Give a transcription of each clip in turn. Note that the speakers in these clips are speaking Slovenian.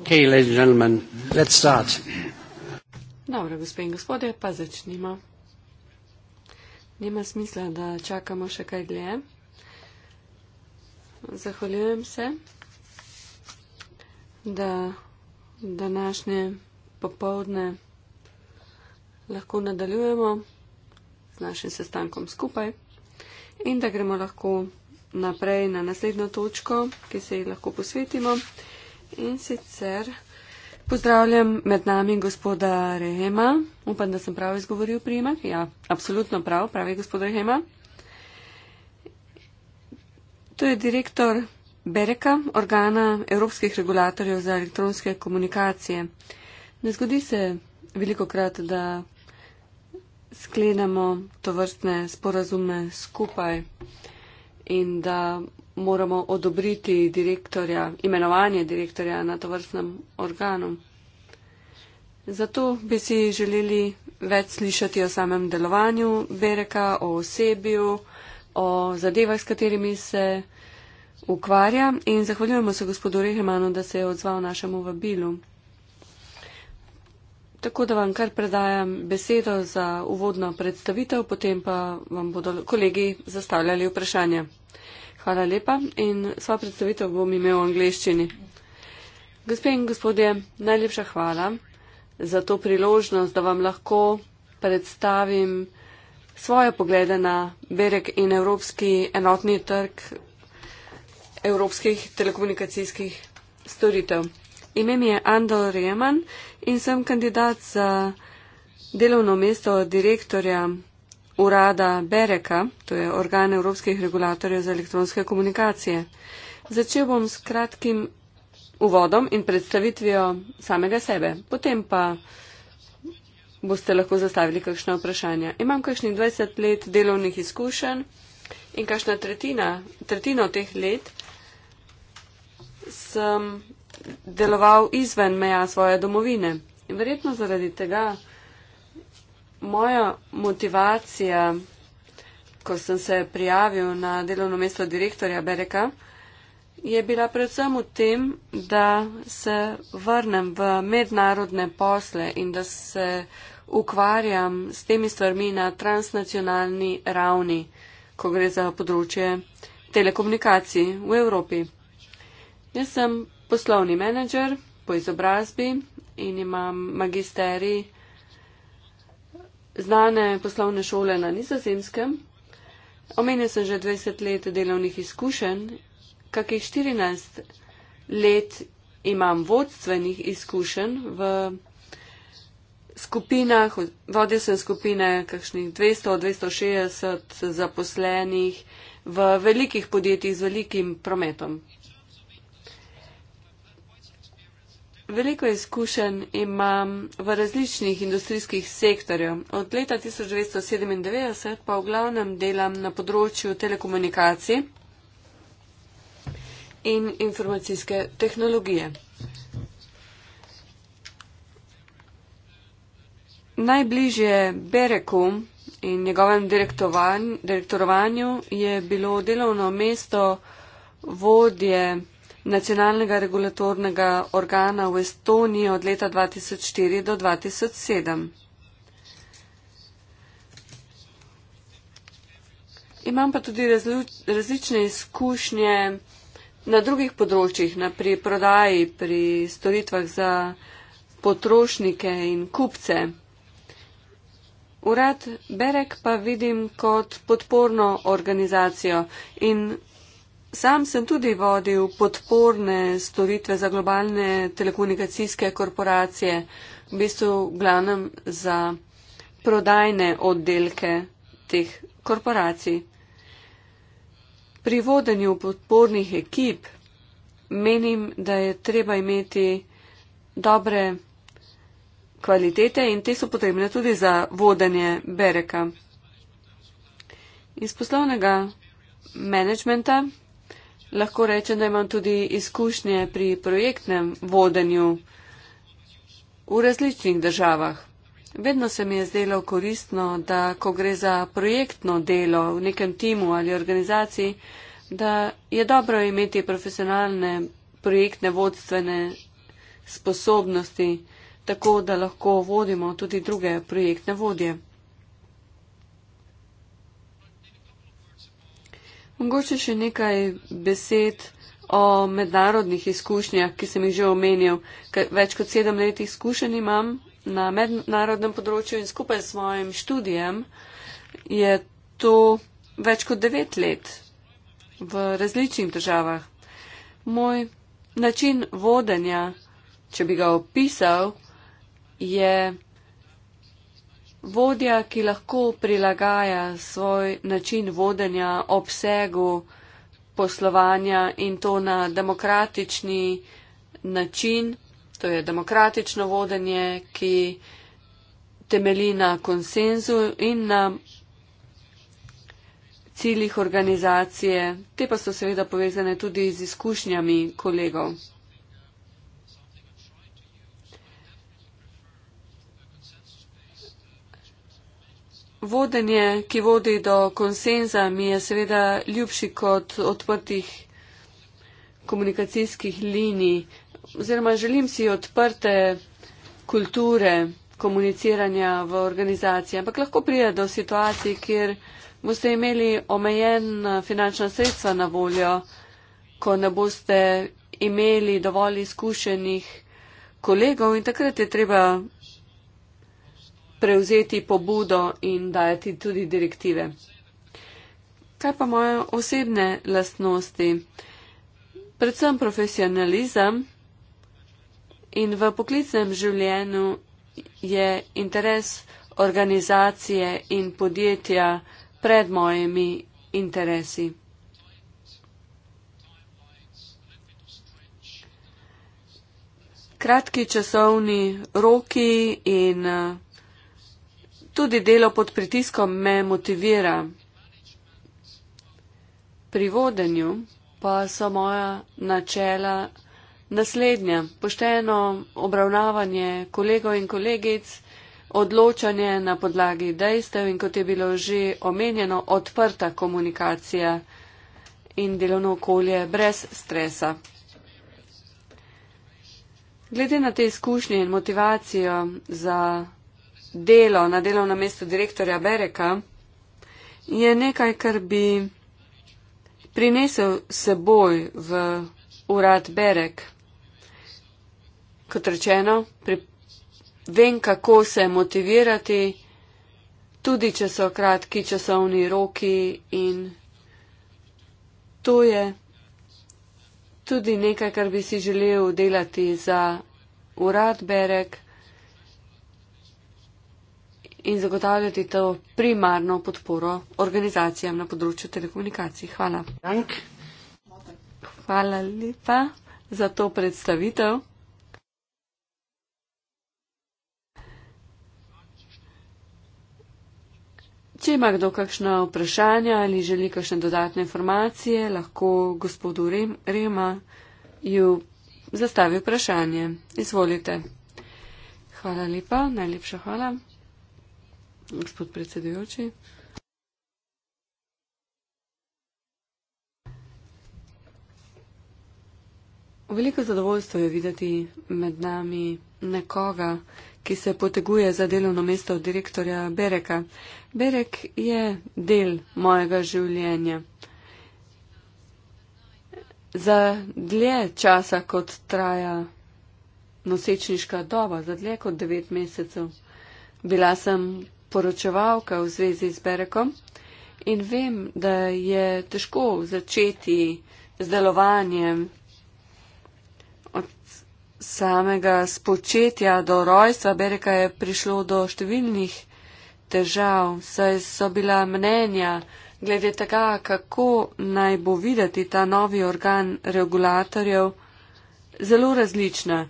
Okay, ladies and gentlemen, let's start. Dobro, gospe in gospode, pa začnimo. Nima smisla, da čakamo še kaj dlje. Zahvaljujem se, da današnje popovdne lahko nadaljujemo z našim sestankom skupaj in da gremo lahko naprej na naslednjo točko, ki se ji lahko posvetimo. In sicer pozdravljam med nami gospoda Rehema. Upam, da sem prav izgovoril primek. Ja, absolutno prav, pravi gospod Rehema. To je direktor Bereka, organa evropskih regulatorjev za elektronske komunikacije. Ne zgodi se veliko krat, da sklenemo to vrstne sporazume skupaj in da moramo odobriti direktorja, imenovanje direktorja na to vrstnem organu. Zato bi si želeli več slišati o samem delovanju Bereka, o osebju, o zadevah, s katerimi se ukvarja in zahvaljujemo se gospodu Rehemanu, da se je odzval našemu vabilu. Tako da vam kar predajam besedo za uvodno predstavitev, potem pa vam bodo kolegi zastavljali vprašanje. Hvala lepa in sva predstavitev bom imel v angliščini. Gospe in gospodje, najlepša hvala za to priložnost, da vam lahko predstavim svoje poglede na Berek in Evropski enotni trg evropskih telekomunikacijskih storitev. Ime mi je Andal Reman in sem kandidat za delovno mesto direktorja urada Bereka, to je organ Evropskih regulatorjev za elektronske komunikacije. Začel bom s kratkim uvodom in predstavitvijo samega sebe, potem pa boste lahko zastavili kakšno vprašanje. Imam kakšnih 20 let delovnih izkušenj in kakšna tretjina, tretjino teh let sem deloval izven meja svoje domovine. In verjetno zaradi tega moja motivacija, ko sem se prijavil na delovno mesto direktorja Bereka, je bila predvsem v tem, da se vrnem v mednarodne posle in da se ukvarjam s temi stvarmi na transnacionalni ravni, ko gre za področje telekomunikacij v Evropi. Jaz sem poslovni menedžer po izobrazbi in imam magisterij znane poslovne šole na nizozemskem. Omenil sem že 20 let delovnih izkušenj, kakih 14 let imam vodstvenih izkušenj v skupinah, vodil sem skupine kakšnih 200-260 zaposlenih v velikih podjetjih z velikim prometom. Veliko izkušenj imam v različnih industrijskih sektorjev. Od leta 1997 pa v glavnem delam na področju telekomunikacij in informacijske tehnologije. Najbližje Bereku in njegovem direktorovanju je bilo delovno mesto vodje nacionalnega regulatornega organa v Estoniji od leta 2004 do 2007. Imam pa tudi različne izkušnje na drugih področjih, na pri prodaji, pri storitvah za potrošnike in kupce. Urad Berek pa vidim kot podporno organizacijo in Sam sem tudi vodil podporne storitve za globalne telekomunikacijske korporacije, v bistvu glavnem za prodajne oddelke teh korporacij. Pri vodenju podpornih ekip menim, da je treba imeti dobre kvalitete in te so potrebne tudi za vodenje bereka. Iz poslovnega menedžmenta Lahko rečem, da imam tudi izkušnje pri projektnem vodenju v različnih državah. Vedno se mi je zdelo koristno, da ko gre za projektno delo v nekem timu ali organizaciji, da je dobro imeti profesionalne projektne vodstvene sposobnosti, tako da lahko vodimo tudi druge projektne vodje. Mogoče še nekaj besed o mednarodnih izkušnjah, ki sem jih že omenil. Več kot sedem let izkušenj imam na mednarodnem področju in skupaj s svojim študijem je to več kot devet let v različnih državah. Moj način vodenja, če bi ga opisal, je Vodja, ki lahko prilagaja svoj način vodenja obsegu poslovanja in to na demokratični način, to je demokratično vodenje, ki temeli na konsenzu in na ciljih organizacije, te pa so seveda povezane tudi z izkušnjami kolegov. vodenje, ki vodi do konsenza, mi je seveda ljubši kot odprtih komunikacijskih linij, oziroma želim si odprte kulture komuniciranja v organizaciji, ampak lahko prija do situacij, kjer boste imeli omejen finančna sredstva na voljo, ko ne boste imeli dovolj izkušenih kolegov in takrat je treba prevzeti pobudo in dajati tudi direktive. Kaj pa moje osebne lastnosti? Predvsem profesionalizem in v poklicnem življenju je interes organizacije in podjetja pred mojimi interesi. Kratki časovni roki in uh, Tudi delo pod pritiskom me motivira. Pri vodenju pa so moja načela naslednja. Pošteno obravnavanje kolegov in kolegic, odločanje na podlagi dejstev in kot je bilo že omenjeno, odprta komunikacija in delovno okolje brez stresa. Glede na te izkušnje in motivacijo za delo na delovnem mestu direktorja Bereka, je nekaj, kar bi prinesel seboj v urad Berek. Kot rečeno, pri, vem, kako se motivirati, tudi če so kratki časovni roki in to je tudi nekaj, kar bi si želel delati za urad Berek in zagotavljati to primarno podporo organizacijam na področju telekomunikacij. Hvala. Dank. Hvala lepa za to predstavitev. Če ima kdo kakšno vprašanje ali želi kakšne dodatne informacije, lahko gospodu Rema ju zastavi vprašanje. Izvolite. Hvala lepa, najlepša hvala gospod predsedujoči. Veliko zadovoljstvo je videti med nami nekoga, ki se poteguje za delovno mesto direktorja Bereka. Berek je del mojega življenja. Za dlje časa, kot traja nosečniška doba, za dlje kot devet mesecev, bila sem poročevalka v zvezi z Berekom in vem, da je težko začeti z delovanjem od samega spočetja do rojstva Bereka je prišlo do številnih težav, saj so bila mnenja glede tega, kako naj bo videti ta novi organ regulatorjev, zelo različna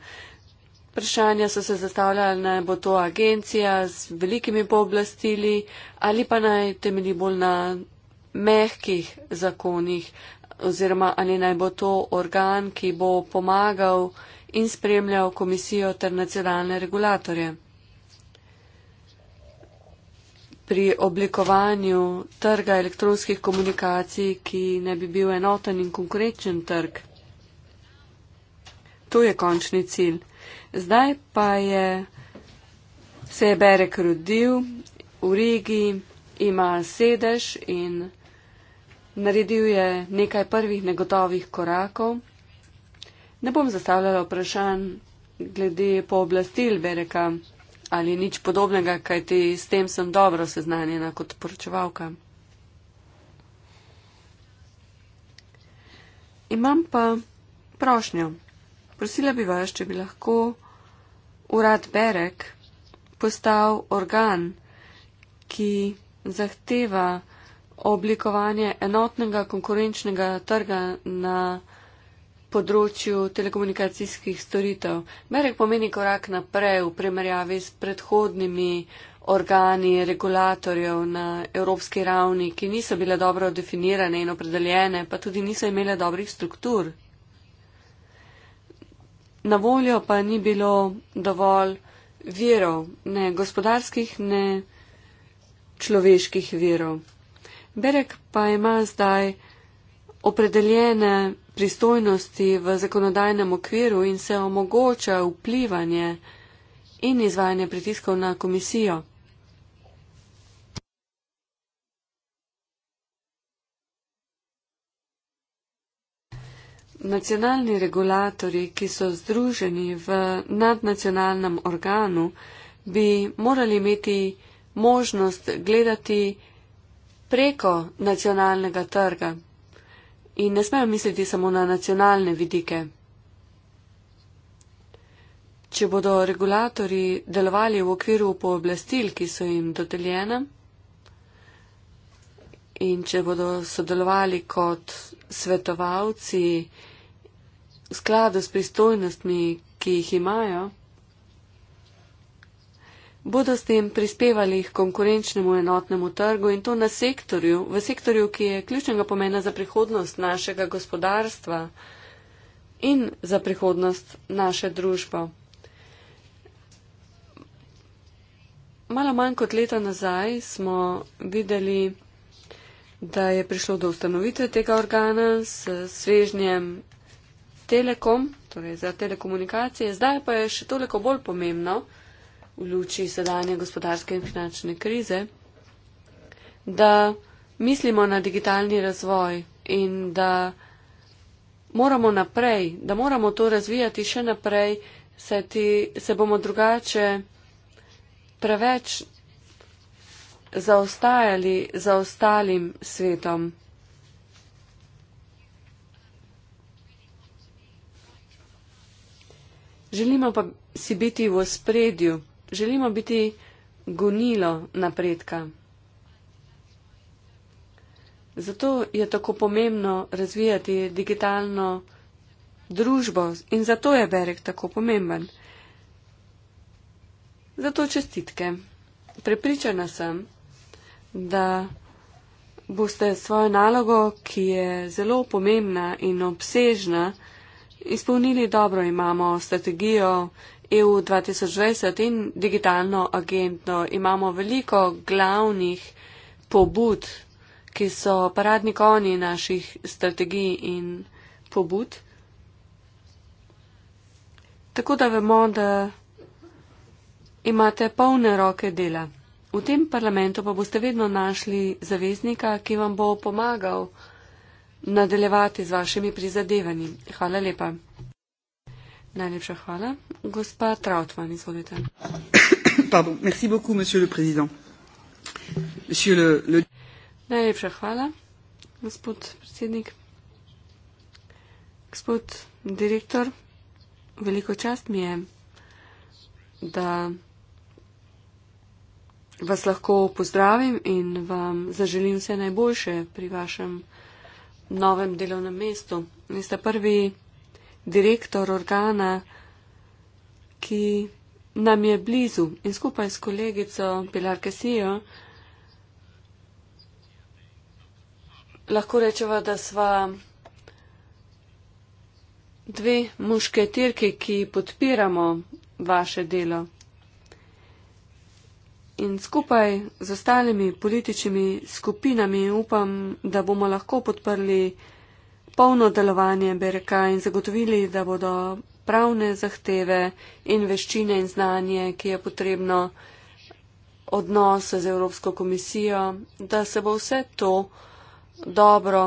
vprašanja so se zastavljala, naj bo to agencija z velikimi pooblastili ali pa naj temeli bolj na mehkih zakonih oziroma ali naj bo to organ, ki bo pomagal in spremljal komisijo ter nacionalne regulatorje. Pri oblikovanju trga elektronskih komunikacij, ki ne bi bil enoten in konkurenčen trg. To je končni cilj zdaj pa je se je Berek rodil v Rigi, ima sedež in naredil je nekaj prvih negotovih korakov. Ne bom zastavljala vprašanj glede pooblastil Bereka ali nič podobnega, kajti s tem sem dobro seznanjena kot poročevalka. Imam pa prošnjo. Prosila bi vas, če bi lahko urad Berek postal organ, ki zahteva oblikovanje enotnega konkurenčnega trga na področju telekomunikacijskih storitev. Berek pomeni korak naprej v primerjavi s predhodnimi organi regulatorjev na evropski ravni, ki niso bile dobro definirane in opredeljene, pa tudi niso imele dobrih struktur na voljo pa ni bilo dovolj verov, ne gospodarskih, ne človeških verov. Berek pa ima zdaj opredeljene pristojnosti v zakonodajnem okviru in se omogoča vplivanje in izvajanje pritiskov na komisijo. Nacionalni regulatori, ki so združeni v nadnacionalnem organu, bi morali imeti možnost gledati preko nacionalnega trga in ne smejo misliti samo na nacionalne vidike. Če bodo regulatori delovali v okviru pooblastil, ki so jim dodeljena, in če bodo sodelovali kot svetovalci v skladu s pristojnostmi, ki jih imajo, bodo s tem prispevali k konkurenčnemu enotnemu trgu in to na sektorju, v sektorju, ki je ključnega pomena za prihodnost našega gospodarstva in za prihodnost naše družbe. Malo manj kot leta nazaj smo videli, da je prišlo do ustanovitve tega organa s svežnjem Telekom, torej za telekomunikacije. Zdaj pa je še toliko bolj pomembno v luči sedanje gospodarske in finančne krize, da mislimo na digitalni razvoj in da moramo naprej, da moramo to razvijati še naprej, se, ti, se bomo drugače preveč zaostajali za ostalim svetom. Želimo pa si biti v spredju, želimo biti gonilo napredka. Zato je tako pomembno razvijati digitalno družbo in zato je Berek tako pomemben. Zato čestitke. Prepričana sem, da boste svojo nalogo, ki je zelo pomembna in obsežna, izpolnili dobro. Imamo strategijo EU 2020 in digitalno agendo. Imamo veliko glavnih pobud, ki so paradni konji naših strategij in pobud. Tako da vemo, da imate polne roke dela. V tem parlamentu pa boste vedno našli zaveznika, ki vam bo pomagal nadaljevati z vašimi prizadevanji. Hvala lepa. Najlepša hvala. Gospa Trautman, izvolite. Najlepša hvala, gospod predsednik. Gospod direktor, veliko čast mi je, da vas lahko pozdravim in vam zaželim vse najboljše pri vašem novem delovnem mestu. Vi ste prvi direktor organa, ki nam je blizu in skupaj s kolegico Pilar Kesijo lahko rečeva, da sva dve mušketirke, ki podpiramo vaše delo in skupaj z ostalimi političnimi skupinami upam, da bomo lahko podprli polno delovanje BRK in zagotovili, da bodo pravne zahteve in veščine in znanje, ki je potrebno odnose z Evropsko komisijo, da se bo vse to dobro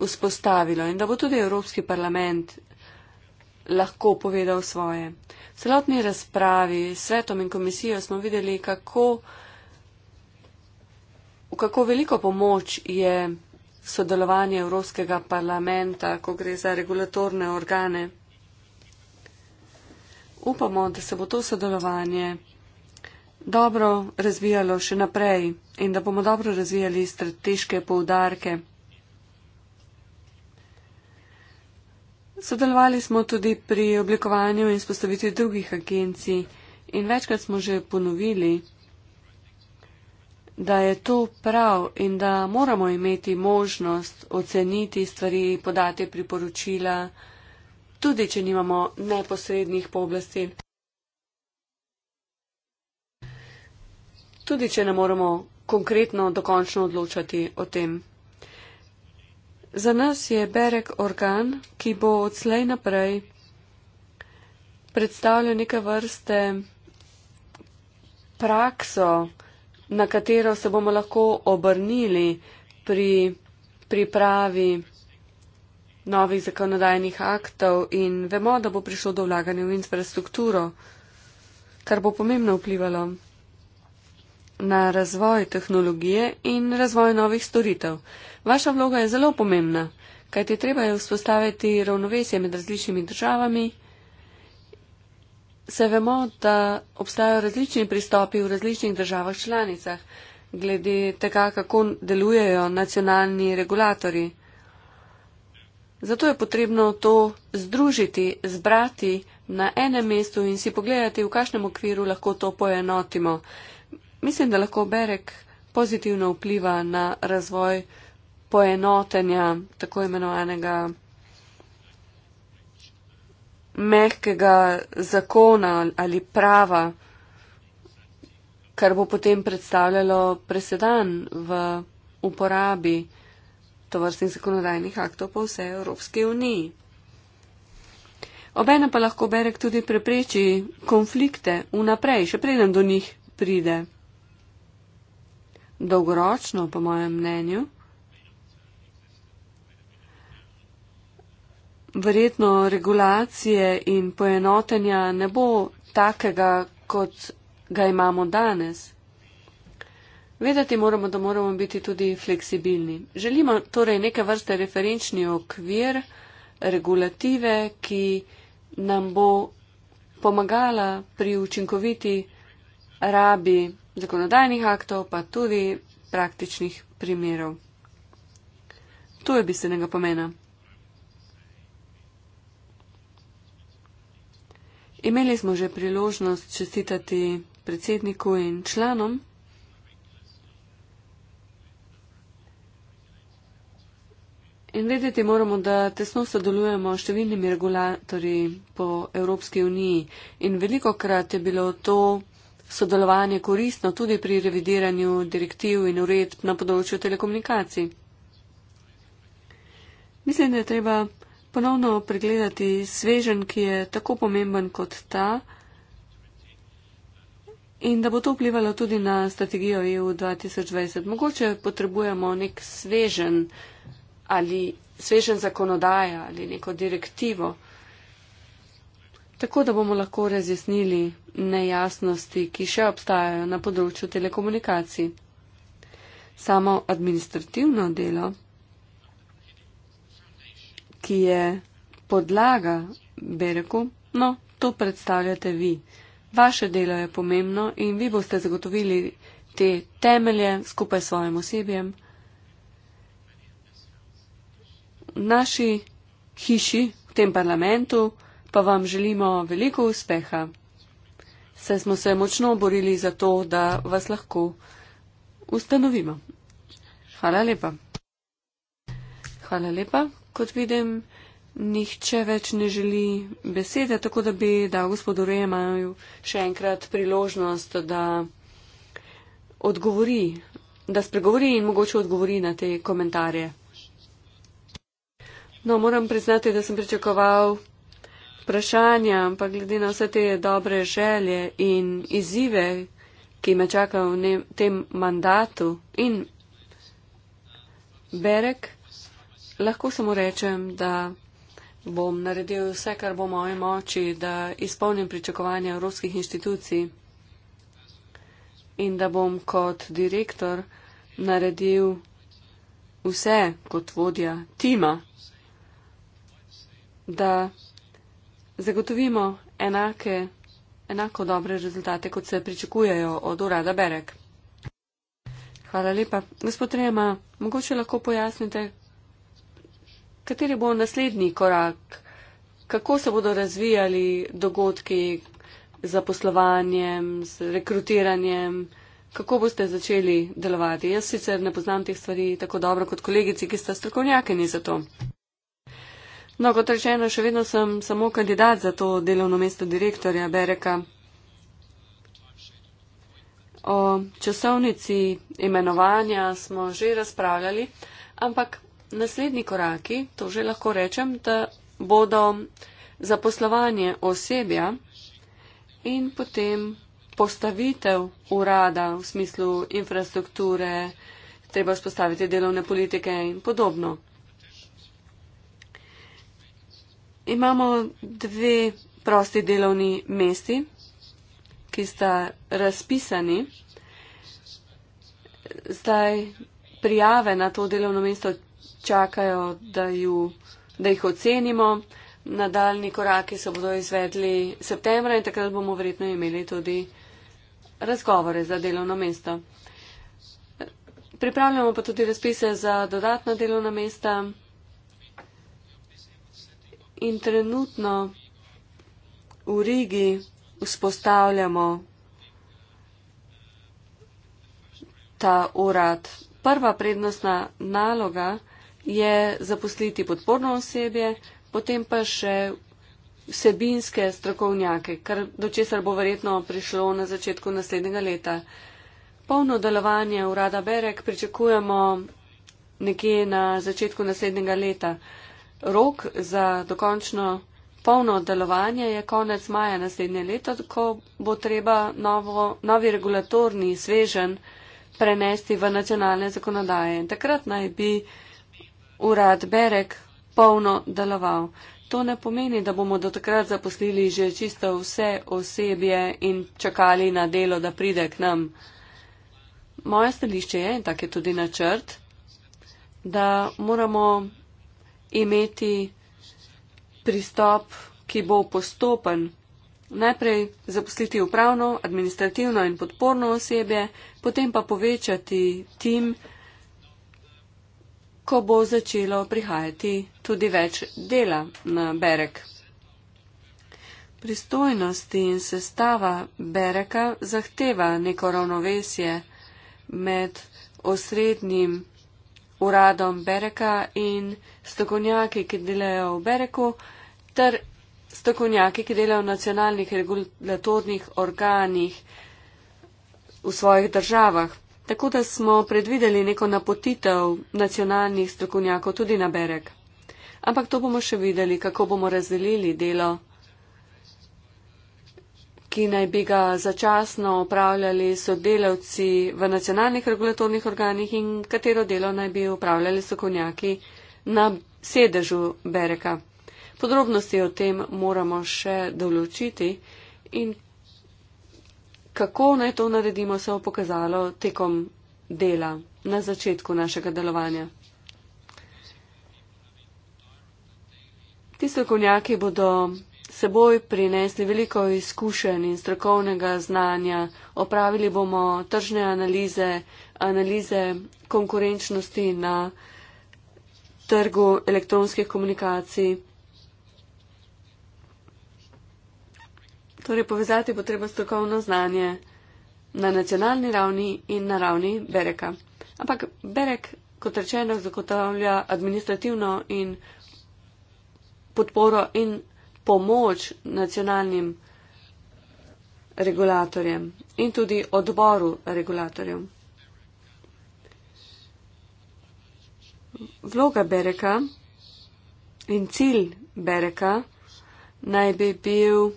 vzpostavilo in da bo tudi Evropski parlament lahko povedal svoje celotni razpravi s svetom in komisijo smo videli, kako, kako veliko pomoč je sodelovanje Evropskega parlamenta, ko gre za regulatorne organe. Upamo, da se bo to sodelovanje dobro razvijalo še naprej in da bomo dobro razvijali strateške poudarke. Sodelovali smo tudi pri oblikovanju in spostavitvi drugih agencij in večkrat smo že ponovili, da je to prav in da moramo imeti možnost oceniti stvari, podati priporočila, tudi če nimamo neposrednih pooblastil. Tudi če ne moremo konkretno dokončno odločati o tem. Za nas je Berek organ, ki bo odslej naprej predstavljal neke vrste prakso, na katero se bomo lahko obrnili pri pripravi novih zakonodajnih aktov in vemo, da bo prišlo do vlaganja v infrastrukturo, kar bo pomembno vplivalo na razvoj tehnologije in razvoj novih storitev. Vaša vloga je zelo pomembna, kajti treba je vzpostaviti ravnovesje med različnimi državami. Se vemo, da obstajajo različni pristopi v različnih državah članicah, glede tega, kako delujejo nacionalni regulatori. Zato je potrebno to združiti, zbrati na enem mestu in si pogledati, v kakšnem okviru lahko to poenotimo. Mislim, da lahko Berek pozitivno vpliva na razvoj poenotenja tako imenovanega mehkega zakona ali prava, kar bo potem predstavljalo presedan v uporabi tovrstnih zakonodajnih aktov po vsej Evropski uniji. Obene pa lahko berek tudi prepreči konflikte vnaprej, še preden do njih pride. Dolgoročno, po mojem mnenju, verjetno regulacije in poenotenja ne bo takega, kot ga imamo danes. Vedeti moramo, da moramo biti tudi fleksibilni. Želimo torej neke vrste referenčni okvir, regulative, ki nam bo pomagala pri učinkoviti rabi zakonodajnih aktov, pa tudi praktičnih primerov. To je bistvenega pomena. Imeli smo že priložnost čestitati predsedniku in članom. In vedeti moramo, da tesno sodelujemo s številnimi regulatorji po Evropski uniji in veliko krat je bilo to sodelovanje koristno tudi pri revidiranju direktiv in uredb na področju telekomunikacij. Mislim, da je treba ponovno pregledati svežen, ki je tako pomemben kot ta in da bo to vplivalo tudi na strategijo EU 2020. Mogoče potrebujemo nek svežen ali svežen zakonodaja ali neko direktivo, tako da bomo lahko razjasnili nejasnosti, ki še obstajajo na področju telekomunikacij. Samo administrativno delo ki je podlaga, bi rekel, no, to predstavljate vi. Vaše delo je pomembno in vi boste zagotovili te temelje skupaj s svojim osebjem. V naši hiši, v tem parlamentu, pa vam želimo veliko uspeha. Se smo se močno borili za to, da vas lahko ustanovimo. Hvala lepa. Hvala lepa kot vidim, nihče več ne želi besede, tako da bi dal gospodu Rejemaju še enkrat priložnost, da odgovori, da spregovori in mogoče odgovori na te komentarje. No, moram priznati, da sem pričakoval vprašanja, ampak glede na vse te dobre želje in izzive, ki me čakajo v ne, tem mandatu in Berek lahko samo rečem, da bom naredil vse, kar bo moje moči, da izpolnim pričakovanja evropskih inštitucij in da bom kot direktor naredil vse kot vodja tima, da zagotovimo enake, enako dobre rezultate, kot se pričakujejo od urada Berek. Hvala lepa. Gospod Rema, mogoče lahko pojasnite, kateri bo naslednji korak, kako se bodo razvijali dogodki z poslovanjem, z rekrutiranjem. Kako boste začeli delovati? Jaz sicer ne poznam teh stvari tako dobro kot kolegici, ki sta strokovnjakeni za to. No, kot rečeno, še vedno sem samo kandidat za to delovno mesto direktorja Bereka. O časovnici imenovanja smo že razpravljali, ampak naslednji koraki, to že lahko rečem, da bodo zaposlovanje osebja in potem postavitev urada v smislu infrastrukture, treba spostaviti delovne politike in podobno. Imamo dve prosti delovni mesti, ki sta razpisani. Zdaj prijave na to delovno mesto čakajo, da, ju, da jih ocenimo. Nadaljni koraki se bodo izvedli septembra in takrat bomo verjetno imeli tudi razgovore za delovno mesto. Pripravljamo pa tudi razpise za dodatna delovna mesta in trenutno v Rigi vzpostavljamo ta urad. Prva prednostna naloga je zaposliti podporno osebje, potem pa še vsebinske strokovnjake, kar do česar bo verjetno prišlo na začetku naslednjega leta. Polno delovanje urada Berek pričakujemo nekje na začetku naslednjega leta. Rok za dokončno polno delovanje je konec maja naslednje leto, ko bo treba novo, novi regulatorni svežen prenesti v nacionalne zakonodaje. Takrat naj bi urad Berek polno deloval. To ne pomeni, da bomo do takrat zaposlili že čisto vse osebje in čakali na delo, da pride k nam. Moje stališče je, in tak je tudi načrt, da moramo imeti pristop, ki bo postopen. Najprej zaposliti upravno, administrativno in podporno osebje, potem pa povečati tim, ko bo začelo prihajati tudi več dela na Berek. Pristojnosti in sestava Bereka zahteva neko ravnovesje med osrednjim uradom Bereka in stokonjaki, ki delajo v Bereku, ter stokonjaki, ki delajo v nacionalnih regulatornih organih v svojih državah. Tako da smo predvideli neko napotitev nacionalnih strokovnjakov tudi na Berek. Ampak to bomo še videli, kako bomo razdelili delo, ki naj bi ga začasno upravljali sodelavci v nacionalnih regulatornih organih in katero delo naj bi upravljali strokovnjaki na sedežu Bereka. Podrobnosti o tem moramo še določiti in Kako naj to naredimo, se bo pokazalo tekom dela, na začetku našega delovanja. Ti strokovnjaki bodo seboj prinesli veliko izkušenj in strokovnega znanja. Opravili bomo tržne analize, analize konkurenčnosti na trgu elektronskih komunikacij, Torej, povezati bo treba strokovno znanje na nacionalni ravni in na ravni Bereka. Ampak Berek, kot rečeno, zagotavlja administrativno in podporo in pomoč nacionalnim regulatorjem in tudi odboru regulatorjem. Vloga Bereka in cilj Bereka naj bi bil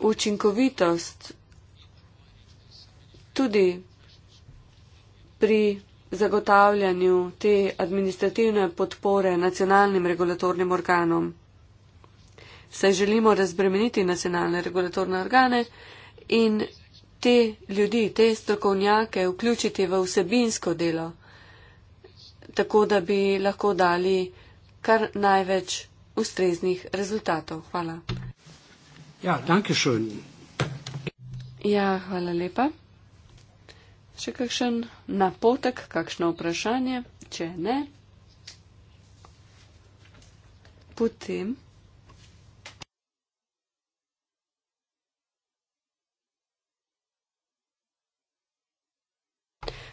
učinkovitost tudi pri zagotavljanju te administrativne podpore nacionalnim regulatornim organom. Se želimo razbremeniti nacionalne regulatorne organe in te ljudi, te strokovnjake vključiti v vsebinsko delo, tako da bi lahko dali kar največ ustreznih rezultatov. Hvala. Ja, danke schön. Ja, hvala lepa. Še kakšen napotek, kakšno vprašanje, če ne? Potem.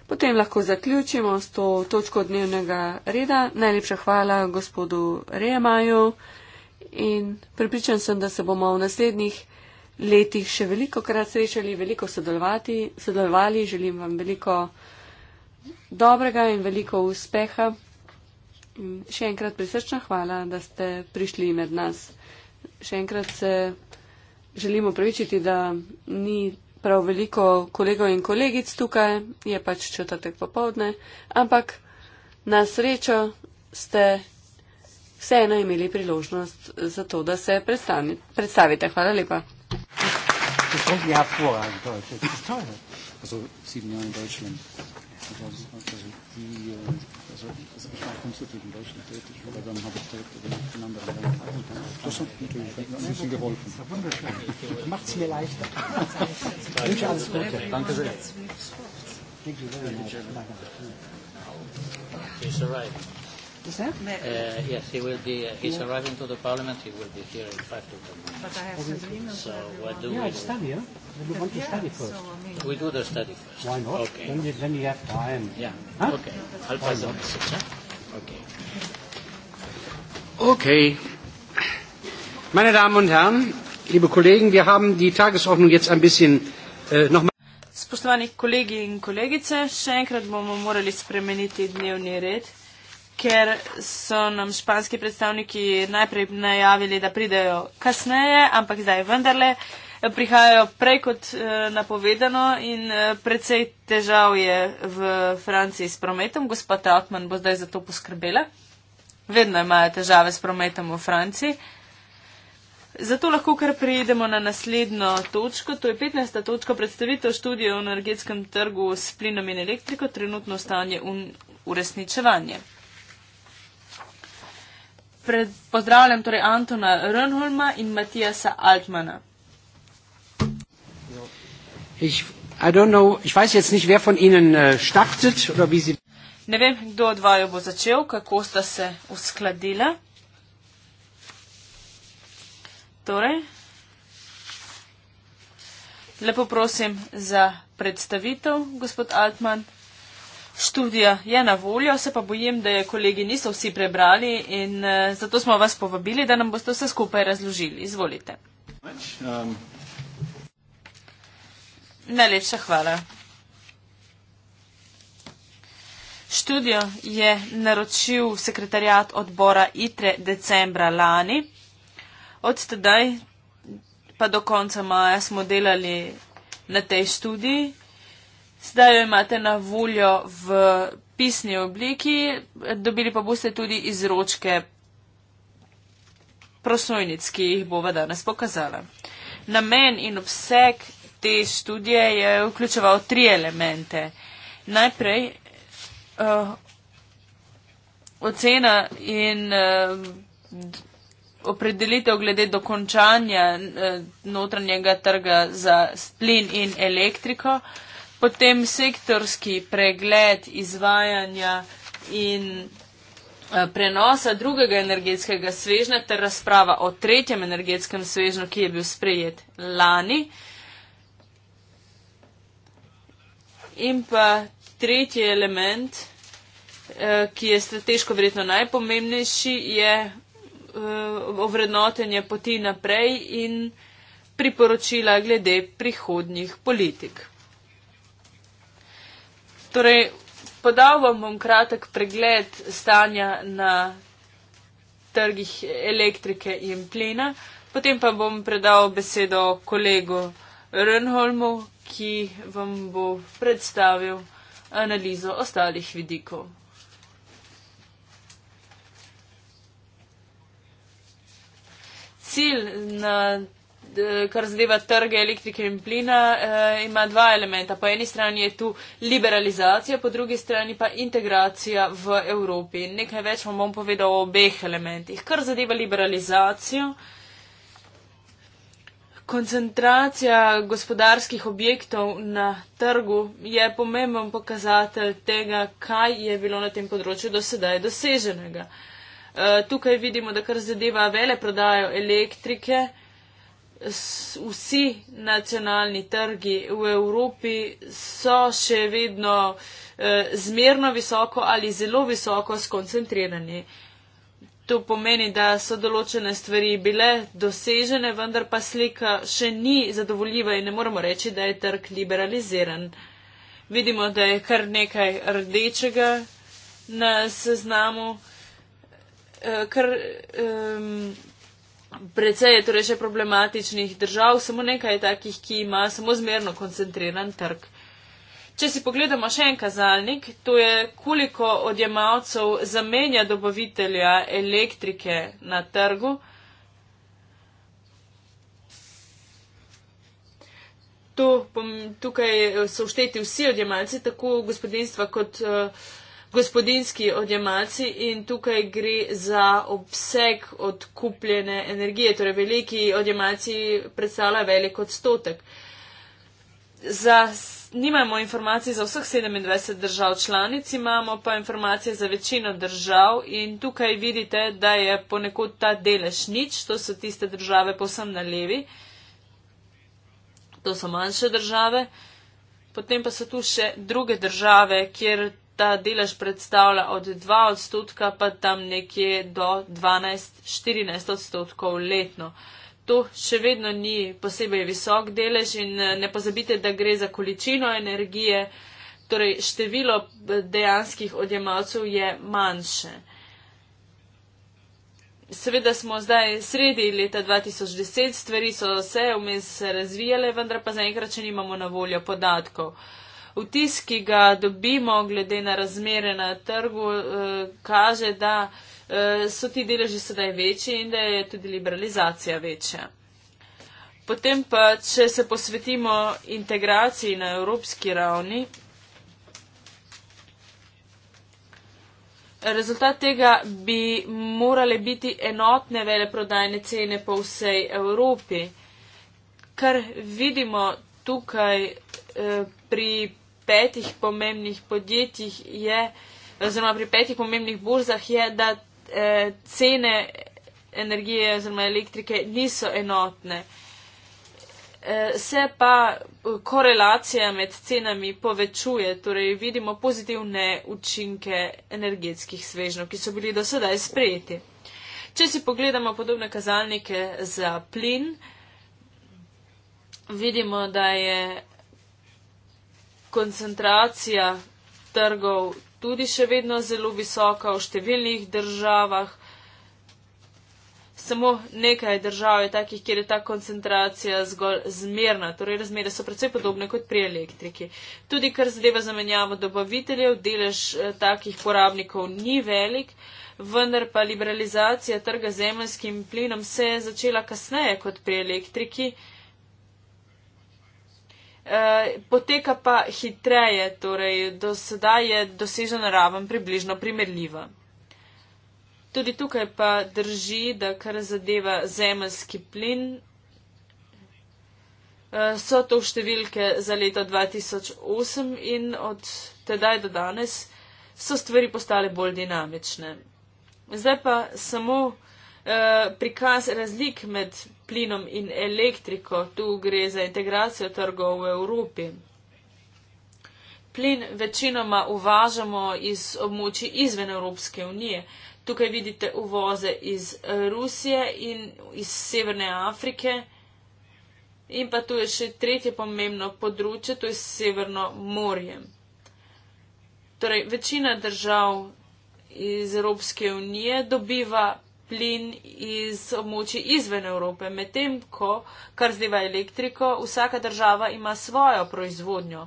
Potem lahko zaključimo s to točko dnevnega reda. Najlepša hvala gospodu Rejemaju in pripričan sem, da se bomo v naslednjih letih še veliko krat srečali, veliko sodelovali. Želim vam veliko dobrega in veliko uspeha. In še enkrat prisrčna hvala, da ste prišli med nas. Še enkrat se želimo pravičiti, da ni prav veliko kolegov in kolegic tukaj, je pač četrtek popovdne, ampak na srečo ste vseeno imeli priložnost za to, da se predstavi, predstavite. Hvala lepa. Thank you very much. Okay, so right is that? Uh, yes, he will be. Uh, he's yeah. arriving to the parliament. He will be here in five to ten minutes. But I have to okay. So what do yeah, we? Yeah, study. Huh? We want to yeah, study first. So, I mean, we do the uh, study first. Why not? Okay. Then you, then you have time. Yeah. Huh? Okay. No, I'll pass the message. Huh? Okay. Okay. Meine Damen und Herren, liebe Kollegen, wir haben die Tagesordnung jetzt ein bisschen äh, nochmal. Spoštovani kolegi in kolegice, še enkrat bomo morali spremeniti dnevni red, ker so nam španski predstavniki najprej najavili, da pridejo kasneje, ampak zdaj vendarle eh, prihajajo prej kot eh, napovedano in eh, precej težav je v Franciji s prometom. Gospa Trautmann bo zdaj za to poskrbela. Vedno imajo težave s prometom v Franciji. Zato lahko kar prijedemo na naslednjo točko, to je 15. točka predstavitev študije o energetskem trgu s plinom in elektriko, trenutno stanje in uresničevanje pred, pozdravljam torej Antona Rönholma in Matijasa Altmana. Ich, I don't know, ich weiß jetzt nicht, wer von Ihnen äh, startet oder wie Sie. Ne vem, kdo od vaju bo začel, kako sta se uskladila. Torej, lepo prosim za predstavitev, gospod Altman študija je na voljo, se pa bojim, da je kolegi niso vsi prebrali in uh, zato smo vas povabili, da nam boste vse skupaj razložili. Izvolite. Um, Najlepša hvala. Študijo je naročil sekretarjat odbora ITRE decembra lani. Od tedaj pa do konca maja smo delali na tej študiji. Zdaj jo imate na voljo v pisni obliki, dobili pa boste tudi izročke prosojnic, ki jih bova danes pokazala. Namen in obseg te študije je vključeval tri elemente. Najprej uh, ocena in uh, opredelitev glede dokončanja uh, notranjega trga za plin in elektriko. Uh, potem sektorski pregled izvajanja in eh, prenosa drugega energetskega svežna ter razprava o tretjem energetskem svežnu, ki je bil sprejet lani. In pa tretji element, eh, ki je strateško verjetno najpomembnejši, je eh, ovrednotenje poti naprej in priporočila glede prihodnjih politik. Torej, podal vam bom kratek pregled stanja na trgih elektrike in plina, potem pa bom predal besedo kolegu Rönholmu, ki vam bo predstavil analizo ostalih vidikov. Cilj na kar zadeva trge elektrike in plina, eh, ima dva elementa. Po eni strani je tu liberalizacija, po drugi strani pa integracija v Evropi. Nekaj več vam bom povedal o obeh elementih. Kar zadeva liberalizacijo, koncentracija gospodarskih objektov na trgu je pomemben pokazatelj tega, kaj je bilo na tem področju do sedaj doseženega. Eh, tukaj vidimo, da kar zadeva vele prodajo elektrike, vsi nacionalni trgi v Evropi so še vedno eh, zmerno visoko ali zelo visoko skoncentrirani. To pomeni, da so določene stvari bile dosežene, vendar pa slika še ni zadovoljiva in ne moremo reči, da je trg liberaliziran. Vidimo, da je kar nekaj rdečega na seznamu, eh, kar, precej je torej še problematičnih držav, samo nekaj je takih, ki ima samo zmerno koncentriran trg. Če si pogledamo še en kazalnik, to je koliko odjemalcev zamenja dobavitelja elektrike na trgu. Tu, tukaj so všteti vsi odjemalci, tako gospodinstva kot. Uh, gospodinski odjemalci in tukaj gre za obseg odkupljene energije, torej veliki odjemalci predstavlja velik odstotek. Za, nimamo informacij za vseh 27 držav članic, imamo pa informacije za večino držav in tukaj vidite, da je ponekod ta delež nič, to so tiste države posem na levi, to so manjše države, potem pa so tu še druge države, kjer ta delež predstavlja od 2 odstotka pa tam nekje do 12-14 odstotkov letno. To še vedno ni posebej visok delež in eh, ne pozabite, da gre za količino energije, torej število eh, dejanskih odjemalcev je manjše. Seveda smo zdaj sredi leta 2010, stvari so se vmes razvijale, vendar pa zaenkrat še nimamo na voljo podatkov vtis, ki ga dobimo glede na razmere na trgu, eh, kaže, da eh, so ti deleži sedaj večji in da je tudi liberalizacija večja. Potem pa, če se posvetimo integraciji na evropski ravni, rezultat tega bi morale biti enotne veleprodajne cene po vsej Evropi, kar vidimo tukaj eh, pri petih pomembnih podjetjih je, oziroma pri petih pomembnih burzah je, da eh, cene energije oziroma elektrike niso enotne. Eh, se pa eh, korelacija med cenami povečuje, torej vidimo pozitivne učinke energetskih svežnov, ki so bili do sedaj sprejeti. Če si pogledamo podobne kazalnike za plin, vidimo, da je koncentracija trgov tudi še vedno zelo visoka v številnih državah. Samo nekaj držav je takih, kjer je ta koncentracija zgolj zmerna, torej razmere so predvsej podobne kot pri elektriki. Tudi kar zadeva zamenjavo dobaviteljev, delež eh, takih porabnikov ni velik, vendar pa liberalizacija trga zemljskim plinom se je začela kasneje kot pri elektriki. Eh, poteka pa hitreje, torej do sedaj je dosežena raven približno primerljiva. Tudi tukaj pa drži, da kar zadeva zemljski plin, eh, so to številke za leto 2008 in od tedaj do danes so stvari postale bolj dinamične. Zdaj pa samo eh, prikaz razlik med plinom in elektriko. Tu gre za integracijo trgov v Evropi. Plin večinoma uvažamo iz območij izven Evropske unije. Tukaj vidite uvoze iz Rusije in iz Severne Afrike. In pa tu je še tretje pomembno področje, to je Severno morje. Torej, večina držav iz Evropske unije dobiva plin iz območja izven Evrope, medtem ko, kar zdaj elektriko, vsaka država ima svojo proizvodnjo.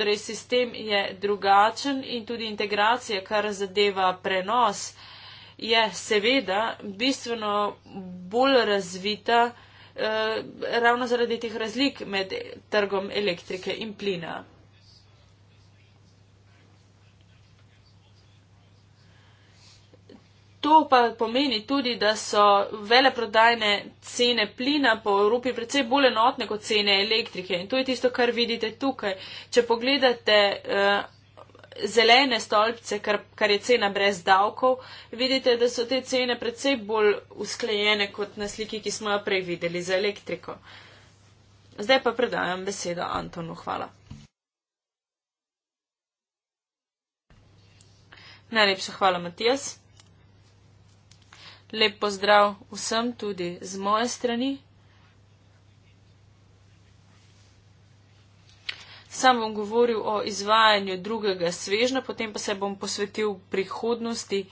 Torej, sistem je drugačen in tudi integracija, kar zadeva prenos, je seveda bistveno bolj razvita eh, ravno zaradi teh razlik med trgom elektrike in plina. To pa pomeni tudi, da so veleprodajne cene plina po Evropi precej bolj enotne kot cene elektrike. In to je tisto, kar vidite tukaj. Če pogledate uh, zelene stolpce, kar, kar je cena brez davkov, vidite, da so te cene precej bolj usklejene kot na sliki, ki smo jo prej videli za elektriko. Zdaj pa predajam besedo Antonu. Hvala. Najlepša hvala, Matijas. Lep pozdrav vsem tudi z moje strani. Sam bom govoril o izvajanju drugega svežna, potem pa se bom posvetil prihodnosti,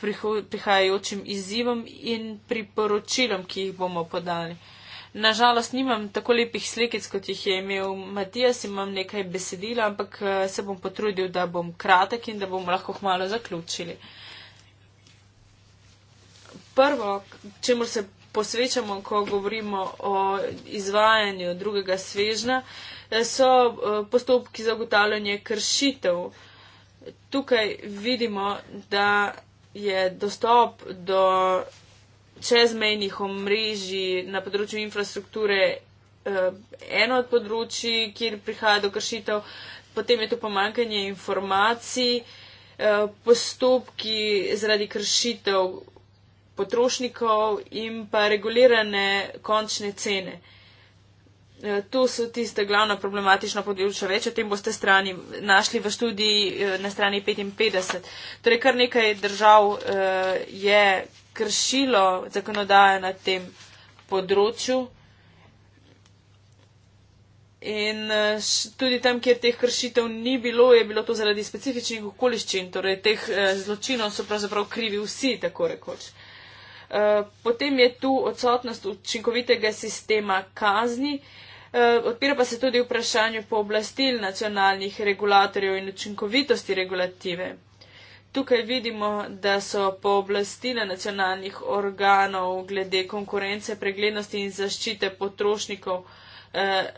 prihajajočim izzivom in priporočilom, ki jih bomo podali. Nažalost, nimam tako lepih slikic, kot jih je imel Matijas, imam nekaj besedila, ampak eh, se bom potrudil, da bom kratek in da bom lahko hmalo zaključili prvo, čemu se posvečamo, ko govorimo o izvajanju drugega svežna, eh, so eh, postopki za ugotavljanje kršitev. Tukaj vidimo, da je dostop do čezmejnih omrežij na področju infrastrukture eh, eno od področji, kjer prihaja do kršitev, potem je to pomankanje informacij, postopki zaradi kršitev potrošnikov in pa regulirane končne cene. E, to so tiste glavna problematična področja. Več o tem boste strani našli v študiji e, na strani 55. Torej, kar nekaj držav e, je kršilo zakonodajo na tem področju. In tudi tam, kjer teh kršitev ni bilo, je bilo to zaradi specifičnih okoliščin. Torej, teh zločinov so pravzaprav krivi vsi, tako rekoč. Eh, potem je tu odsotnost učinkovitega sistema kazni, eh, odpira pa se tudi vprašanje pooblastil nacionalnih regulatorjev in učinkovitosti regulative. Tukaj vidimo, da so pooblastila nacionalnih organov glede konkurence, preglednosti in zaščite potrošnikov eh,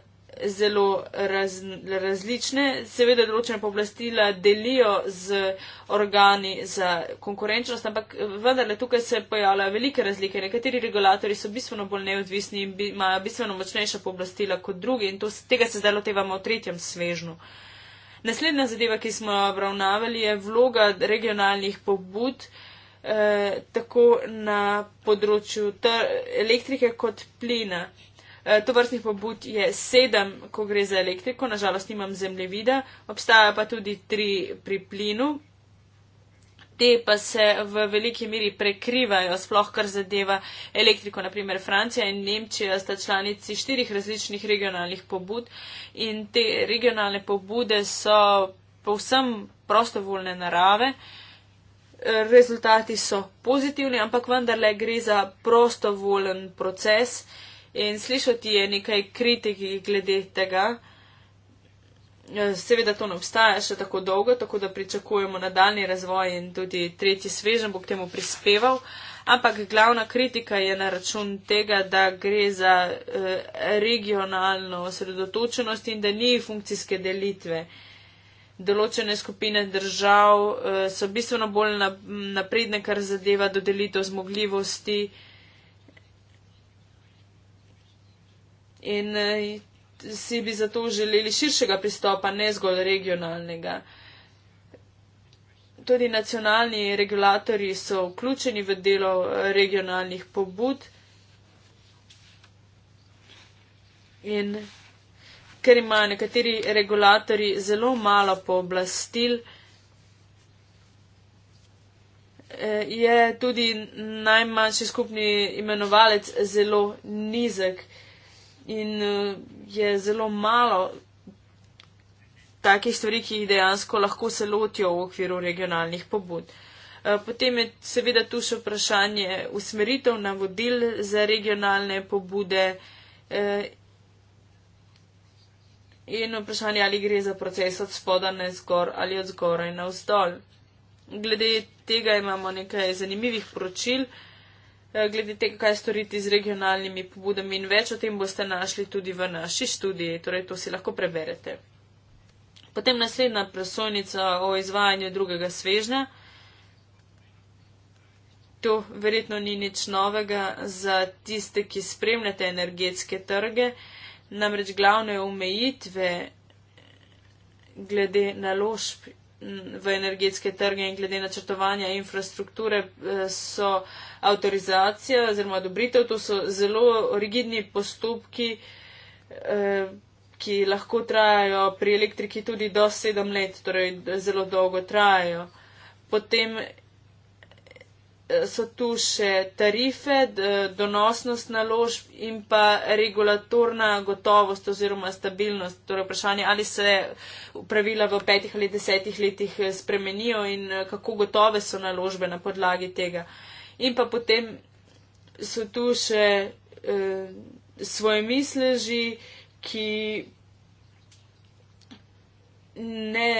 zelo raz, različne. Seveda določene povlastila delijo z organi za konkurenčnost, ampak vendarle tukaj se pojavljajo velike razlike. Nekateri regulatori so bistveno bolj neodvisni in imajo bistveno močnejša povlastila kot drugi in to, tega se zdaj lotevamo v tretjem svežnu. Naslednja zadeva, ki smo jo obravnavali, je vloga regionalnih pobud. Eh, tako na področju tr, elektrike kot plina. Eh, to vrstnih pobud je sedem, ko gre za elektriko, nažalost nimam zemljevida, obstajajo pa tudi tri pri plinu. Te pa se v veliki meri prekrivajo, sploh kar zadeva elektriko. Naprimer, Francija in Nemčija sta članici štirih različnih regionalnih pobud in te regionalne pobude so povsem prostovoljne narave. Eh, rezultati so pozitivni, ampak vendarle gre za prostovoljen proces. In slišati je nekaj kritiki glede tega. Ja, seveda to ne obstaja še tako dolgo, tako da pričakujemo nadaljni razvoj in tudi tretji svežen bo k temu prispeval. Ampak glavna kritika je na račun tega, da gre za eh, regionalno osredotočenost in da ni funkcijske delitve. Določene skupine držav eh, so bistveno bolj napredne, kar zadeva dodelitev zmogljivosti. in eh, si bi zato želeli širšega pristopa, ne zgolj regionalnega. Tudi nacionalni regulatori so vključeni v delo eh, regionalnih pobud. In ker imajo nekateri regulatori zelo malo pooblastil, eh, je tudi najmanjši skupni imenovalec zelo nizek. In eh, je zelo malo takih stvari, ki jih dejansko lahko se lotijo v okviru regionalnih pobud. Eh, potem je seveda tu še vprašanje usmeritev na vodil za regionalne pobude eh, in vprašanje, ali gre za proces od spoda na zgor ali od zgoraj na vzdolj. Glede tega imamo nekaj zanimivih poročil. Eh, glede tega, kaj storiti z regionalnimi pobudami in več o tem boste našli tudi v naši študiji, torej to si lahko preverete. Potem naslednja prosojnica o izvajanju drugega svežnja. To verjetno ni nič novega za tiste, ki spremljate energetske trge, namreč glavne omejitve glede naložb v energetske trge in glede načrtovanja infrastrukture eh, so avtorizacija oziroma odobritev. To so zelo rigidni postopki, eh, ki lahko trajajo pri elektriki tudi do sedem let, torej zelo dolgo trajajo. Potem so tu še tarife, donosnost naložb in pa regulatorna gotovost oziroma stabilnost. Torej vprašanje, ali se pravila v petih ali desetih letih eh, spremenijo in eh, kako gotove so naložbe na podlagi tega. In pa potem so tu še eh, svoje misleži, ki ne.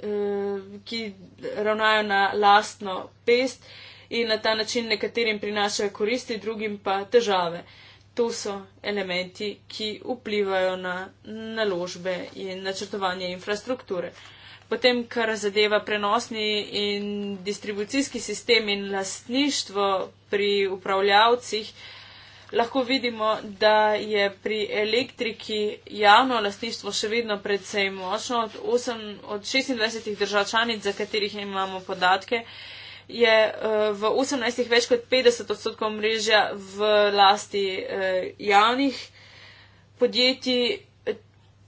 Eh, ki ravnajo na lastno pest in na ta način nekaterim prinašajo koristi, drugim pa težave. To so elementi, ki vplivajo na naložbe in načrtovanje infrastrukture. Potem, kar zadeva prenosni in distribucijski sistem in lastništvo pri upravljavcih, lahko vidimo, da je pri elektriki javno lastništvo še vedno predvsej močno. Od, 8, od 26 držav članic, za katerih imamo podatke, je eh, v 18 več kot 50 odstotkov mrežja v lasti eh, javnih podjetij.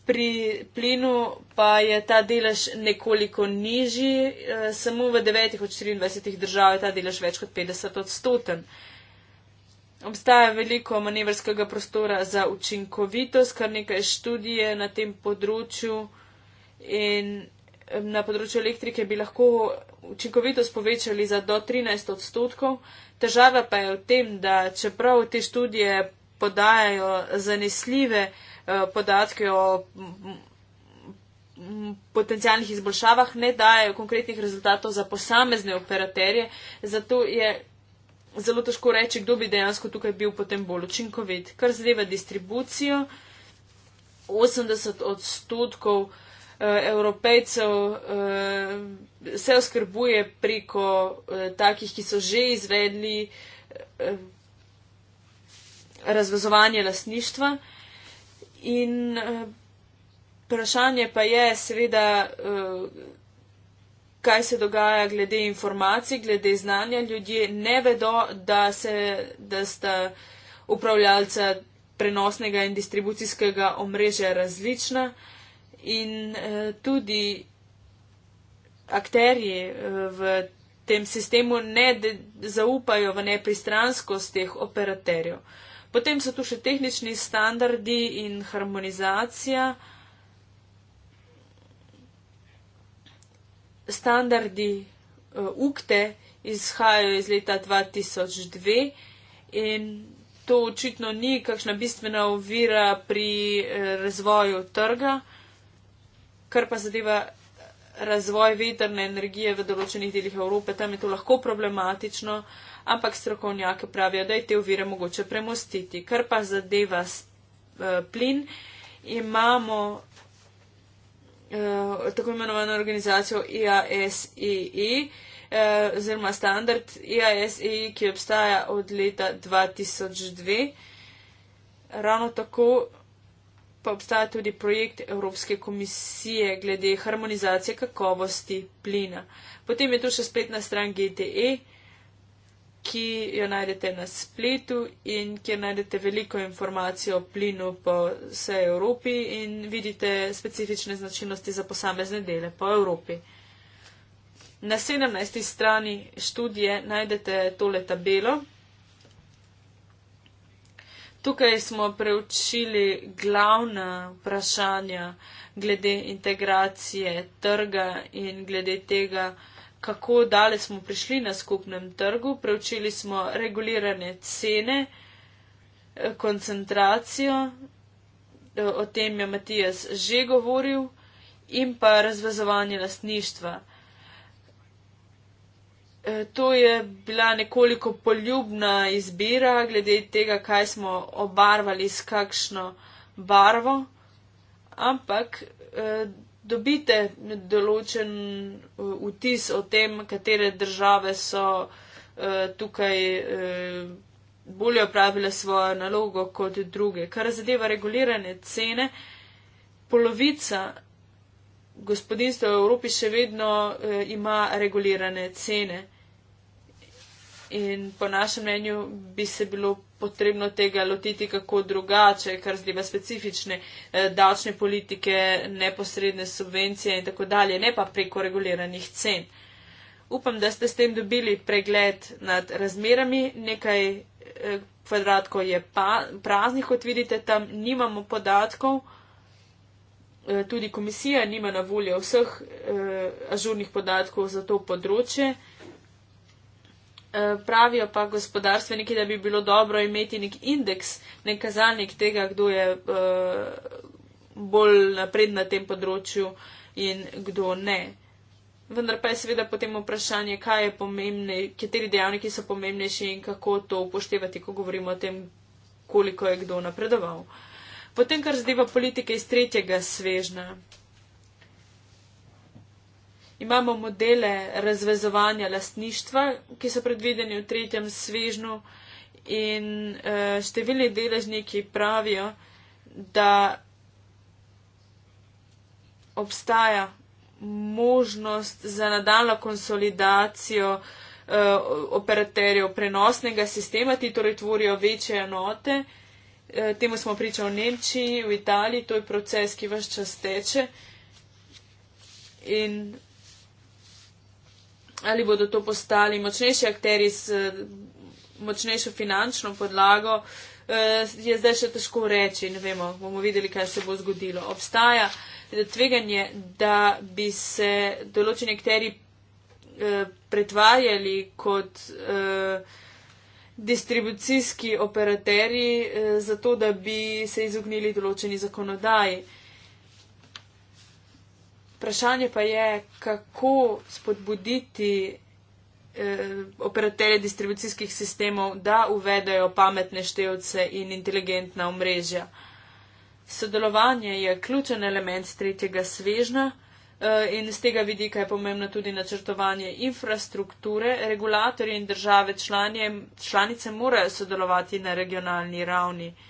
Pri plinu pa je ta delež nekoliko nižji, eh, samo v 9 od 24 držav je ta delež več kot 50 odstoten obstaja veliko manevrskega prostora za učinkovitost, kar nekaj študije na tem področju in eh, na področju elektrike bi lahko učinkovitost povečali za do 13 odstotkov. Težava pa je v tem, da čeprav te študije podajajo zanesljive eh, podatke o potencijalnih izboljšavah, ne dajo konkretnih rezultatov za posamezne operaterje, zato je zelo težko reči, kdo bi dejansko tukaj bil potem bolj učinkovit. Kar zadeva distribucijo, 80 odstotkov eh, evropejcev eh, se oskrbuje preko eh, takih, ki so že izvedli razvezovanje lasništva. In vprašanje pa je seveda, kaj se dogaja glede informacij, glede znanja. Ljudje ne vedo, da, se, da sta upravljalca prenosnega in distribucijskega omrežja različna in eh, tudi akterji eh, v tem sistemu ne zaupajo v nepristranskost teh operaterjev. Potem so tu še tehnični standardi in harmonizacija. Eh, standardi uh, UKTE izhajajo iz leta 2002 in to očitno ni kakšna bistvena ovira pri uh, razvoju trga, kar pa zadeva razvoj vetrne energije v določenih delih Evrope, tam je to lahko problematično, ampak strokovnjaki pravijo, da je te ovire mogoče premostiti. Kar pa zadeva uh, plin, imamo uh, tako imenovano organizacijo IASEE, uh, oziroma standard IASEE, ki obstaja od leta 2002. Ravno tako pa obstaja tudi projekt Evropske komisije glede harmonizacije kakovosti plina. Potem je tu še spletna stran GTE ki jo najdete na spletu in kjer najdete veliko informacij o plinu po vsej Evropi in vidite specifične značilnosti za posamezne dele po Evropi. Na 17. strani študije najdete tole tabelo. Tukaj smo preučili glavna vprašanja glede integracije trga in glede tega, kako daleč smo prišli na skupnem trgu, preučili smo regulirane cene, eh, koncentracijo, eh, o tem je Matijas že govoril, in pa razvezovanje lastništva. Eh, to je bila nekoliko poljubna izbira, glede tega, kaj smo obarvali s kakšno barvo, ampak dobite določen eh, vtis o tem, katere države so eh, tukaj eh, bolje opravile svojo nalogo kot druge. Kar zadeva regulirane cene, polovica gospodinstva v Evropi še vedno ima regulirane cene. In po našem mnenju bi se bilo potrebno tega lotiti kako drugače, kar zdaj specifične eh, davčne politike, neposredne subvencije in tako dalje, ne pa preko reguliranih cen. Upam, da ste s tem dobili pregled nad razmerami. Nekaj eh, kvadratkov je pa, praznih, kot vidite, tam nimamo podatkov. Eh, tudi komisija nima na voljo vseh eh, ažurnih podatkov za to področje. Eh, Eh, pravijo pa gospodarstveniki, da bi bilo dobro imeti nek indeks, nek kazalnik tega, kdo je eh, bolj napred na tem področju in kdo ne. Vendar pa je seveda potem vprašanje, kaj je pomembne, kateri dejavniki so pomembnejši in kako to upoštevati, ko govorimo o tem, koliko je kdo napredoval. Potem, kar zadeva politike iz tretjega svežna, Imamo modele razvezovanja lastništva, ki so predvideni v tretjem svežnu in eh, številni deležniki pravijo, da obstaja možnost za nadaljno konsolidacijo eh, operaterjev prenosnega sistema, ti torej tvorijo večje enote. Eh, temu smo pričali v Nemčiji, v Italiji, to je proces, ki vse čas teče. In ali bodo to postali močnejši akteri s eh, močnejšo finančno podlago, eh, je zdaj še težko reči. Ne vemo, bomo videli, kaj se bo zgodilo. Obstaja eh, tveganje, da bi se določeni akteri pretvarjali kot distribucijski operaterji, zato da bi se izognili določeni zakonodaji. Vprašanje pa je, kako spodbuditi eh, operaterje distribucijskih sistemov, da uvedajo pametne števce in inteligentna omrežja. Sodelovanje je ključen element tretjega svežna eh, in z tega vidika je pomembno tudi načrtovanje infrastrukture. Regulatorji in države članje, članice morajo sodelovati na regionalni ravni. Eh,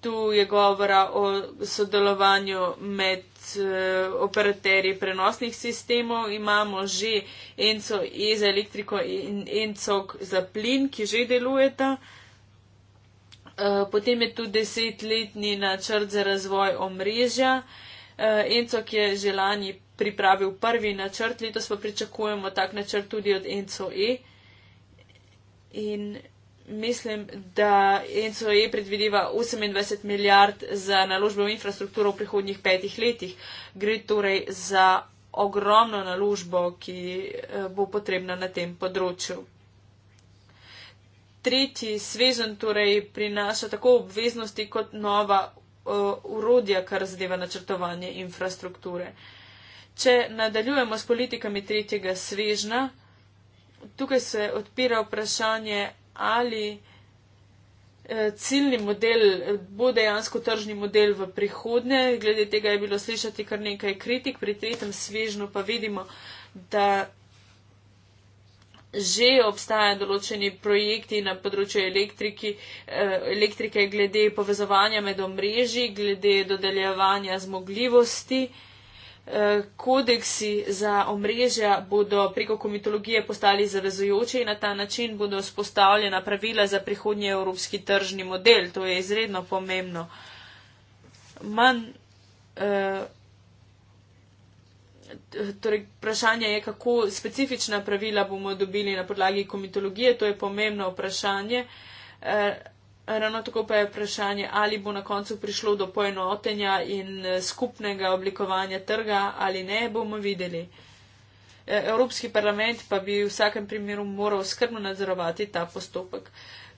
tu je govora o sodelovanju med uh, operaterji prenosnih sistemov. Imamo že Enco E za elektriko in Enco za plin, ki že delujeta. Eh, potem je tu desetletni načrt za razvoj omrežja. Eh, Enco je že lani pripravil prvi načrt, letos pa pričakujemo tak načrt tudi od Enco E. In mislim, da ENCO je predvideva 28 milijard za naložbo v infrastrukturo v prihodnjih petih letih. Gre torej za ogromno naložbo, ki eh, bo potrebna na tem področju. Tretji svežen torej prinaša tako obveznosti kot nova uh, urodja, kar zadeva načrtovanje infrastrukture. Če nadaljujemo s politikami tretjega svežna, tukaj se odpira vprašanje, ali eh, ciljni model eh, bo dejansko tržni model v prihodnje. Glede tega je bilo slišati kar nekaj kritik, pri tretjem svežnu pa vidimo, da že obstajajo določeni projekti na področju elektriki, eh, elektrike glede povezovanja med omrežji, glede dodeljevanja zmogljivosti. Eh, kodeksi za omrežja bodo preko komitologije postali zavezujoči in na ta način bodo spostavljena pravila za prihodnji evropski tržni model. To je izredno pomembno. Manj, eh, torej, vprašanje je, kako specifična pravila bomo dobili na podlagi komitologije. To je pomembno vprašanje. Eh, Ravno tako pa je vprašanje, ali bo na koncu prišlo do poenotenja in eh, skupnega oblikovanja trga ali ne, bomo videli. Eh, Evropski parlament pa bi v vsakem primeru moral skrbno nadzorovati ta postopek.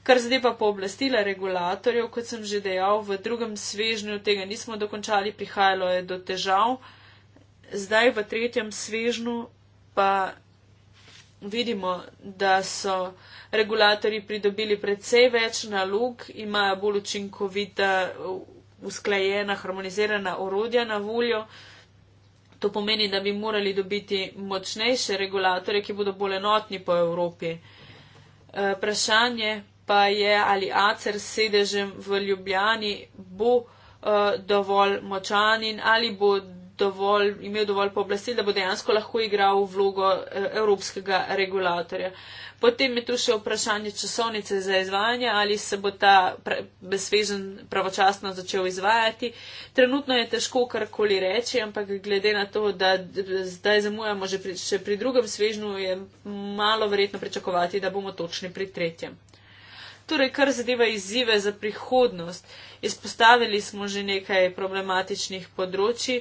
Kar zdaj pa pooblastila regulatorjev, kot sem že dejal, v drugem svežnju tega nismo dokončali, prihajalo je do težav. Zdaj v tretjem svežnju pa vidimo, da so regulatori pridobili precej več nalog, imajo bolj učinkovita, usklajena, harmonizirana orodja na voljo. To pomeni, da bi morali dobiti močnejše regulatore, ki bodo bolj enotni po Evropi. E, vprašanje pa je, ali ACER s sedežem v Ljubljani bo e, dovolj močan in ali bo dovolj, imel dovolj pooblastil, da bo dejansko lahko igral vlogo eh, evropskega regulatorja. Potem je tu še vprašanje časovnice za izvajanje, ali se bo ta besvežen pravočasno začel izvajati. Trenutno je težko karkoli reči, ampak glede na to, da zdaj zamujamo že pri, še pri drugem svežnju, je malo verjetno pričakovati, da bomo točni pri tretjem. Torej, kar zadeva izzive za prihodnost, izpostavili smo že nekaj problematičnih področji.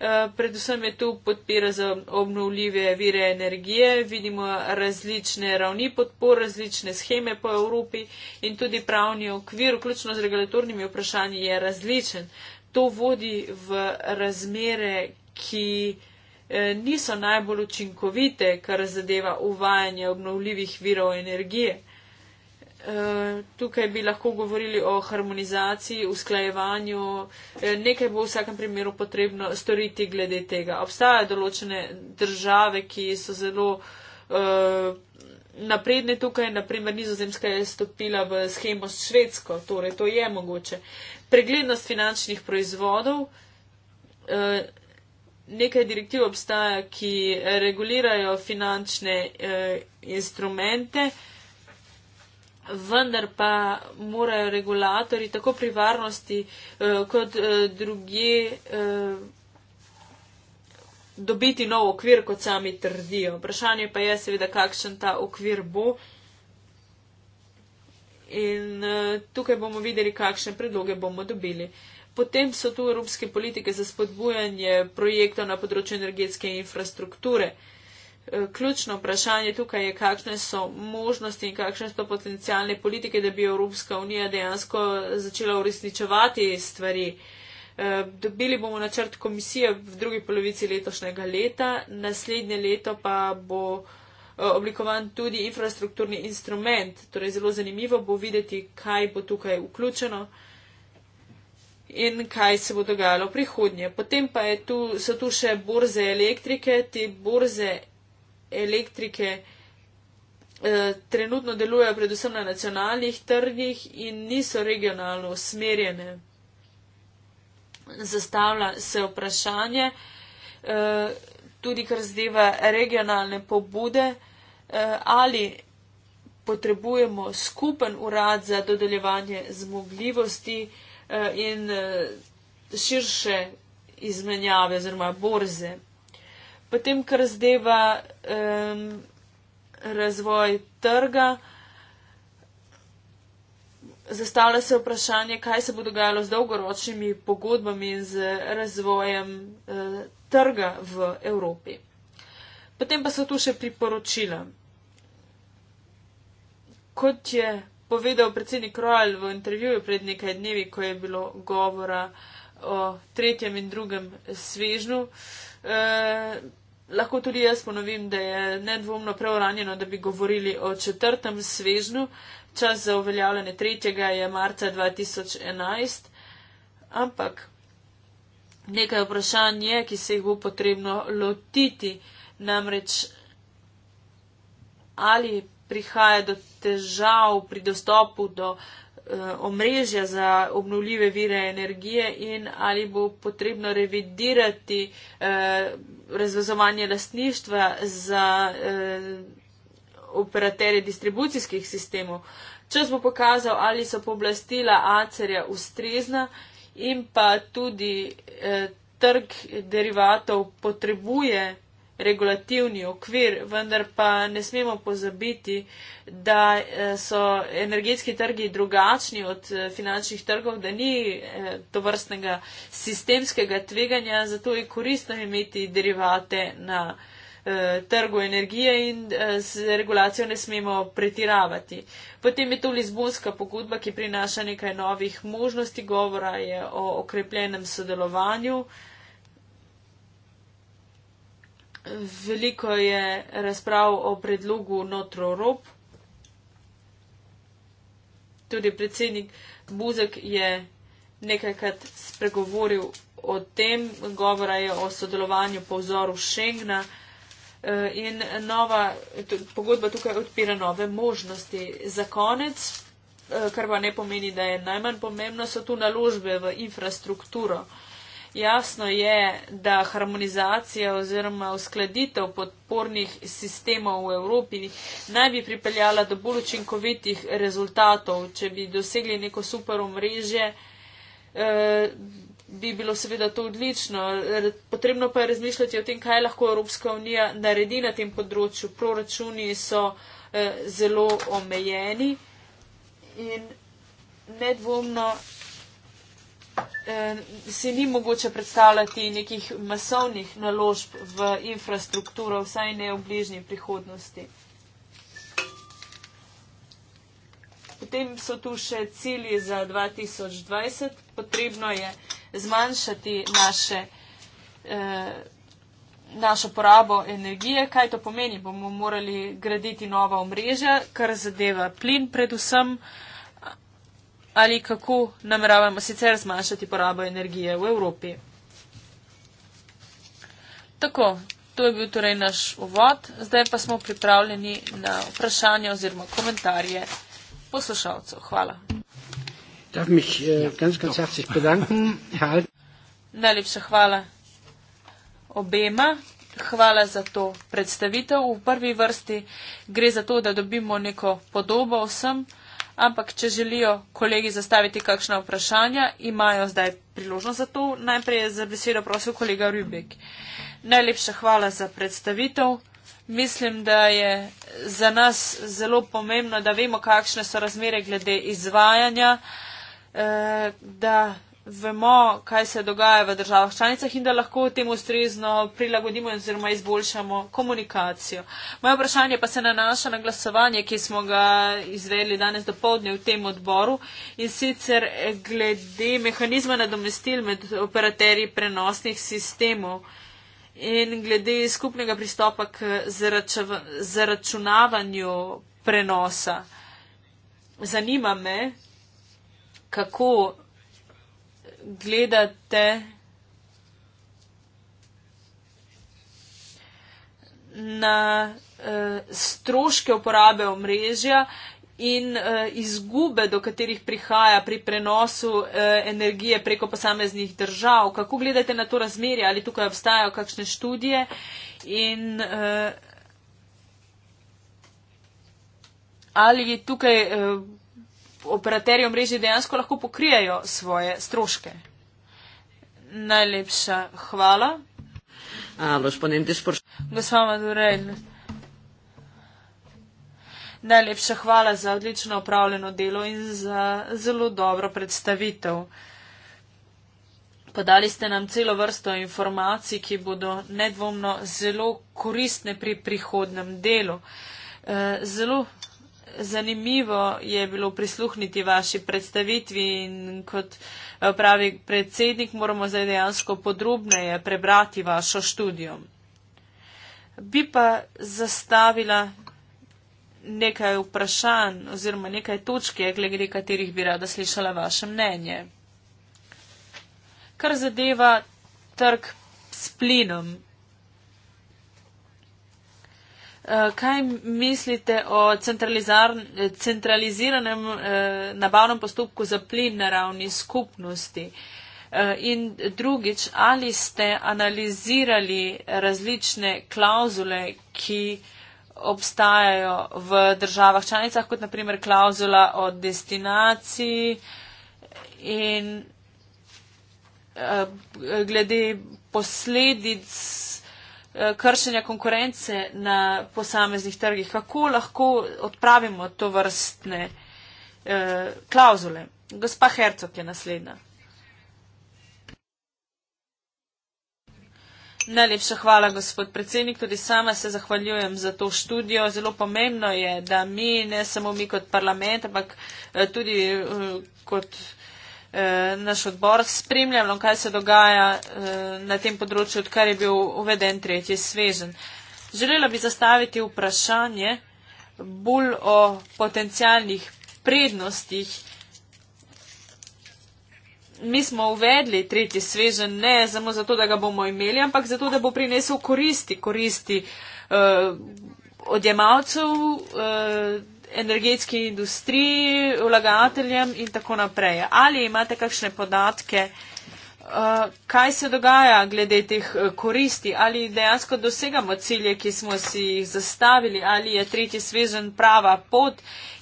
Eh, predvsem je tu podpira za obnovljive vire energije. Vidimo različne ravni podpor, različne scheme po Evropi in tudi pravni okvir, vključno z regulatornimi vprašanji, je različen. To vodi v razmere, ki eh, niso najbolj učinkovite, kar zadeva uvajanje obnovljivih virov energije. Eh, tukaj bi lahko govorili o harmonizaciji, usklajevanju, eh, nekaj bo v vsakem primeru potrebno storiti glede tega. Obstajajo določene države, ki so zelo eh, napredne tukaj, naprimer Nizozemska je stopila v schemo s Švedsko, torej to je mogoče. Preglednost finančnih proizvodov. Nekaj direktiv obstaja, ki regulirajo finančne eh, instrumente, eh, vendar pa morajo regulatori tako pri varnosti eh, kot eh, druge eh, dobiti nov okvir, kot sami trdijo. Vprašanje pa je seveda, kakšen ta okvir bo. In tukaj bomo videli, kakšne predloge bomo dobili. Potem so tu evropske politike za spodbujanje projektov na področju energetske infrastrukture. Eh, ključno vprašanje tukaj je, kakšne so možnosti in kakšne so potencijalne politike, da bi Evropska unija dejansko začela uresničevati stvari. Eh, dobili bomo načrt komisije v drugi polovici letošnjega leta, naslednje leto pa bo eh, oblikovan tudi infrastrukturni instrument, torej zelo zanimivo bo videti, kaj bo tukaj vključeno in kaj se bo dogajalo v prihodnje. Potem pa tu, so tu še borze elektrike, te borze elektrike eh, trenutno delujejo predvsem na nacionalnih trgih in niso regionalno usmerjene. Zastavlja se vprašanje eh, tudi, kar zdeva regionalne pobude, eh, ali potrebujemo skupen urad za dodeljevanje zmogljivosti in širše izmenjave oziroma borze. Potem, kar zdeva um, razvoj trga, zastavlja se vprašanje, kaj se bo dogajalo z dolgoročnimi pogodbami in z razvojem uh, trga v Evropi. Potem pa so tu še priporočila. Kot je povedal predsednik Royal v intervjuju pred nekaj dnevi, ko je bilo govora o tretjem in drugem svežnu, uh, e, lahko tudi jaz ponovim, da je nedvomno preuranjeno, da bi govorili o četrtem svežnju. Čas za uveljavljanje tretjega je marca 2011, ampak nekaj vprašanj je, ki se jih bo potrebno lotiti, namreč ali prihaja do težav pri dostopu do Eh, omrežja za obnovljive vire energije in ali bo potrebno revidirati eh, razvezovanje lastništva za eh, operaterje distribucijskih sistemov. Čas bo pokazal, ali so pooblastila ACER-ja ustrezna in pa tudi eh, trg derivatov potrebuje regulativni okvir, vendar pa ne smemo pozabiti, da eh, so energetski trgi drugačni od eh, finančnih trgov, da ni eh, to vrstnega sistemskega tveganja, zato je koristno imeti derivate na trgu energije in z regulacijo ne smemo pretiravati. Potem je tu Lizbonska pogodba, ki prinaša nekaj novih možnosti, govora je o okrepljenem sodelovanju veliko je razprav o predlogu notro rob. Tudi predsednik Buzek je nekajkrat spregovoril o tem, govora je o sodelovanju po vzoru Schengna eh, in nova pogodba tukaj odpira nove možnosti. Za konec, eh, kar pa ne pomeni, da je najmanj pomembno, so tu naložbe v infrastrukturo. Jasno je, da harmonizacija oziroma uskladitev podpornih sistemov v Evropi naj bi pripeljala do bolj učinkovitih rezultatov. Če bi dosegli neko super omrežje, eh, bi bilo seveda to odlično. Potrebno pa je razmišljati o tem, kaj lahko Evropska unija naredi na tem področju. Proračuni so eh, zelo omejeni in nedvomno Eh, si ni mogoče predstavljati nekih masovnih naložb v infrastrukturo, vsaj ne v bližnji prihodnosti. Potem so tu še cilji za 2020. Potrebno je zmanjšati naše, eh, našo porabo energije. Kaj to pomeni? Bomo morali graditi nova omrežja, kar zadeva plin predvsem. Eh, ali kako nameravamo sicer zmanjšati porabo energije v Evropi. Tako, to je bil torej naš uvod, zdaj pa smo pripravljeni na vprašanje oziroma komentarje poslušalcev. Hvala. Mich, äh, ja, ganz, ganz Najlepša hvala obema. Hvala za to predstavitev. V prvi vrsti gre za to, da dobimo neko podobo vsem ampak če želijo kolegi zastaviti kakšna vprašanja, imajo zdaj priložnost za to. Najprej je za besedo prosil kolega Rubik. Najlepša hvala za predstavitev. Mislim, da je za nas zelo pomembno, da vemo, kakšne so razmere glede izvajanja, eh, da vemo, kaj se dogaja v državah članicah in da lahko temu ustrezno prilagodimo oziroma izboljšamo komunikacijo. Moje vprašanje pa se nanaša na glasovanje, ki smo ga izvedli danes do povdne v tem odboru in sicer glede mehanizma nadomestil med operaterji prenosnih sistemov in glede skupnega pristopa k zaračunavanju prenosa. Zanima me, kako gledate na uh, stroške uporabe omrežja in uh, izgube, do katerih prihaja pri prenosu uh, energije preko posameznih držav. Kako gledate na to razmerje? Ali tukaj obstajajo kakšne študije? In, uh, Ali tukaj operaterji omrežij dejansko lahko pokrijajo svoje stroške. Najlepša hvala. Aloš, po njem ti sporoči. Gospod Madurej. Najlepša hvala za odlično opravljeno delo in za zelo dobro predstavitev. Podali ste nam celo vrsto informacij, ki bodo nedvomno zelo koristne pri prihodnem delu. E, zelo zanimivo je bilo prisluhniti vaši predstavitvi in kot eh, pravi predsednik moramo zdaj dejansko podrobneje prebrati vašo študijo. Bi pa zastavila nekaj vprašanj oziroma nekaj točke, glede katerih bi rada slišala vaše mnenje. Kar zadeva trg s plinom, Eh, kaj mislite o centraliziranem uh, nabavnem postopku za plin na ravni skupnosti? Eh, in drugič, ali ste analizirali različne klauzule, ki obstajajo v državah članicah, kot naprimer klauzula o destinaciji in glede posledic Eh, kršenja konkurence na posameznih trgih, kako lahko odpravimo to vrstne eh, klauzule. Gospa Hercog je naslednja. Najlepša hvala, gospod predsednik. Tudi sama se zahvaljujem za to študijo. Zelo pomembno je, da mi, ne samo mi kot parlament, ampak eh, tudi kot. Eh, naš odbor spremljalo, kaj se dogaja eh, na tem področju, odkar je bil uveden tretji svežen. Želela bi zastaviti vprašanje bolj o potencijalnih prednostih. Mi smo uvedli tretji svežen ne samo zato, da ga bomo imeli, ampak zato, da bo prinesel koristi, koristi eh, odjemalcev. Eh, energetski industriji, vlagateljem in tako naprej. Ali imate kakšne podatke, Eh, kaj se dogaja glede teh eh, koristi, ali dejansko dosegamo cilje, ki smo si jih zastavili, ali je tretji svezen prava pot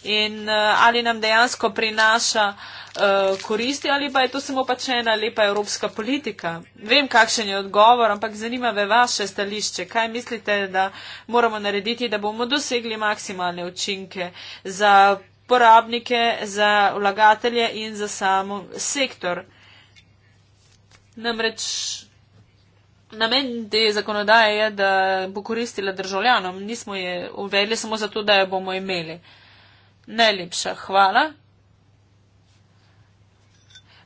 in eh, ali nam dejansko prinaša koristi, ali pa je to samo pač ena lepa evropska politika. Vem, kakšen je odgovor, ampak zanima me vaše stališče. Kaj mislite, da moramo narediti, da bomo dosegli maksimalne učinke za porabnike, za vlagatelje in za samo sektor? Namreč namen te zakonodaje je, da bo koristila državljanom. Nismo je uvedli samo zato, da jo bomo imeli. Najlepša hvala.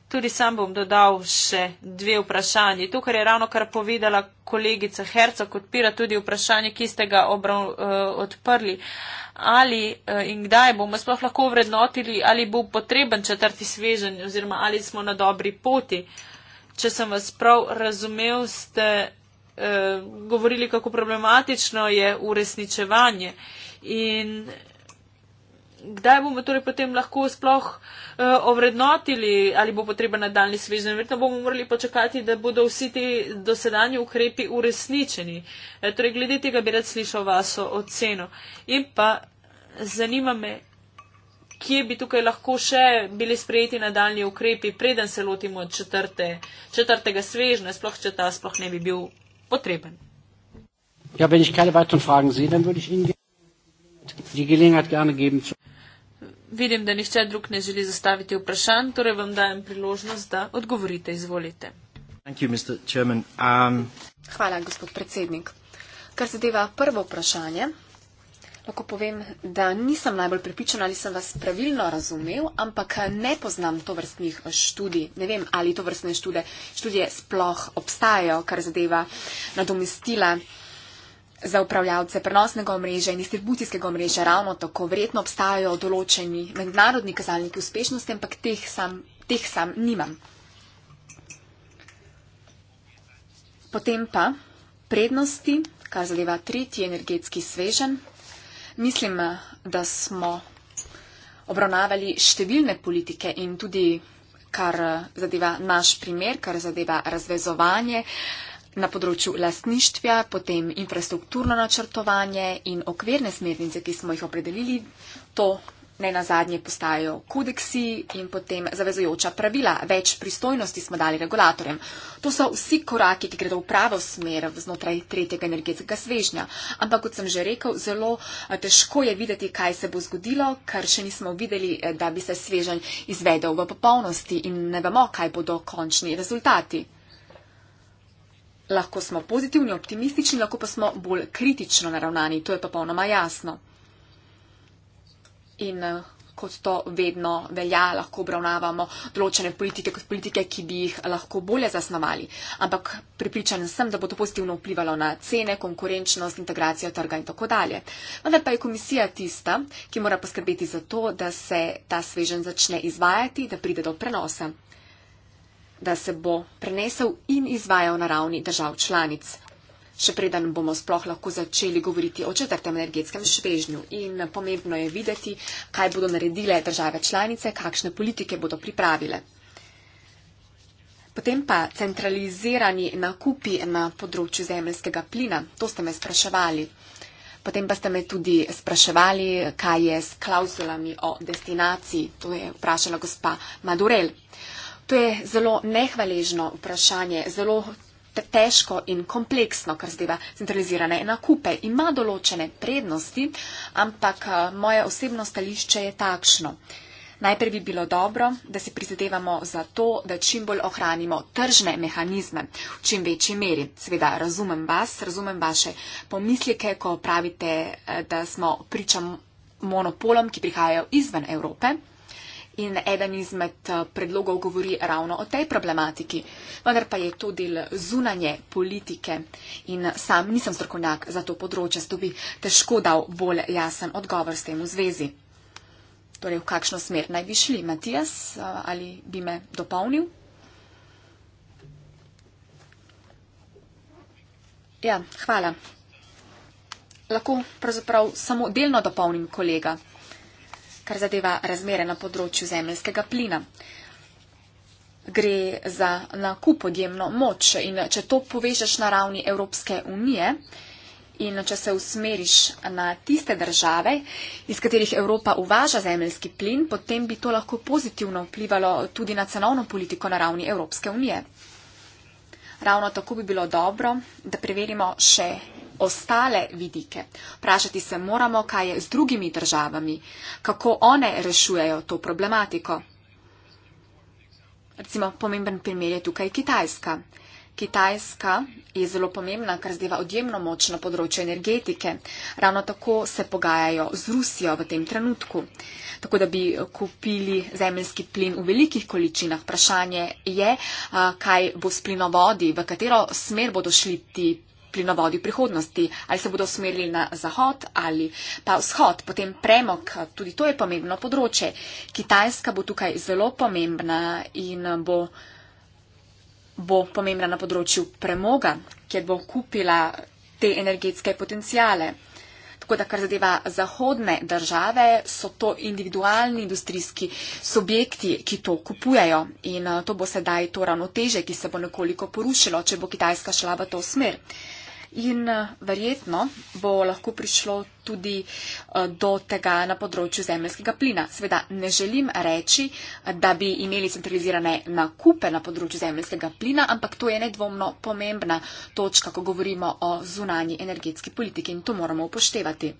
Tudi sam bom dodal še dve vprašanje. To, kar je ravno kar povedala kolegica Herca, odpira tudi vprašanje, ki ste ga obrav, uh, eh, odprli. Ali uh, in kdaj bomo sploh lahko vrednotili, ali bo potreben četrti svežen oziroma ali smo na dobri poti. Uh, če sem vas prav razumel, ste eh, govorili, kako problematično je uresničevanje. In kdaj bomo torej potem lahko sploh eh, ovrednotili, ali bo potreba nadaljni svežnje? Verjetno bomo morali počakati, da bodo vsi ti dosedanji ukrepi uresničeni. E, torej, glede tega bi rad slišal vašo oceno. In pa zanima me, kje bi tukaj lahko še bili sprejeti nadaljni ukrepi, preden se lotimo četrte, četrtega svežna, sploh če ta sploh ne bi bil potreben. Ja, če nekaj več vprašanj vidim, potem bi jim ti gelenjat gerne geben. Vidim, da nihče drug ne želi zastaviti vprašanj, torej vam dajem priložnost, da odgovorite. Izvolite. You, um... Hvala, gospod predsednik. Kar zadeva prvo vprašanje, Lahko povem, da nisem najbolj pripričan, ali sem vas pravilno razumel, ampak ne poznam to vrstnih eh, študij. Ne vem, ali to vrstne študije, študije sploh obstajajo, kar zadeva nadomestila za upravljavce prenosnega omrežja in distribucijskega omrežja. Ravno tako vredno obstajajo določeni mednarodni kazalniki uspešnosti, ampak teh sam, teh sam nimam. Potem pa prednosti, kar zadeva tretji energetski svežen, Mislim, da smo obravnavali številne politike in tudi, kar zadeva naš primer, kar zadeva razvezovanje na področju lastništva, potem infrastrukturno načrtovanje in okvirne smernice, ki smo jih opredelili, to ne na zadnje postajajo kodeksi in potem zavezojoča pravila. Več pristojnosti smo dali regulatorjem. To so vsi koraki, ki gredo v pravo smer znotraj tretjega energetskega svežnja. Ampak, kot sem že rekel, zelo eh, težko je videti, kaj se bo zgodilo, ker še nismo videli, eh, da bi se svežanj izvedel v popolnosti in ne vemo, kaj bodo končni rezultati. Lahko smo pozitivni, optimistični, lahko pa smo bolj kritično naravnani, to je popolnoma jasno in eh, kot to vedno velja, lahko obravnavamo določene politike kot politike, ki bi jih lahko bolje zasnovali. Ampak pripričan sem, da bo to pozitivno vplivalo na cene, konkurenčnost, integracijo trga in tako dalje. Vendar pa je komisija tista, ki mora poskrbeti za to, da se ta svežen začne izvajati, da pride do prenosa da se bo prenesel in izvajal na ravni držav članic še preden bomo sploh lahko začeli govoriti o četrtem energetskem švežnju. In pomembno je videti, kaj bodo naredile države članice, kakšne politike bodo pripravile. Potem pa centralizirani nakupi na področju zemljskega plina, to ste me spraševali. Potem pa ste me tudi spraševali, kaj je s klauzulami o destinaciji, to je vprašala gospa Madurel. To je zelo nehvaležno vprašanje, zelo težko in kompleksno, kar zdeva centralizirane nakupe. Ima določene prednosti, ampak moje osebno stališče je takšno. Najprej bi bilo dobro, da si prizadevamo za to, da čim bolj ohranimo tržne mehanizme v čim večji meri. Sveda razumem vas, razumem vaše pomislike, ko pravite, da smo pričam monopolom, ki prihajajo izven Evrope in eden izmed eh, predlogov govori ravno o tej problematiki. Vendar pa je to del zunanje politike in sam nisem strokovnjak za to področje, zato bi težko dal bolj jasen odgovor s tem v zvezi. Torej, v kakšno smer naj bi šli, Matijas, eh, ali bi me dopolnil? Ja, hvala. Lahko pravzaprav samo delno dopolnim kolega kar zadeva razmere na področju zemljskega plina. Gre za nakup podjemno moč in če to povežeš na ravni Evropske unije in če se usmeriš na tiste države, iz katerih Evropa uvaža zemljski plin, potem bi to lahko pozitivno vplivalo tudi na cenovno politiko na ravni Evropske unije. Ravno tako bi bilo dobro, da preverimo še ostale vidike. Vprašati se moramo, kaj je z drugimi državami, kako one rešujejo to problematiko. Recimo, pomemben primer je tukaj Kitajska. Kitajska je zelo pomembna, kar zdeva odjemno moč na področju energetike. Ravno tako se pogajajo z Rusijo v tem trenutku. Tako da bi kupili zemljski plin v velikih količinah. Vprašanje je, kaj bo s plinovodi, v katero smer bodo šli ti plinovodi prihodnosti, ali se bodo usmerili na zahod ali pa vzhod. Potem premog, tudi to je pomembno področje. Kitajska bo tukaj zelo pomembna in bo, bo pomembna na področju premoga, kjer bo kupila te energetske potencijale. Tako da, kar zadeva zahodne države, so to individualni industrijski subjekti, ki to kupujajo. In to bo sedaj to ravnoteže, ki se bo nekoliko porušilo, če bo Kitajska šla v to smer in eh, verjetno bo lahko prišlo tudi eh, do tega na področju zemljskega plina. Sveda ne želim reči, da bi imeli centralizirane nakupe na področju zemljskega plina, ampak to je nedvomno pomembna točka, ko govorimo o zunanji energetski politiki in to moramo upoštevati.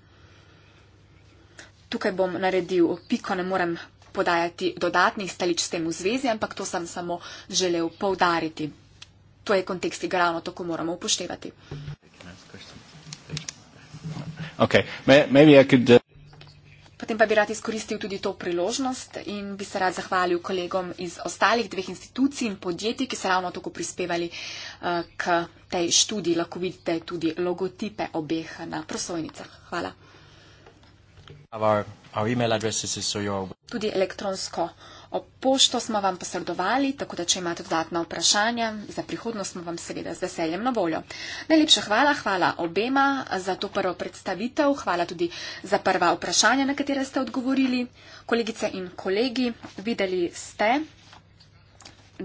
Tukaj bom naredil piko, ne morem podajati dodatnih stališč s tem v zvezi, ampak to sem samo želel povdariti. To je kontekst, ki ga ravno tako moramo upoštevati. Okay. May, could, uh... Potem pa bi rad izkoristil tudi to priložnost in bi se rad zahvalil kolegom iz ostalih dveh institucij in podjetij, ki so ravno tako prispevali uh, k tej študiji. Lahko vidite tudi logotipe obeh na prosojnicah. Hvala. Our, our tudi elektronsko uh, pošto smo vam posredovali, tako da če imate dodatna vprašanja, za prihodnost smo vam seveda z veseljem na voljo. Najlepša hvala, hvala obema za to prvo predstavitev, hvala tudi za prva vprašanja, na katere ste odgovorili. Kolegice in kolegi, videli ste,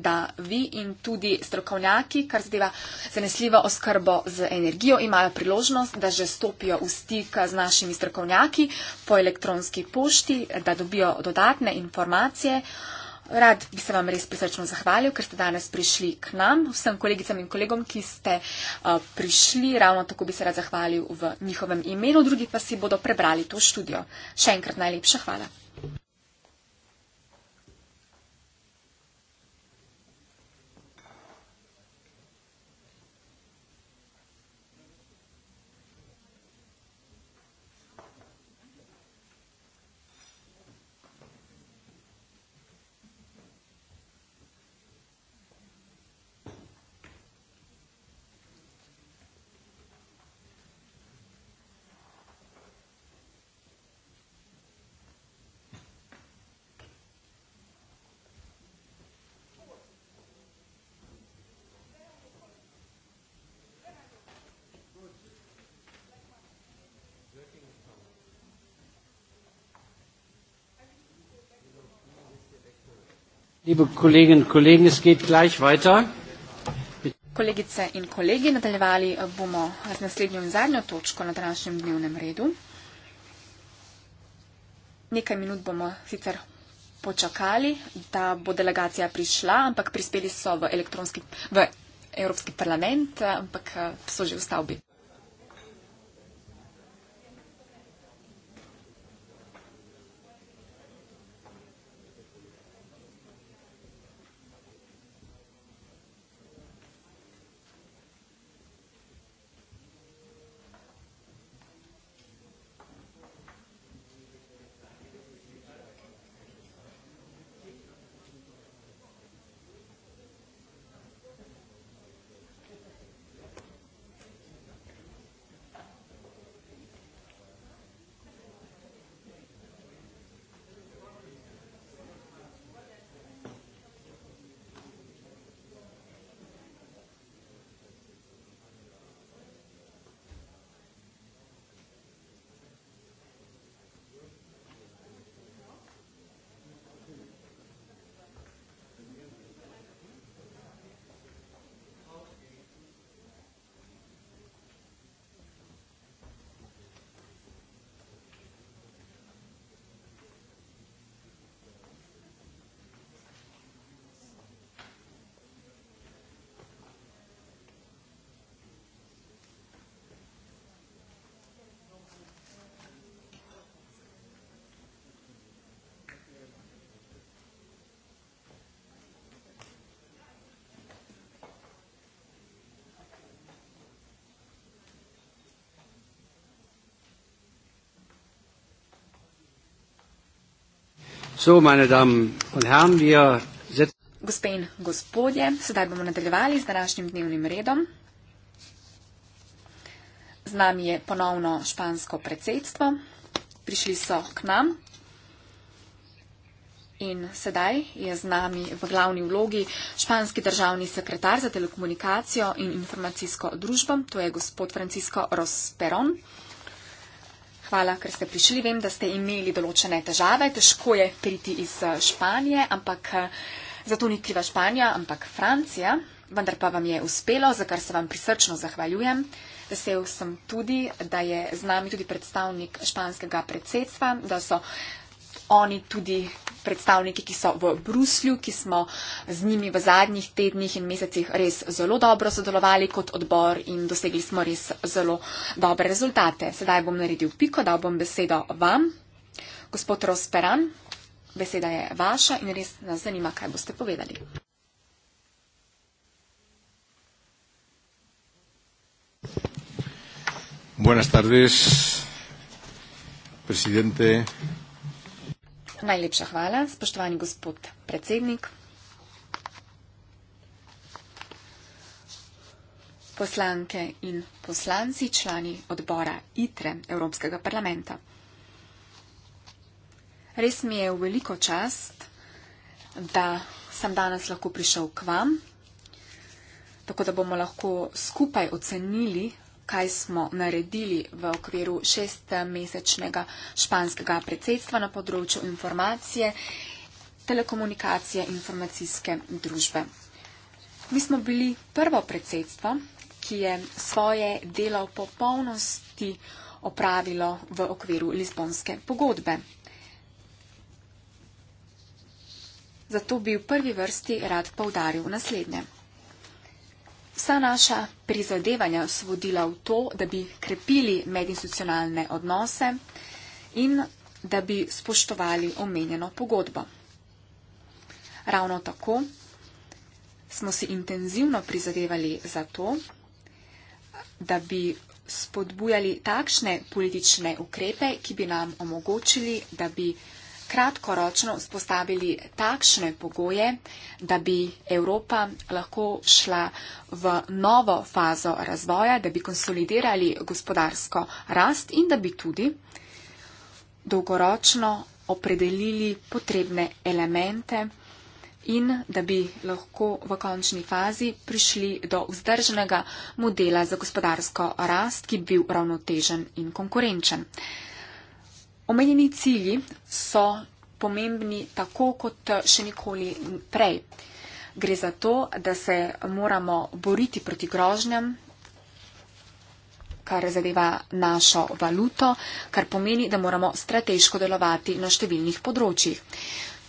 da vi in tudi strokovnjaki, kar zadeva zanesljivo oskrbo z energijo, imajo priložnost, da že stopijo v stik z našimi strokovnjaki po elektronski pošti, da dobijo dodatne informacije. Rad bi se vam res prisrčno zahvalil, ker ste danes prišli k nam, vsem kolegicam in kolegom, ki ste uh, prišli. Ravno tako bi se rad zahvalil v njihovem imenu, drugi pa si bodo prebrali to študijo. Še enkrat najlepša hvala. Kolegice in kolegi, nadaljevali bomo z naslednjo in zadnjo točko na današnjem dnevnem redu. Nekaj minut bomo sicer počakali, da bo delegacija prišla, ampak prispeli so v, v Evropski parlament, ampak so že v stavbi. Gospe in gospodje, sedaj bomo nadaljevali z današnjim dnevnim redom. Z nami je ponovno špansko predsedstvo. Prišli so k nam. In sedaj je z nami v glavni vlogi španski državni sekretar za telekomunikacijo in informacijsko družbo, to je gospod Francisco Rosperon. Hvala, ker ste prišli. Vem, da ste imeli določene težave. Težko je priti iz eh, Španije, ampak eh, zato ni kriva Španija, ampak Francija. Vendar pa vam je uspelo, za kar se vam prisrčno zahvaljujem. Vesel sem tudi, da je z nami tudi predstavnik španskega predsedstva, da so oni tudi predstavniki, ki so v Bruslju, ki smo z njimi v zadnjih tednih in mesecih res zelo dobro sodelovali kot odbor in dosegli smo res zelo dobre rezultate. Sedaj bom naredil piko, dal bom besedo vam. Gospod Rosperan, beseda je vaša in res nas zanima, kaj boste povedali. Buenas tardes, presidente, Najlepša hvala, spoštovani gospod predsednik. Poslanke in poslanci, člani odbora ITRE Evropskega parlamenta. Res mi je v veliko čast, da sem danes lahko prišel k vam, tako da bomo lahko skupaj ocenili kaj smo naredili v okviru šestmesečnega španskega predsedstva na področju informacije, telekomunikacije in informacijske družbe. Mi smo bili prvo predsedstvo, ki je svoje delo v popolnosti opravilo v okviru Lizbonske pogodbe. Zato bi v prvi vrsti rad povdaril naslednje. Vsa naša prizadevanja so vodila v to, da bi krepili medinstitucionalne odnose in da bi spoštovali omenjeno pogodbo. Ravno tako smo si intenzivno prizadevali za to, da bi spodbujali takšne politične ukrepe, ki bi nam omogočili, da bi kratkoročno spostavili takšne pogoje, da bi Evropa lahko šla v novo fazo razvoja, da bi konsolidirali gospodarsko rast in da bi tudi dolgoročno opredelili potrebne elemente in da bi lahko v končni fazi prišli do vzdržnega modela za gospodarsko rast, ki bi bil ravnotežen in konkurenčen. Omenjeni cilji so pomembni tako kot še nikoli prej. Gre za to, da se moramo boriti proti grožnjam, kar zadeva našo valuto, kar pomeni, da moramo strateško delovati na številnih področjih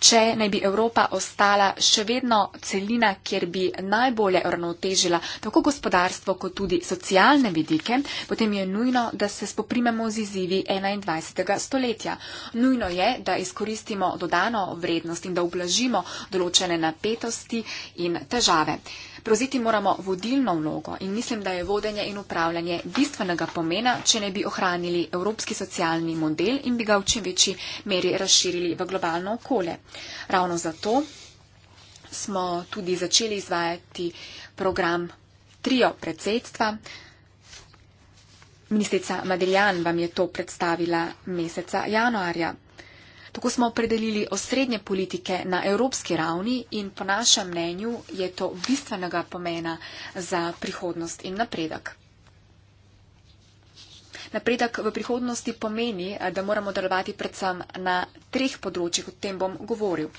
če ne bi Evropa ostala še vedno celina, kjer bi najbolje ravnotežila tako gospodarstvo kot tudi socialne vidike, potem je nujno, da se spoprimemo z izzivi 21. stoletja. Nujno je, da izkoristimo dodano vrednost in da oblažimo določene napetosti in težave. Prevzeti moramo vodilno vlogo in mislim, da je vodenje in upravljanje bistvenega pomena, če ne bi ohranili evropski socialni model in bi ga v čim večji meri razširili v globalno okolje. Ravno zato smo tudi začeli izvajati program Trio predsedstva. Ministrica Madeljan vam je to predstavila meseca januarja. Tako smo opredelili osrednje politike na evropski ravni in po našem mnenju je to bistvenega pomena za prihodnost in napredek. Napredek v prihodnosti pomeni, da moramo delovati predvsem na treh področjih, o tem bom govoril.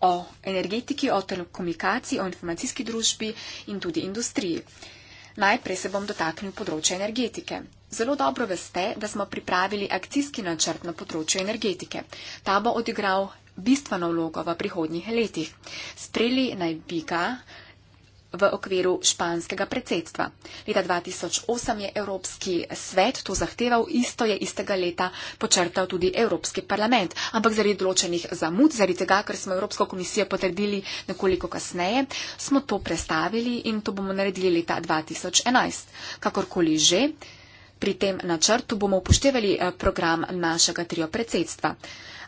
O energetiki, o telekomunikaciji, o informacijski družbi in tudi industriji. Najprej se bom dotaknil področja energetike. Zelo dobro veste, da smo pripravili akcijski načrt na področju energetike. Ta bo odigral bistveno vlogo v prihodnjih letih. Sprejeli naj bi ga v okviru španskega predsedstva. Leta 2008 je Evropski svet to zahteval, isto je istega leta počrtal tudi Evropski parlament. Ampak zaradi določenih zamud, zaradi tega, ker smo Evropsko komisijo potrdili nekoliko kasneje, smo to prestavili in to bomo naredili leta 2011. Kakorkoli že. Pri tem načrtu bomo upoštevali eh, program našega trio predsedstva.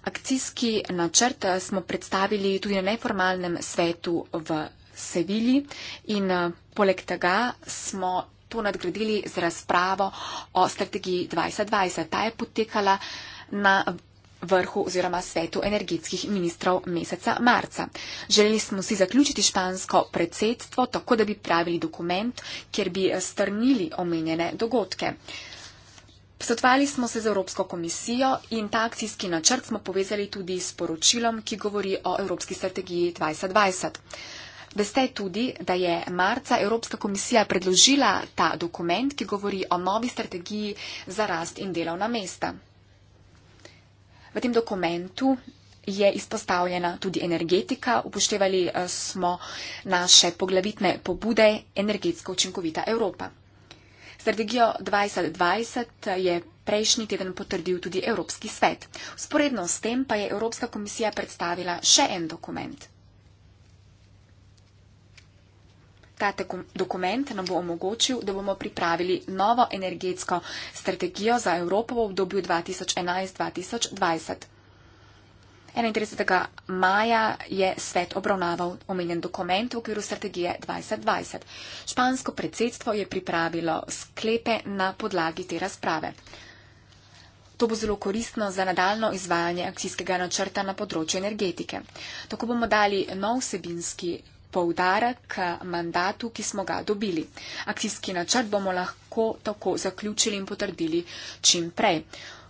Akcijski načrt eh, smo predstavili tudi na neformalnem svetu v Sevilji in eh, poleg tega smo to nadgradili z razpravo o strategiji 2020. Ta je potekala na vrhu oziroma svetu energetskih ministrov meseca marca. Želeli smo si zaključiti špansko predsedstvo tako, da bi pravili dokument, kjer bi eh, strnili omenjene dogodke. Sotvali smo se z Evropsko komisijo in ta akcijski načrt smo povezali tudi s poročilom, ki govori o Evropski strategiji 2020. Veste tudi, da je marca Evropska komisija predložila ta dokument, ki govori o novi strategiji za rast in delovna mesta. V tem dokumentu je izpostavljena tudi energetika, upoštevali eh, smo naše poglavitne pobude Energetsko učinkovita Evropa. Strategijo 2020 eh, je prejšnji teden potrdil tudi Evropski svet. Sporedno s tem pa je Evropska komisija predstavila še en dokument. Ta dokument nam bo omogočil, da bomo pripravili novo energetsko strategijo za Evropo v obdobju 2011-2020. 31. maja je svet obravnaval omenjen dokument v okviru strategije 2020. Špansko predsedstvo je pripravilo sklepe na podlagi te razprave. To bo zelo koristno za nadaljno izvajanje akcijskega načrta na področju energetike. Tako bomo dali nov sebinski poudarek eh, mandatu, ki smo ga dobili. Akcijski načrt bomo lahko tako zaključili in potrdili čim prej.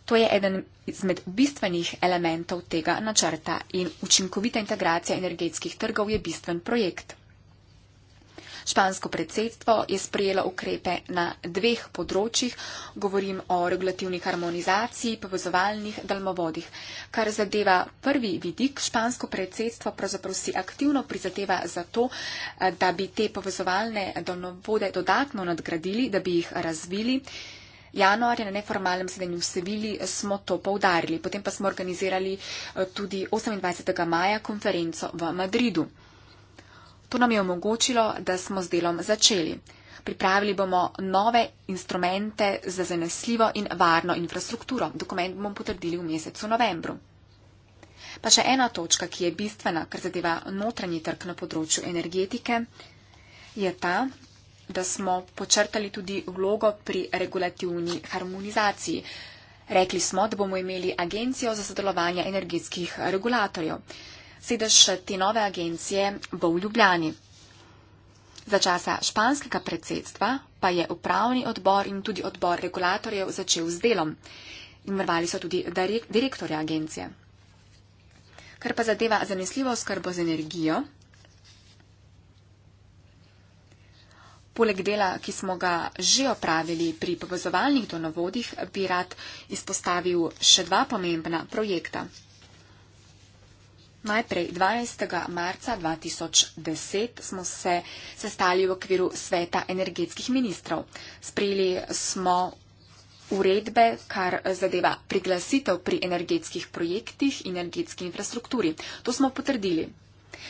To je eden izmed bistvenih elementov tega načrta in učinkovita integracija energetskih trgov je bistven projekt. Špansko predsedstvo je sprejelo ukrepe na dveh področjih, govorim o regulativni harmonizaciji, povezovalnih dalmovodih. Kar zadeva prvi vidik, špansko predsedstvo pravzaprav si aktivno prizadeva za to, da bi te povezovalne dalmovode dodatno nadgradili, da bi jih razvili. Januarja na neformalnem sedenju v Sevili smo to poudarili, potem pa smo organizirali eh, tudi 28. maja konferenco v Madridu. To nam je omogočilo, da smo z delom začeli. Pripravili bomo nove instrumente za zanesljivo in varno infrastrukturo. Dokument bomo potrdili v mesecu novembru. Pa še ena točka, ki je bistvena, kar zadeva notranji trg na področju energetike, je ta, da smo počrtali tudi vlogo pri regulativni harmonizaciji. Rekli smo, da bomo imeli agencijo za sodelovanje energetskih regulatorjev sedež te nove agencije bo v Ljubljani. Za časa španskega predsedstva pa je upravni odbor in tudi odbor regulatorjev začel z delom. Imrvali so tudi direktorja agencije. Kar pa zadeva zanesljivo skrbo z energijo, poleg dela, ki smo ga že opravili pri povezovalnih donovodih, bi rad izpostavil še dva pomembna projekta. Najprej 12. marca 2010 smo se sestali v okviru sveta energetskih ministrov. Sprijeli smo uredbe, kar zadeva priglasitev pri energetskih projektih in energetski infrastrukturi. To smo potrdili.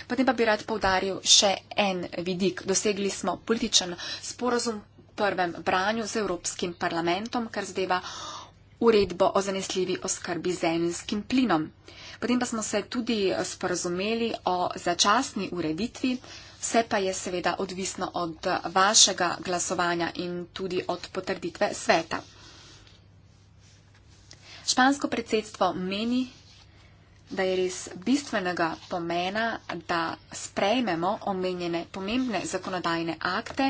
Potem pa bi rad povdaril še en vidik. Dosegli smo političen sporozum v prvem branju z Evropskim parlamentom, kar zadeva uredbo o zanesljivi oskrbi zemljskim plinom. Potem pa smo se tudi sporazumeli o začasni ureditvi. Vse pa je seveda odvisno od vašega glasovanja in tudi od potrditve sveta. Špansko predsedstvo meni, da je res bistvenega pomena, da sprejmemo omenjene pomembne zakonodajne akte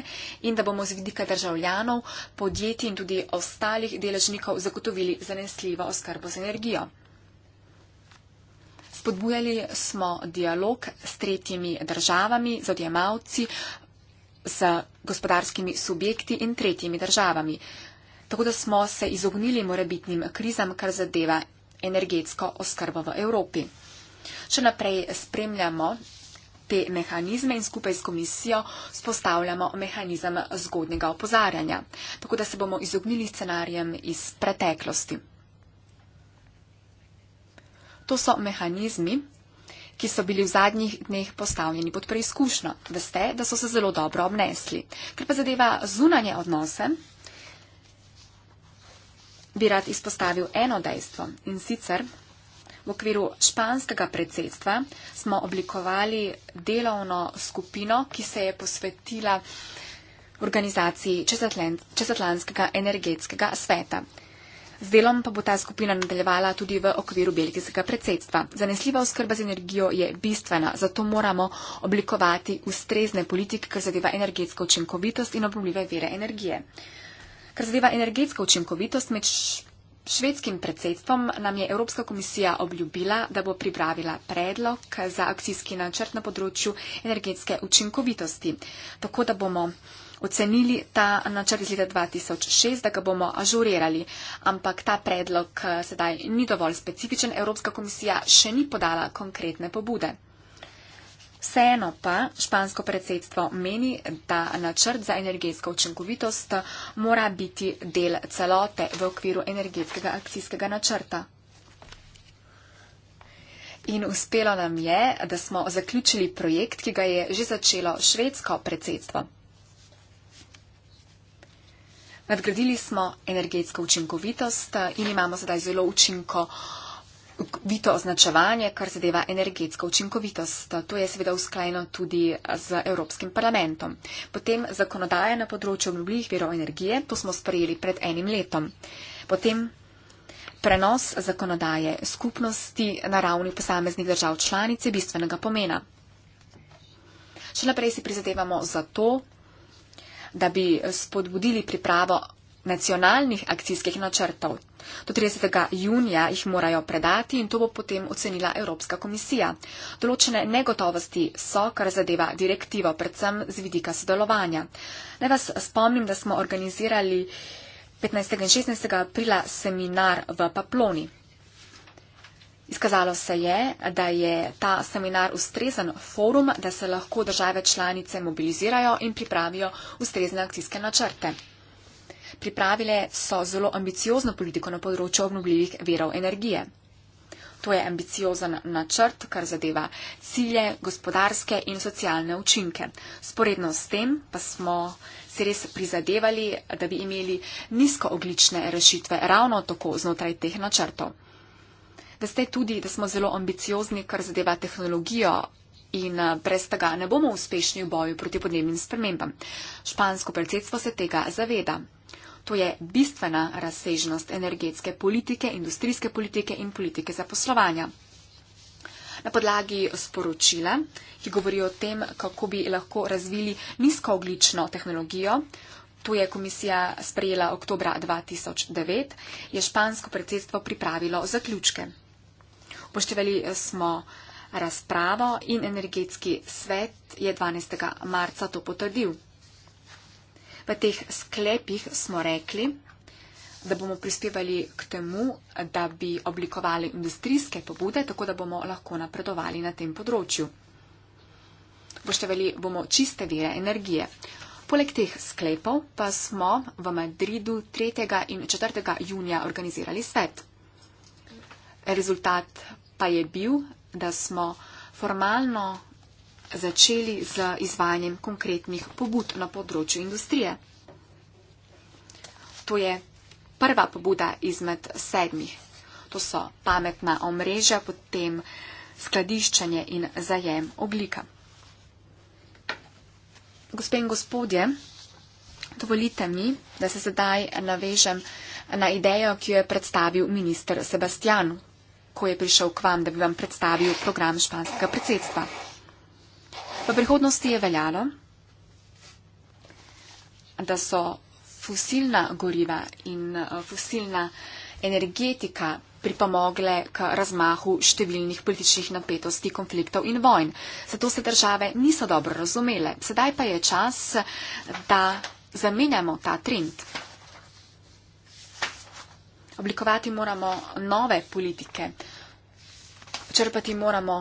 in da bomo z vidika državljanov, podjetij in tudi ostalih deležnikov zagotovili zanesljivo oskrbo z energijo spodbujali smo dialog s tretjimi državami, z odjemalci, z gospodarskimi subjekti in tretjimi državami. Tako da smo se izognili morebitnim krizam, kar zadeva energetsko oskrbo v Evropi. Še naprej spremljamo te mehanizme in skupaj s komisijo spostavljamo mehanizem zgodnega opozarjanja, tako da se bomo izognili scenarijem iz preteklosti. To so mehanizmi, ki so bili v zadnjih dneh postavljeni pod preizkušnjo. Veste, da so se zelo dobro obnesli. Ker pa zadeva zunanje odnose, bi rad izpostavil eno dejstvo. In sicer v okviru španskega predsedstva smo oblikovali delovno skupino, ki se je posvetila organizaciji čezatlantskega energetskega sveta. Z delom pa bo ta skupina nadaljevala tudi v okviru belgijskega predsedstva. Zanesljiva oskrba z energijo je bistvena, zato moramo oblikovati ustrezne politike, kar zadeva energetsko učinkovitost in obnovljive vere energije. Kar zadeva energetsko učinkovitost med švedskim predsedstvom, nam je Evropska komisija obljubila, da bo pripravila predlog za akcijski načrt na področju energetske učinkovitosti. Tako da bomo ocenili ta načrt iz leta 2006, da ga bomo ažurirali. Ampak ta predlog eh, sedaj ni dovolj specifičen. Evropska komisija še ni podala konkretne pobude. Vseeno pa špansko predsedstvo meni, da načrt za energetsko učinkovitost mora biti del celote v okviru energetskega akcijskega načrta. In uspelo nam je, da smo zaključili projekt, ki ga je že začelo švedsko predsedstvo. Nadgradili smo energetsko učinkovitost eh, in imamo zdaj zelo učinko. Vito označevanje, kar zadeva energetsko učinkovitost. To je seveda usklajeno tudi z Evropskim parlamentom. Potem zakonodaje na področju obnovljivih virov energije, to smo sprejeli pred enim letom. Potem prenos zakonodaje skupnosti na ravni posameznih držav članice bistvenega pomena. Še naprej si prizadevamo za to, da bi spodbudili pripravo nacionalnih akcijskih načrtov. Do 30. junija jih morajo predati in to bo potem ocenila Evropska komisija. Določene negotovosti so, kar zadeva direktivo, predvsem z vidika sodelovanja. Naj vas spomnim, da smo organizirali 15. in 16. aprila seminar v Paploni. Izkazalo se je, da je ta seminar ustrezen forum, da se lahko države članice mobilizirajo in pripravijo ustrezne akcijske načrte. Pripravile so zelo ambiciozno politiko na področju obnovljivih verov energije. To je ambiciozen načrt, kar zadeva cilje, gospodarske in socialne učinke. Sporedno s tem pa smo se res prizadevali, da bi imeli nizkooglične rešitve ravno tako znotraj teh načrtov veste tudi, da smo zelo ambiciozni, kar zadeva tehnologijo in eh, brez tega ne bomo uspešni v boju proti podnebnim spremembam. Špansko predsedstvo se tega zaveda. To je bistvena razsežnost energetske politike, industrijske politike in politike zaposlovanja. Na podlagi sporočila, ki govorijo o tem, kako bi lahko razvili nizkooglično tehnologijo, to je komisija sprejela oktobra 2009, je špansko predsedstvo pripravilo zaključke. Upoštevali smo razpravo in energetski svet je 12. marca to potrdil. V teh sklepih smo rekli, da bomo prispevali k temu, da bi oblikovali industrijske pobude, tako da bomo lahko napredovali na tem področju. Upoštevali bomo čiste vire energije. Poleg teh sklepov pa smo v Madridu 3. in 4. junija organizirali svet. Rezultat pa je bil, da smo formalno začeli z izvajanjem konkretnih pobud na področju industrije. To je prva pobuda izmed sedmih. To so pametna omrežja, potem skladiščanje in zajem oblika. Gospe in gospodje, dovolite mi, da se sedaj navežem na idejo, ki jo je predstavil minister Sebastian, ko je prišel k vam, da bi vam predstavil program španskega predsedstva. V prihodnosti je veljalo, da so fosilna goriva in eh, fosilna energetika pripomogle k razmahu številnih političnih napetosti, konfliktov in vojn. Zato se države niso dobro razumele. Sedaj pa je čas, da zamenjamo ta trend. Oblikovati moramo nove politike, črpati moramo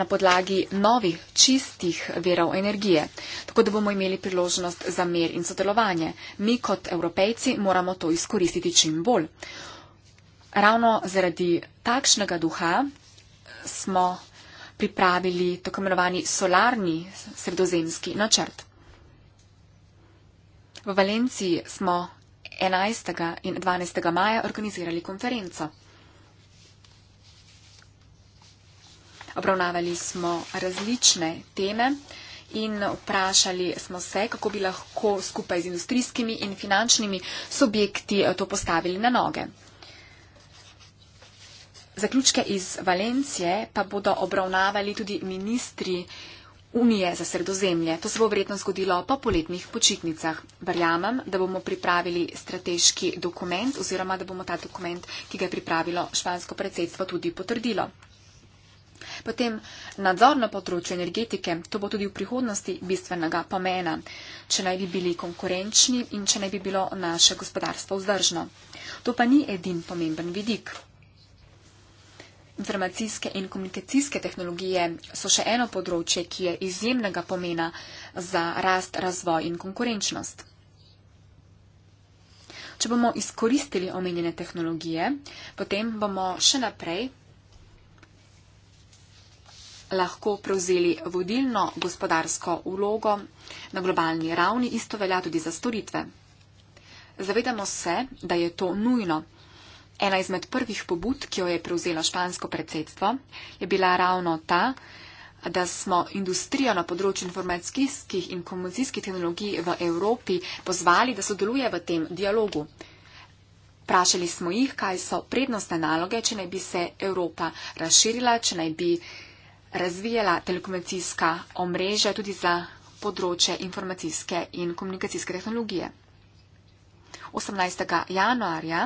na podlagi novih čistih verov energije, tako da bomo imeli priložnost za mer in sodelovanje. Mi kot evropejci moramo to izkoristiti čim bolj. Ravno zaradi takšnega duha smo pripravili tako imenovani solarni sredozemski načrt. V Valenciji smo 11. in 12. maja organizirali konferenco. Obravnavali smo različne teme in vprašali smo se, kako bi lahko skupaj z industrijskimi in finančnimi subjekti eh, to postavili na noge. Zaključke iz Valencije pa bodo obravnavali tudi ministri Unije za sredozemlje. To se bo verjetno zgodilo po poletnih počitnicah. Verjamem, da bomo pripravili strateški dokument oziroma da bomo ta dokument, ki ga je pripravilo špansko predsedstvo, tudi potrdilo. Potem nadzorno področje energetike, to bo tudi v prihodnosti bistvenega pomena, če naj bi bili konkurenčni in če naj bi bilo naše gospodarstvo vzdržno. To pa ni edin pomemben vidik. Informacijske in komunikacijske tehnologije so še eno področje, ki je izjemnega pomena za rast, razvoj in konkurenčnost. Če bomo izkoristili omenjene tehnologije, potem bomo še naprej lahko prevzeli vodilno gospodarsko ulogo na globalni ravni, isto velja tudi za storitve. Zavedamo se, da je to nujno. Ena izmed prvih pobud, ki jo je prevzelo špansko predsedstvo, je bila ravno ta, da smo industrijo na področju informacijskih in komunikacijskih tehnologij v Evropi pozvali, da sodeluje v tem dialogu. Prašali smo jih, kaj so prednostne naloge, če naj bi se Evropa razširila, če naj bi razvijala telekomunikacijska omrežja tudi za področje informacijske in komunikacijske tehnologije. 18. januarja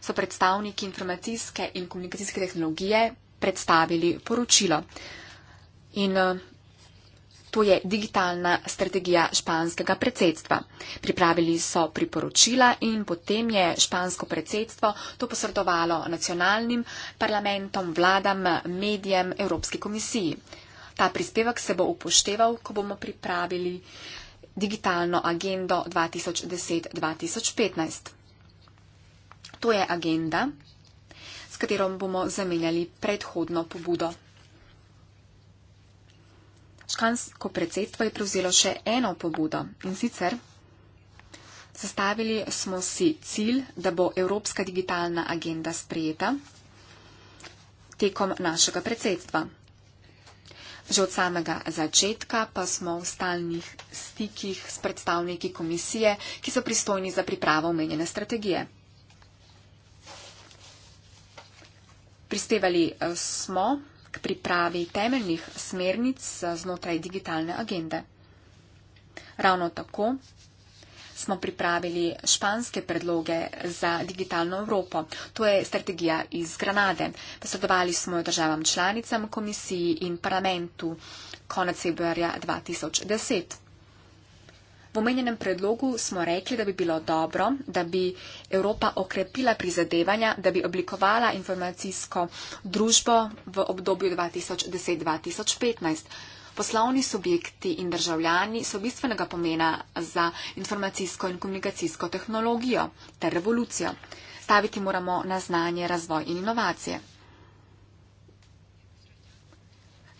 so predstavniki informacijske in komunikacijske tehnologije predstavili poročilo. In eh, to je digitalna strategija španskega predsedstva. Pripravili so priporočila in potem je špansko predsedstvo to posredovalo nacionalnim parlamentom, vladam, medijem, Evropski komisiji. Ta prispevek se bo upošteval, ko bomo pripravili digitalno agendo 2010-2015. To je agenda, s katero bomo zamenjali predhodno pobudo. Škansko predsedstvo je prevzelo še eno pobudo in sicer zastavili smo si cilj, da bo Evropska digitalna agenda sprejeta tekom našega predsedstva. Že od samega začetka pa smo v stalnih stikih s predstavniki komisije, ki so pristojni za pripravo omenjene strategije. Prispevali eh, smo k pripravi temeljnih smernic eh, znotraj digitalne agende. Ravno tako smo pripravili španske predloge za digitalno Evropo. To je strategija iz Granade. Posredovali smo jo državam članicam, komisiji in parlamentu konec februarja 2010 omenjenem predlogu smo rekli, da bi bilo dobro, da bi Evropa okrepila prizadevanja, da bi oblikovala informacijsko družbo v obdobju 2010-2015. Poslovni subjekti in državljani so bistvenega pomena za informacijsko in komunikacijsko tehnologijo ter revolucijo. Staviti moramo na znanje, razvoj in inovacije.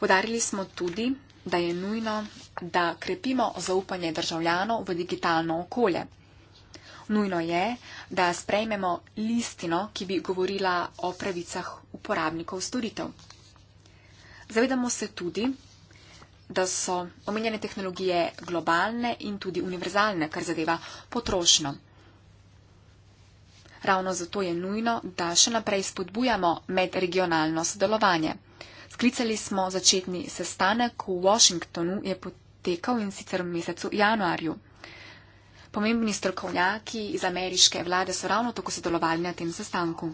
Podarili smo tudi, da je nujno, da krepimo zaupanje državljanov v digitalno okolje. Nujno je, da sprejmemo listino, ki bi govorila o pravicah uporabnikov storitev. Zavedamo se tudi, da so omenjene tehnologije globalne in tudi univerzalne, kar zadeva potrošnjo. Ravno zato je nujno, da še naprej spodbujamo medregionalno sodelovanje. Sklicali smo začetni sestanek v Washingtonu, je potekal in sicer v mesecu januarju. Pomembni strokovnjaki iz ameriške vlade so ravno tako sodelovali na tem sestanku.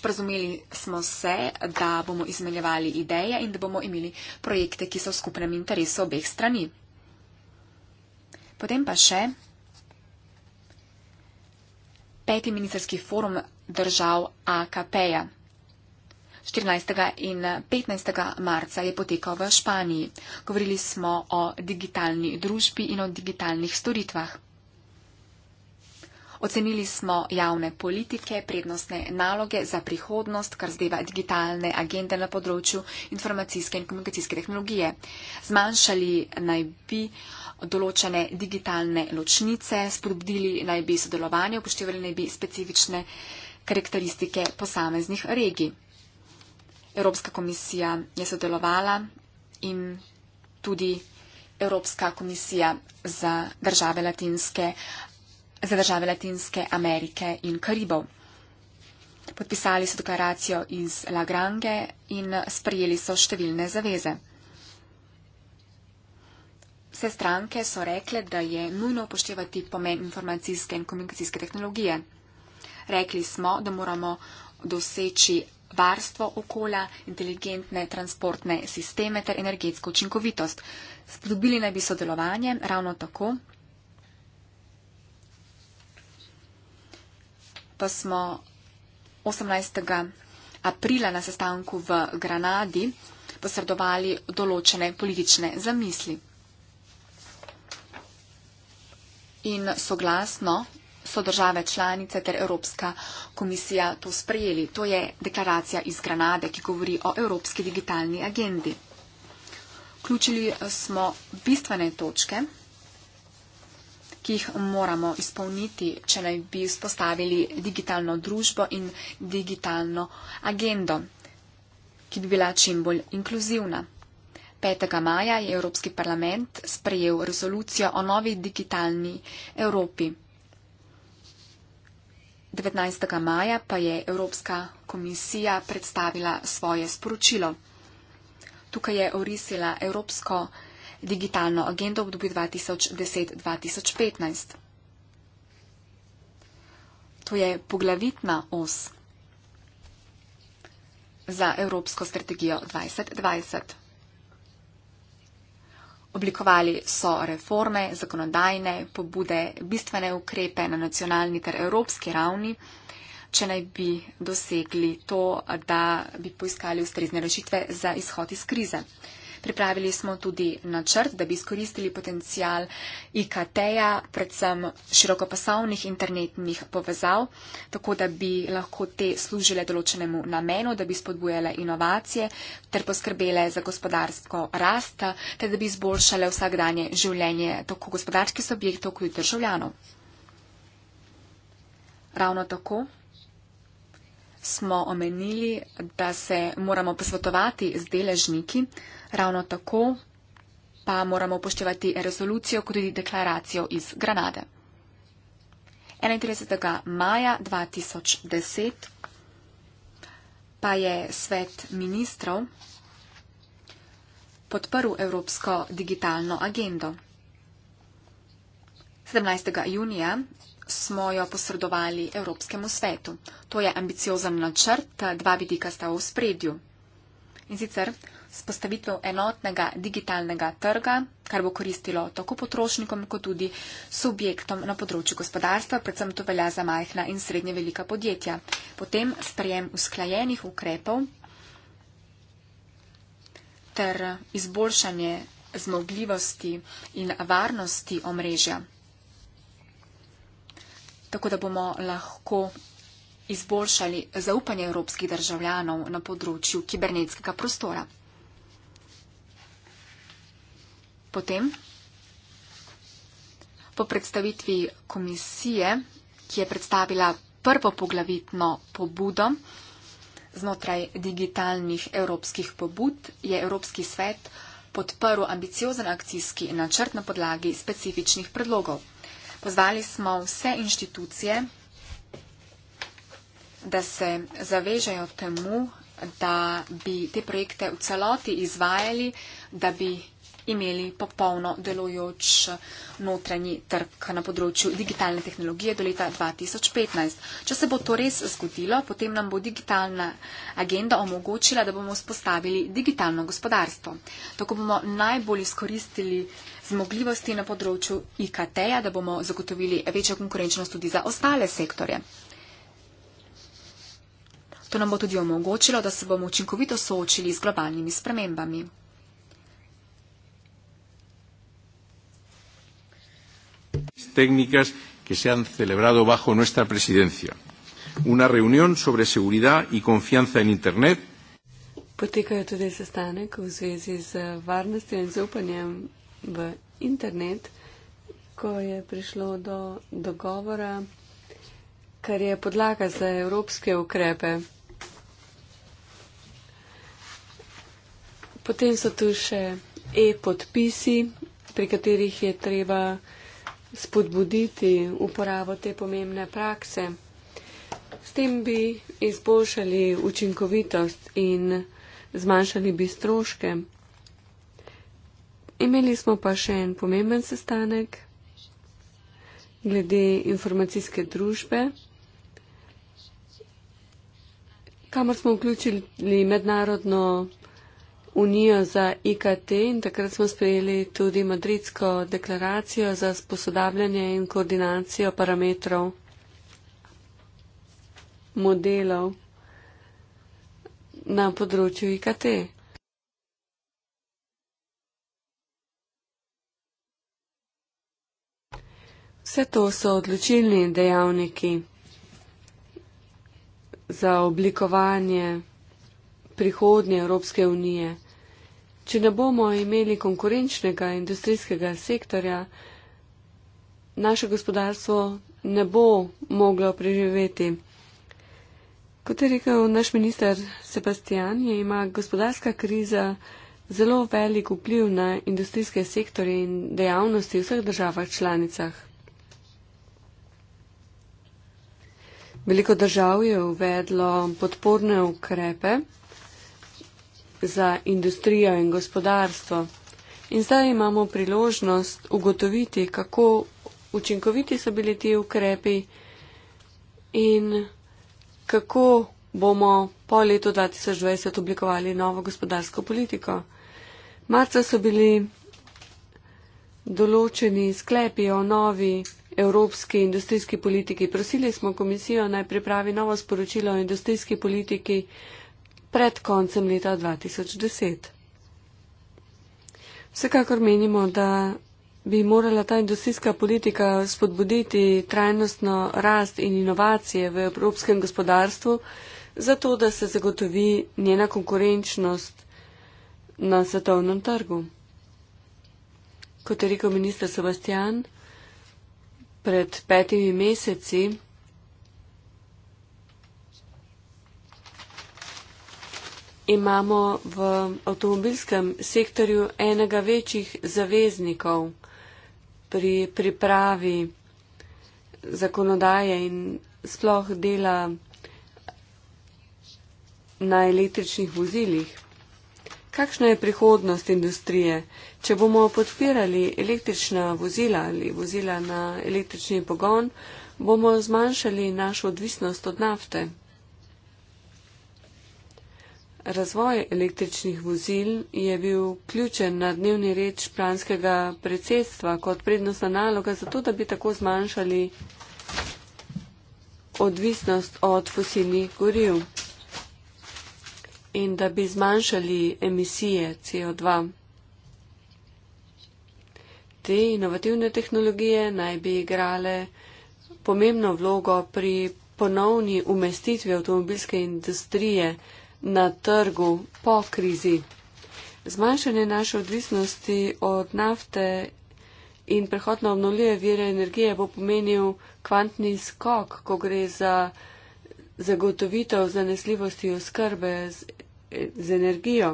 Sprazumeli smo se, da bomo izmenjevali ideje in da bomo imeli projekte, ki so v skupnem interesu obeh strani. Potem pa še peti ministerski forum držav AKP-ja. 14. in 15. marca je potekal v Španiji. Govorili smo o digitalni družbi in o digitalnih storitvah. Ocenili smo javne politike, prednostne naloge za prihodnost, kar zdeva digitalne agende na področju informacijske in komunikacijske tehnologije. Zmanjšali naj bi določene digitalne ločnice, spodbudili naj bi sodelovanje, upoštevali naj bi specifične karakteristike posameznih regij. Evropska komisija je sodelovala in tudi Evropska komisija za države Latinske, za države Latinske Amerike in Karibov. Podpisali so deklaracijo iz La Grange in sprejeli so številne zaveze. Vse stranke so rekle, da je nujno upoštevati pomen informacijske in komunikacijske tehnologije. Rekli smo, da moramo doseči varstvo okolja, inteligentne transportne sisteme ter energetsko učinkovitost. Spodobili naj bi sodelovanje ravno tako. Pa smo 18. aprila na sestanku v Granadi posredovali določene politične zamisli. In soglasno so države članice ter Evropska komisija to sprejeli. To je deklaracija iz Granade, ki govori o Evropski digitalni agendi. Vključili eh, smo bistvene točke, ki jih moramo izpolniti, če naj bi vzpostavili digitalno družbo in digitalno agendo, ki bi bila čim bolj inkluzivna. 5. maja je Evropski parlament sprejel rezolucijo o novi digitalni Evropi. 19. maja pa je Evropska komisija predstavila svoje sporočilo. Tukaj je orisila Evropsko digitalno agendo v dobi 2010-2015. To je poglavitna os za Evropsko strategijo 2020. Oblikovali so reforme, zakonodajne, pobude, bistvene ukrepe na nacionalni ter evropski ravni, če naj bi dosegli to, da bi poiskali ustrezne rešitve za izhod iz krize. Pripravili smo tudi načrt, da bi izkoristili potencial IKT-ja, predvsem širokopasovnih internetnih povezav, tako da bi lahko te služile določenemu namenu, da bi spodbujale inovacije ter poskrbele za gospodarsko rast, ter da bi izboljšale vsakdanje življenje tako gospodarskih subjektov, kot tudi državljanov. Ravno tako smo omenili, da se moramo posvetovati z deležniki, ravno tako pa moramo upoštevati rezolucijo kot tudi deklaracijo iz Granade. 31. maja 2010 pa je svet ministrov podprl Evropsko digitalno agendo. 17. junija smo jo posredovali Evropskemu svetu. To je ambiciozen načrt, dva vidika sta v spredju. In sicer spostavitev enotnega digitalnega trga, kar bo koristilo tako potrošnikom, kot tudi subjektom na področju gospodarstva, predvsem to velja za majhna in srednje velika podjetja. Potem sprejem usklajenih ukrepov ter izboljšanje zmogljivosti in varnosti omrežja tako da bomo lahko izboljšali zaupanje evropskih državljanov na področju kibernetskega prostora. Potem, po predstavitvi komisije, ki je predstavila prvo poglavitno pobudo znotraj digitalnih evropskih pobud, je Evropski svet podprl ambiciozen akcijski načrt na podlagi specifičnih predlogov. Pozvali smo vse inštitucije, da se zavežejo temu, da bi te projekte v celoti izvajali, da bi imeli popolno delojoč notranji trg na področju digitalne tehnologije do leta 2015. Če se bo to res zgodilo, potem nam bo digitalna agenda omogočila, da bomo vzpostavili digitalno gospodarstvo. Tako bomo najbolj izkoristili zmogljivosti na področju IKT-ja, da bomo zagotovili večjo konkurenčnost tudi za ostale sektorje. To nam bo tudi omogočilo, da se bomo učinkovito soočili z globalnimi spremembami. Tehnikas, ki se han celebrado bajo nuestra presidencija. Una reunión sobre seguridad y confianza en Internet. Potekajo tudi sestanek v zvezi z varnostjo in zaupanjem v internet, ko je prišlo do dogovora, kar je podlaga za evropske ukrepe. Potem so tu še e-podpisi, pri katerih je treba spodbuditi uporabo te pomembne prakse. S tem bi izboljšali učinkovitost in zmanjšali bi stroške Imeli smo pa še en pomemben sestanek glede informacijske družbe, kamor smo vključili mednarodno unijo za IKT in takrat smo sprejeli tudi Madridsko deklaracijo za sposodabljanje in koordinacijo parametrov modelov na področju IKT. Vse to so odločilni dejavniki za oblikovanje prihodnje Evropske unije. Če ne bomo imeli konkurenčnega industrijskega sektorja, naše gospodarstvo ne bo moglo preživeti. Kot je rekel naš minister Sebastian, je ima gospodarska kriza zelo velik vpliv na industrijske sektorje in dejavnosti v vseh državah članicah. Veliko držav je uvedlo podporne ukrepe za industrijo in gospodarstvo. In zdaj imamo priložnost ugotoviti, kako učinkoviti so bili ti ukrepi in kako bomo po letu 2020 oblikovali novo gospodarsko politiko. Marca so bili določeni sklepi o novi evropski industrijski politiki. Prosili smo komisijo naj pripravi novo sporočilo o industrijski politiki pred koncem leta 2010. Vsekakor menimo, da bi morala ta industrijska politika spodbuditi trajnostno rast in inovacije v evropskem gospodarstvu, zato da se zagotovi njena konkurenčnost na svetovnem trgu. Kot je rekel minister Sebastian, pred petimi meseci. Imamo v avtomobilskem sektorju enega večjih zaveznikov pri pripravi zakonodaje in sploh dela na električnih vozilih. Kakšna je prihodnost industrije? Če bomo podpirali električna vozila ali vozila na električni pogon, bomo zmanjšali našo odvisnost od nafte. Razvoj električnih vozil je bil ključen na dnevni reč planskega predsedstva kot prednostna naloga za to, da bi tako zmanjšali odvisnost od fosilnih goriv in da bi zmanjšali emisije CO2. Te inovativne tehnologije naj bi igrale pomembno vlogo pri ponovni umestitvi avtomobilske industrije na trgu po krizi. Zmanjšanje naše odvisnosti od nafte in prehod na obnovljive vire energije bo pomenil kvantni skok, ko gre za zagotovitev zanesljivosti oskrbe z z energijo.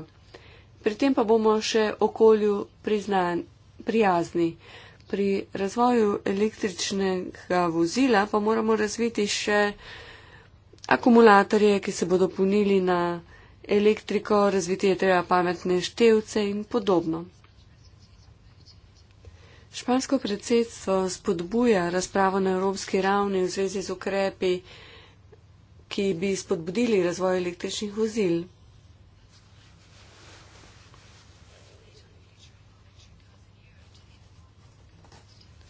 Pri tem pa bomo še okolju priznan, prijazni. Pri razvoju električnega vozila pa moramo razviti še akumulatorje, ki se bodo punili na elektriko, razviti je treba pametne števce in podobno. Špansko predsedstvo spodbuja razpravo na evropski ravni v zvezi z ukrepi, ki bi spodbudili razvoj električnih vozil.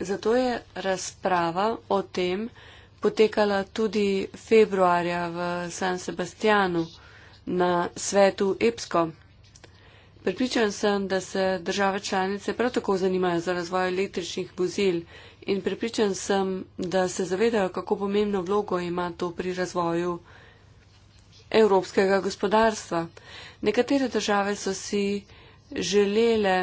Zato je razprava o tem potekala tudi februarja v San Sebastianu na svetu EPSCO. Pripričan sem, da se države članice prav tako zanimajo za razvoj električnih vozil in pripričan sem, da se zavedajo, kako pomembno vlogo ima to pri razvoju evropskega gospodarstva. Nekatere države so si želele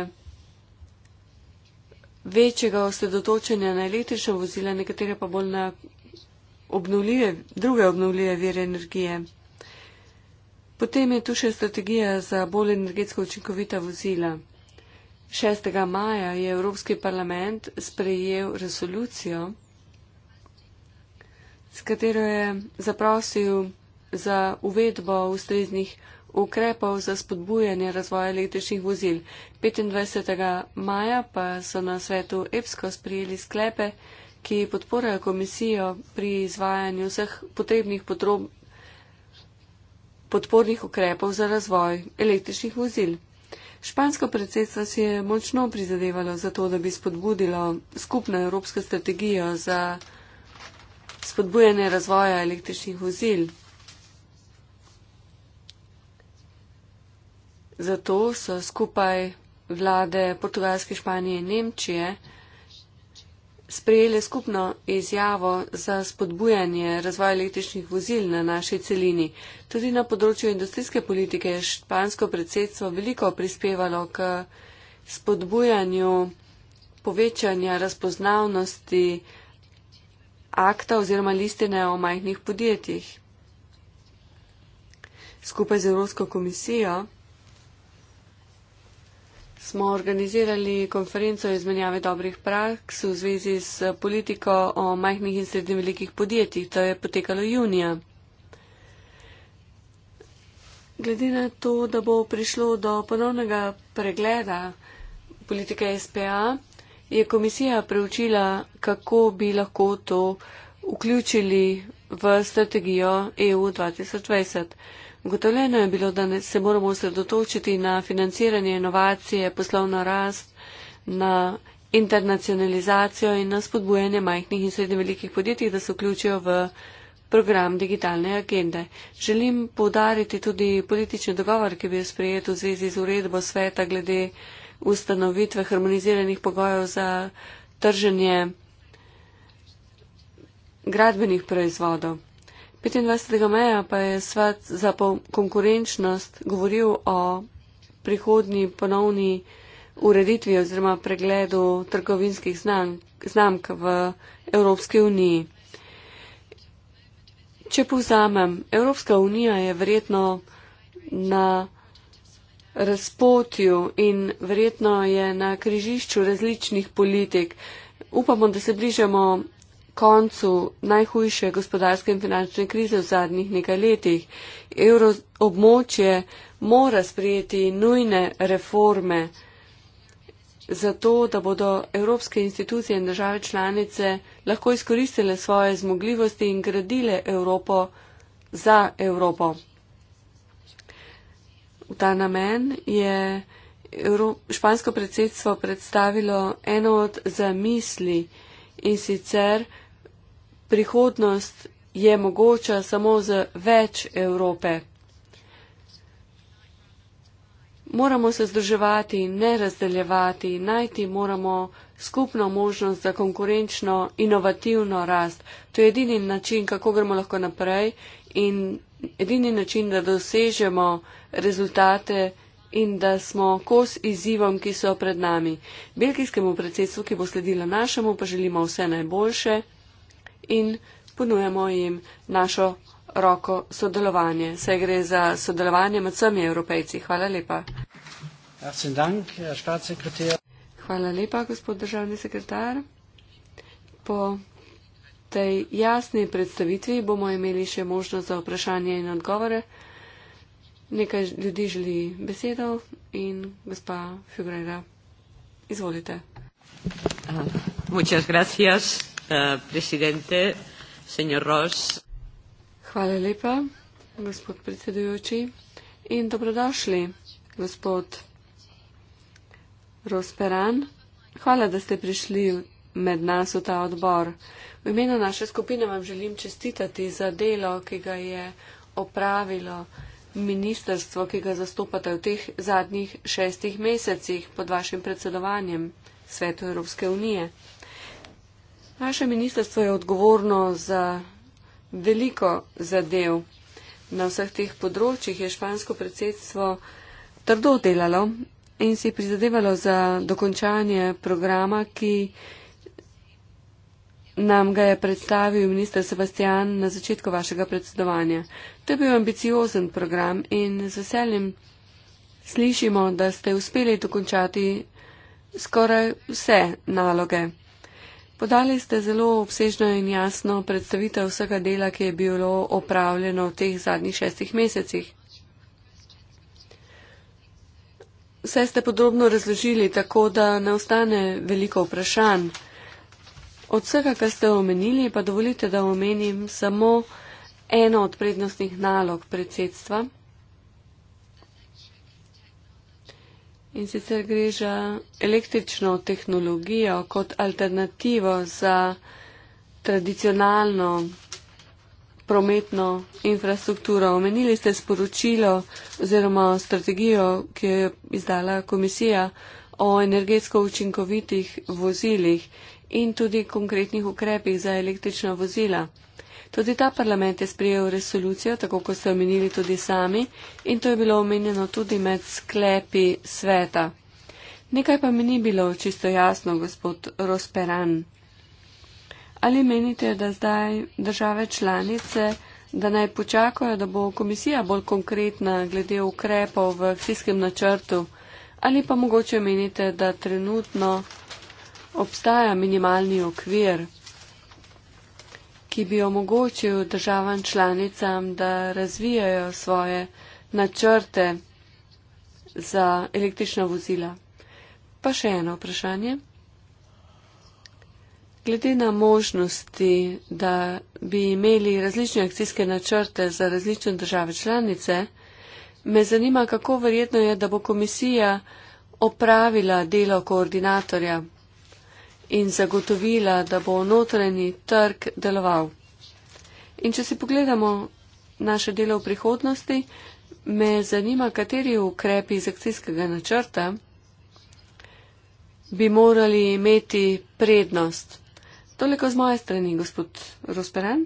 večjega osredotočenja na električna vozila, nekatere pa bolj na obnovljive, druge obnovljive vire energije. Potem je tu še strategija za bolj energetsko učinkovita vozila. 6. maja je Evropski parlament sprejel resolucijo, s katero je zaprosil za uvedbo ustreznih ukrepov za spodbujanje razvoja električnih vozil. 25. maja pa so na svetu EPSKO sprijeli sklepe, ki podporajo komisijo pri izvajanju vseh potrebnih podrob, podpornih ukrepov za razvoj električnih vozil. Špansko predsedstvo si je močno prizadevalo za to, da bi spodbudilo skupno evropsko strategijo za spodbujanje razvoja električnih vozil. Zato so skupaj vlade Portugalske, Španije in Nemčije sprejeli skupno izjavo za spodbujanje razvoja električnih vozil na naši celini. Tudi na področju industrijske politike je špansko predsedstvo veliko prispevalo k spodbujanju povečanja razpoznavnosti akta oziroma listine o majhnih podjetjih. Skupaj z Evropsko komisijo smo organizirali konferenco izmenjave dobrih praks v zvezi s politiko o majhnih in srednjih velikih podjetjih. To je potekalo junija. Glede na to, da bo prišlo do ponovnega pregleda politike SPA, je komisija preučila, kako bi lahko to vključili v strategijo EU 2020. Ugotovljeno je bilo, da se moramo osredotočiti na financiranje inovacije, poslovno rast, na internacionalizacijo in na spodbujanje majhnih in srednje velikih podjetij, da se vključijo v program digitalne agende. Želim povdariti tudi politični dogovor, ki bi jo sprejet v zvezi z uredbo sveta glede ustanovitve harmoniziranih pogojev za trženje gradbenih proizvodov. 25. maja pa je svet za konkurenčnost govoril o prihodnji ponovni ureditvi oziroma pregledu trgovinskih znamk v Evropski uniji. Če povzamem, Evropska unija je verjetno na razpotju in verjetno je na križišču različnih politik. Upamo, da se bližamo koncu najhujše gospodarske in finančne krize v zadnjih nekaj letih. Evroobmočje mora sprejeti nujne reforme zato, da bodo evropske institucije in države članice lahko izkoristile svoje zmogljivosti in gradile Evropo za Evropo. V ta namen je Evro špansko predsedstvo predstavilo eno od zamisli in sicer prihodnost je mogoča samo z več Evrope. Moramo se združevati, ne razdeljevati, najti moramo skupno možnost za konkurenčno, inovativno rast. To je edini način, kako gremo lahko naprej in edini način, da dosežemo rezultate in da smo kos izzivom, ki so pred nami. Belgijskemu predsedstvu, ki bo sledilo našemu, pa želimo vse najboljše in ponujamo jim našo roko sodelovanje. Se gre za sodelovanje med vsemi evropejci. Hvala lepa. Hvala lepa, gospod državni sekretar. Po tej jasni predstavitvi bomo imeli še možnost za vprašanje in odgovore. Nekaj ljudi želi besedo in gospa Fibrera, izvolite. Uh, muchas gracias. Eh, presidente, senor Ross. Hvala lepa, gospod predsedujoči. In dobrodošli, gospod Rosperan. Hvala, da ste prišli med nas v ta odbor. V imenu naše skupine vam želim čestitati za delo, ki ga je opravilo ministerstvo, ki ga zastopate v teh zadnjih šestih mesecih pod vašim predsedovanjem Svetu Evropske unije. Vaše ministrstvo je odgovorno za veliko zadev. Na vseh teh področjih je špansko predsedstvo trdo delalo in si prizadevalo za dokončanje programa, ki nam ga je predstavil minister Sebastian na začetku vašega predsedovanja. To je bil ambiciozen program in z veseljem slišimo, da ste uspeli dokončati skoraj vse naloge. Podali ste zelo obsežno in jasno predstavitev vsega dela, ki je bilo opravljeno v teh zadnjih šestih mesecih. Vse ste podrobno razložili, tako da ne ostane veliko vprašanj. Od vsega, kar ste omenili, pa dovolite, da omenim samo eno od prednostnih nalog predsedstva. In sicer gre za električno tehnologijo kot alternativo za tradicionalno prometno infrastrukturo. Omenili ste sporočilo oziroma strategijo, ki jo je izdala komisija o energetsko učinkovitih vozilih in tudi konkretnih ukrepih za električna vozila. Tudi ta parlament je sprijel resolucijo, tako kot ste omenili tudi sami, in to je bilo omenjeno tudi med sklepi sveta. Nekaj pa mi ni bilo čisto jasno, gospod Rosperan. Ali menite, da zdaj države članice, da naj počakajo, da bo komisija bolj konkretna glede ukrepov v akcijskem načrtu, ali pa mogoče menite, da trenutno obstaja minimalni okvir, ki bi omogočil državam članicam, da razvijajo svoje načrte za električna vozila. Pa še eno vprašanje. Glede na možnosti, da bi imeli različne akcijske načrte za različne države članice, me zanima, kako verjetno je, da bo komisija opravila delo koordinatorja in zagotovila, da bo notranji trg deloval. In če si pogledamo naše delo v prihodnosti, me zanima, kateri ukrepi iz akcijskega načrta bi morali imeti prednost. Toliko z moje strani, gospod Rosperan.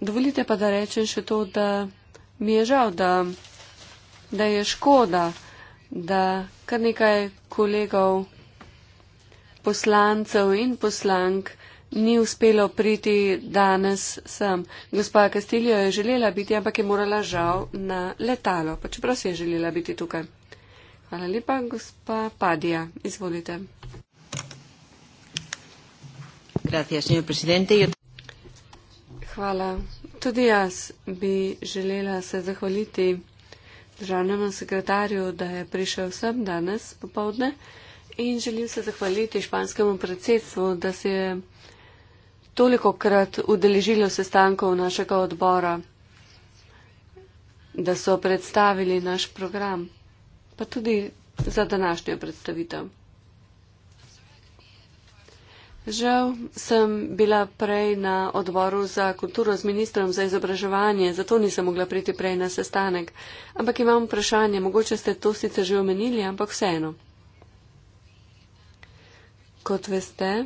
Dovolite pa, da rečem še to, da mi je žal, da, da je škoda, da kar nekaj kolegov, poslancev in poslank ni uspelo priti danes sem. Gospa Kastilijo je želela biti, ampak je morala žal na letalo, pa čeprav si je želela biti tukaj. Hvala lepa, gospa Padija, izvolite. Hvala. Tudi jaz bi želela se zahvaliti državnemu sekretarju, da je prišel sem danes popovdne in želim se zahvaliti španskemu predsedstvu, da se je toliko krat udeležilo sestankov našega odbora, da so predstavili naš program, pa tudi za današnjo predstavitev. Žal sem bila prej na odboru za kulturo z ministrom za izobraževanje, zato nisem mogla priti prej na sestanek. Ampak imam vprašanje, mogoče ste to sicer že omenili, ampak vseeno. Kot veste,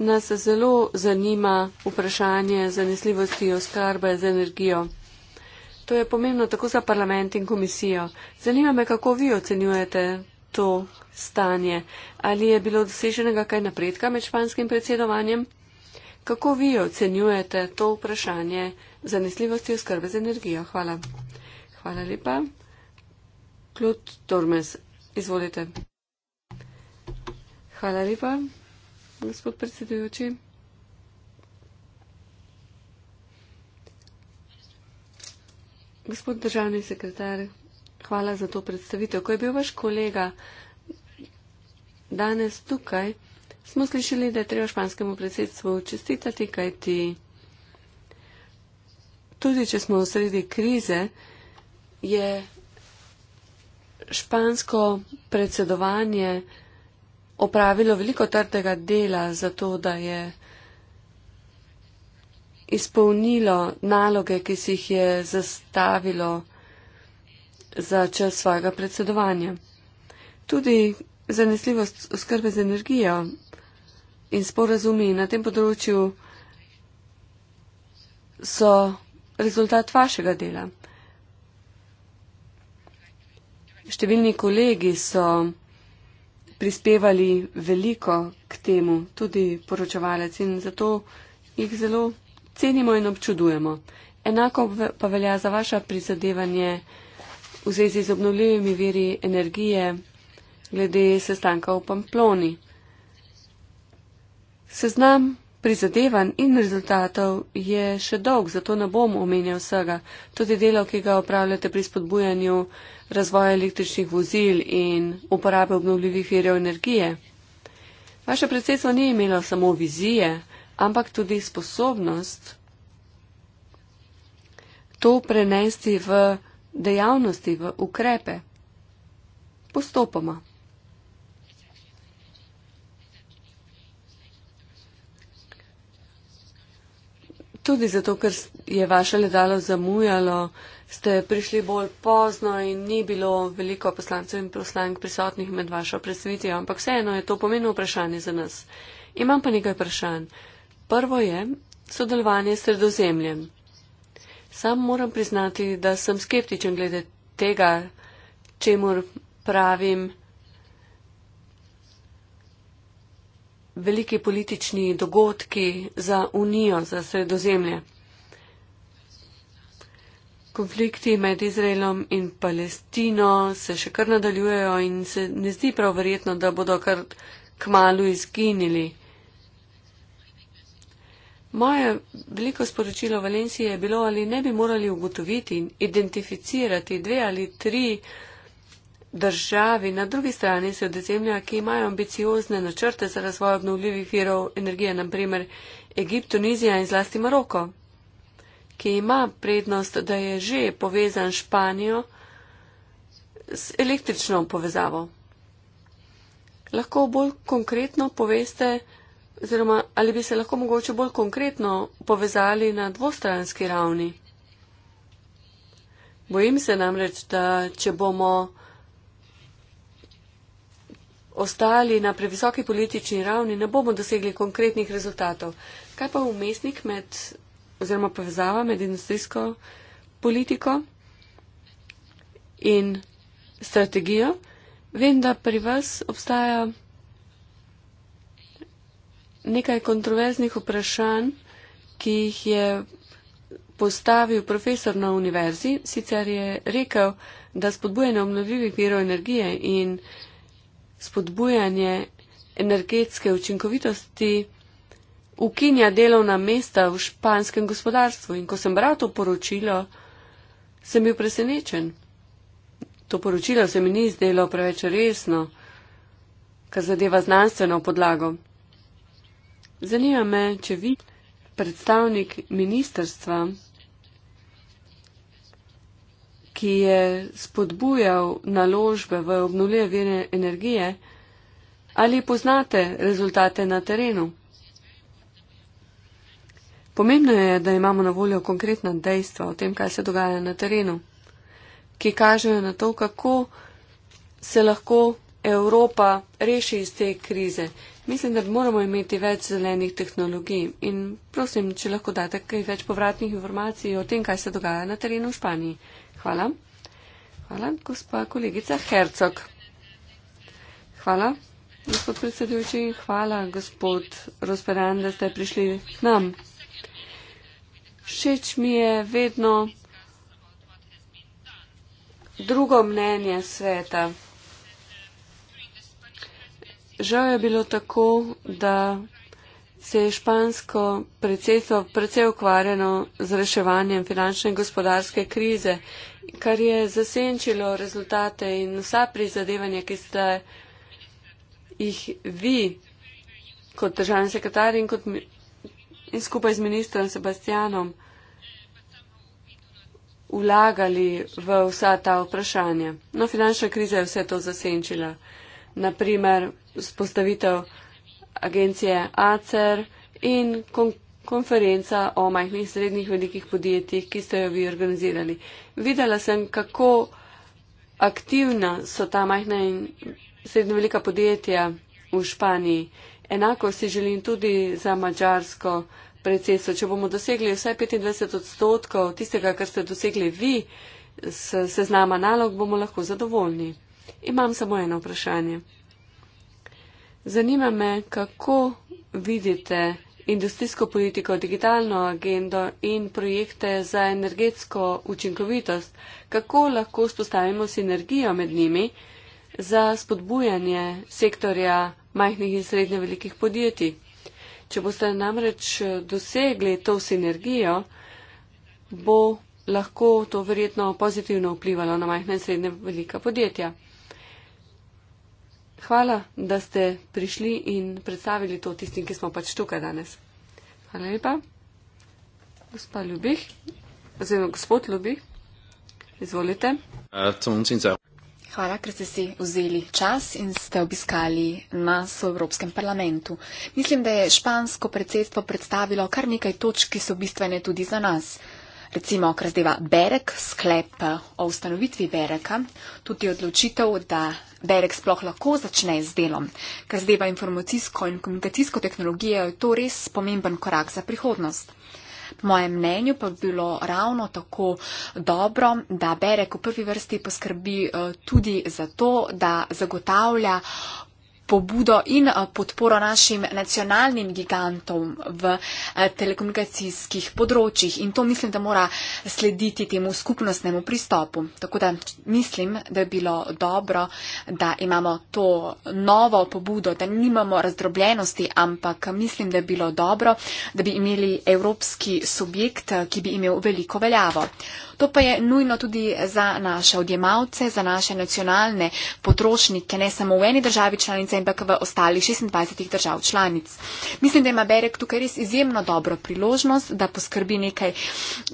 nas zelo zanima vprašanje zanesljivosti oskarbe z energijo. To je pomembno tako za parlament in komisijo. Zanima me, kako vi ocenjujete to stanje? Ali je bilo doseženega kaj napredka med španskim predsedovanjem? Kako vi ocenjujete to vprašanje zanesljivosti oskrbe z energijo? Hvala. Hvala lepa. Klut Tormes, izvolite. Hvala lepa, gospod predsedujoči. Gospod državni sekretar, Hvala za to predstavitev. Ko je bil vaš kolega danes tukaj, smo slišali, da je treba španskemu predsedstvu čestitati, kajti tudi če smo v sredi krize, je špansko predsedovanje opravilo veliko trdega dela za to, da je izpolnilo naloge, ki si jih je zastavilo za čas svojega predsedovanja. Tudi zanesljivost oskrbe z energijo in sporazumi na tem področju so rezultat vašega dela. Številni kolegi so prispevali veliko k temu, tudi poročevalec in zato jih zelo cenimo in občudujemo. Enako pa velja za vaše prizadevanje v zvezi z obnovljivimi viri energije glede sestanka v Pamploni. Seznam prizadevanj in rezultatov je še dolg, zato ne bom omenjal vsega. Tudi delo, ki ga upravljate pri spodbujanju razvoja električnih vozil in uporabe obnovljivih virov energije. Vaše predsedstvo ni imelo samo vizije, ampak tudi sposobnost to prenesti v dejavnosti v ukrepe. Postopoma. Tudi zato, ker je vaše letalo zamujalo, ste prišli bolj pozno in ni bilo veliko poslancev in poslank prisotnih med vašo predstavitvijo, ampak vseeno je to pomenilo vprašanje za nas. Imam pa nekaj vprašanj. Prvo je sodelovanje s sredozemljem. Sam moram priznati, da sem skeptičen glede tega, čemu pravim veliki politični dogodki za Unijo, za sredozemlje. Konflikti med Izraelom in Palestino se še kar nadaljujejo in se ne zdi prav verjetno, da bodo kar k malu izginili. Moje veliko sporočilo Valencije je bilo, ali ne bi morali ugotoviti in identificirati dve ali tri državi na drugi strani sredozemlja, ki imajo ambiciozne načrte za razvoj obnovljivih virov energije, naprimer Egipt, Tunizija in zlasti Maroko, ki ima prednost, da je že povezan Španijo s električno povezavo. Lahko bolj konkretno poveste, Oziroma, ali bi se lahko mogoče bolj konkretno povezali na dvostranski ravni? Bojim se namreč, da če bomo ostali na previsoki politični ravni, ne bomo dosegli konkretnih rezultatov. Kaj pa umestnik med, oziroma povezava med industrijsko politiko in strategijo? Vem, da pri vas obstaja nekaj kontroverznih vprašanj, ki jih je postavil profesor na univerzi. Sicer je rekel, da spodbujanje obnovljivih virov energije in spodbujanje energetske učinkovitosti ukinja delovna mesta v španskem gospodarstvu. In ko sem bral to poročilo, sem bil presenečen. To poročilo se mi ni zdelo preveč resno, kar zadeva znanstveno podlago. Zanima me, če vi, predstavnik ministrstva, ki je spodbujal naložbe v obnovljive vire energije, ali poznate rezultate na terenu? Pomembno je, da imamo na voljo konkretna dejstva o tem, kaj se dogaja na terenu, ki kažejo na to, kako se lahko Evropa reši iz te krize Mislim, da moramo imeti več zelenih tehnologij in prosim, če lahko date kaj več povratnih informacij o tem, kaj se dogaja na terenu v Španiji. Hvala. Hvala, gospa kolegica Hercog. Hvala, gospod predsedujoči. Hvala, gospod Rosperan, da ste prišli k nam. Všeč mi je vedno drugo mnenje sveta. Žal je bilo tako, da se je špansko predsedstvo precej ukvarjeno z reševanjem finančne in gospodarske krize, kar je zasenčilo rezultate in vsa prizadevanja, ki ste jih vi kot državni sekretar in, kot, in skupaj z ministrom Sebastianom vlagali v vsa ta vprašanja. No, finančna kriza je vse to zasenčila naprimer spostavitev agencije ACER in kon konferenca o majhnih in srednjih velikih podjetjih, ki ste jo vi organizirali. Videla sem, kako aktivna so ta majhna in srednja velika podjetja v Španiji. Enako si želim tudi za mačarsko predsedstvo. Če bomo dosegli vsaj 25 odstotkov tistega, kar ste dosegli vi, se znama nalog, bomo lahko zadovoljni. Imam samo eno vprašanje. Zanima me, kako vidite industrijsko politiko, digitalno agendo in projekte za energetsko učinkovitost, kako lahko spostavimo sinergijo med njimi za spodbujanje sektorja majhnih in srednje velikih podjetij. Če boste namreč dosegli to sinergijo, bo lahko to verjetno pozitivno vplivalo na majhne in srednje velika podjetja. Hvala, da ste prišli in predstavili to tistim, ki smo pač tukaj danes. Hvala lepa. Gospa Ljubih, oziroma gospod Ljubih, izvolite. Hvala, ker ste si vzeli čas in ste obiskali nas v Evropskem parlamentu. Mislim, da je špansko predsedstvo predstavilo kar nekaj točk, ki so bistvene tudi za nas recimo, kar zdeva Berek, sklep eh, o ustanovitvi Bereka, tudi odločitev, da Berek sploh lahko začne z delom. Kar zdeva informacijsko in komunikacijsko tehnologijo, je to res pomemben korak za prihodnost. Po mojem mnenju pa bi bilo ravno tako dobro, da Berek v prvi vrsti poskrbi eh, tudi za to, da zagotavlja pobudo in eh, podporo našim nacionalnim gigantom v eh, telekomunikacijskih področjih. In to mislim, da mora slediti temu skupnostnemu pristopu. Tako da mislim, da je bilo dobro, da imamo to novo pobudo, da nimamo razdrobljenosti, ampak mislim, da je bilo dobro, da bi imeli evropski subjekt, eh, ki bi imel veliko veljavo. To pa je nujno tudi za naše odjemalce, za naše nacionalne potrošnike, ne samo v eni državi članice, ampak v ostalih 26 držav članic. Mislim, da ima Berek tukaj res izjemno dobro priložnost, da poskrbi nekaj,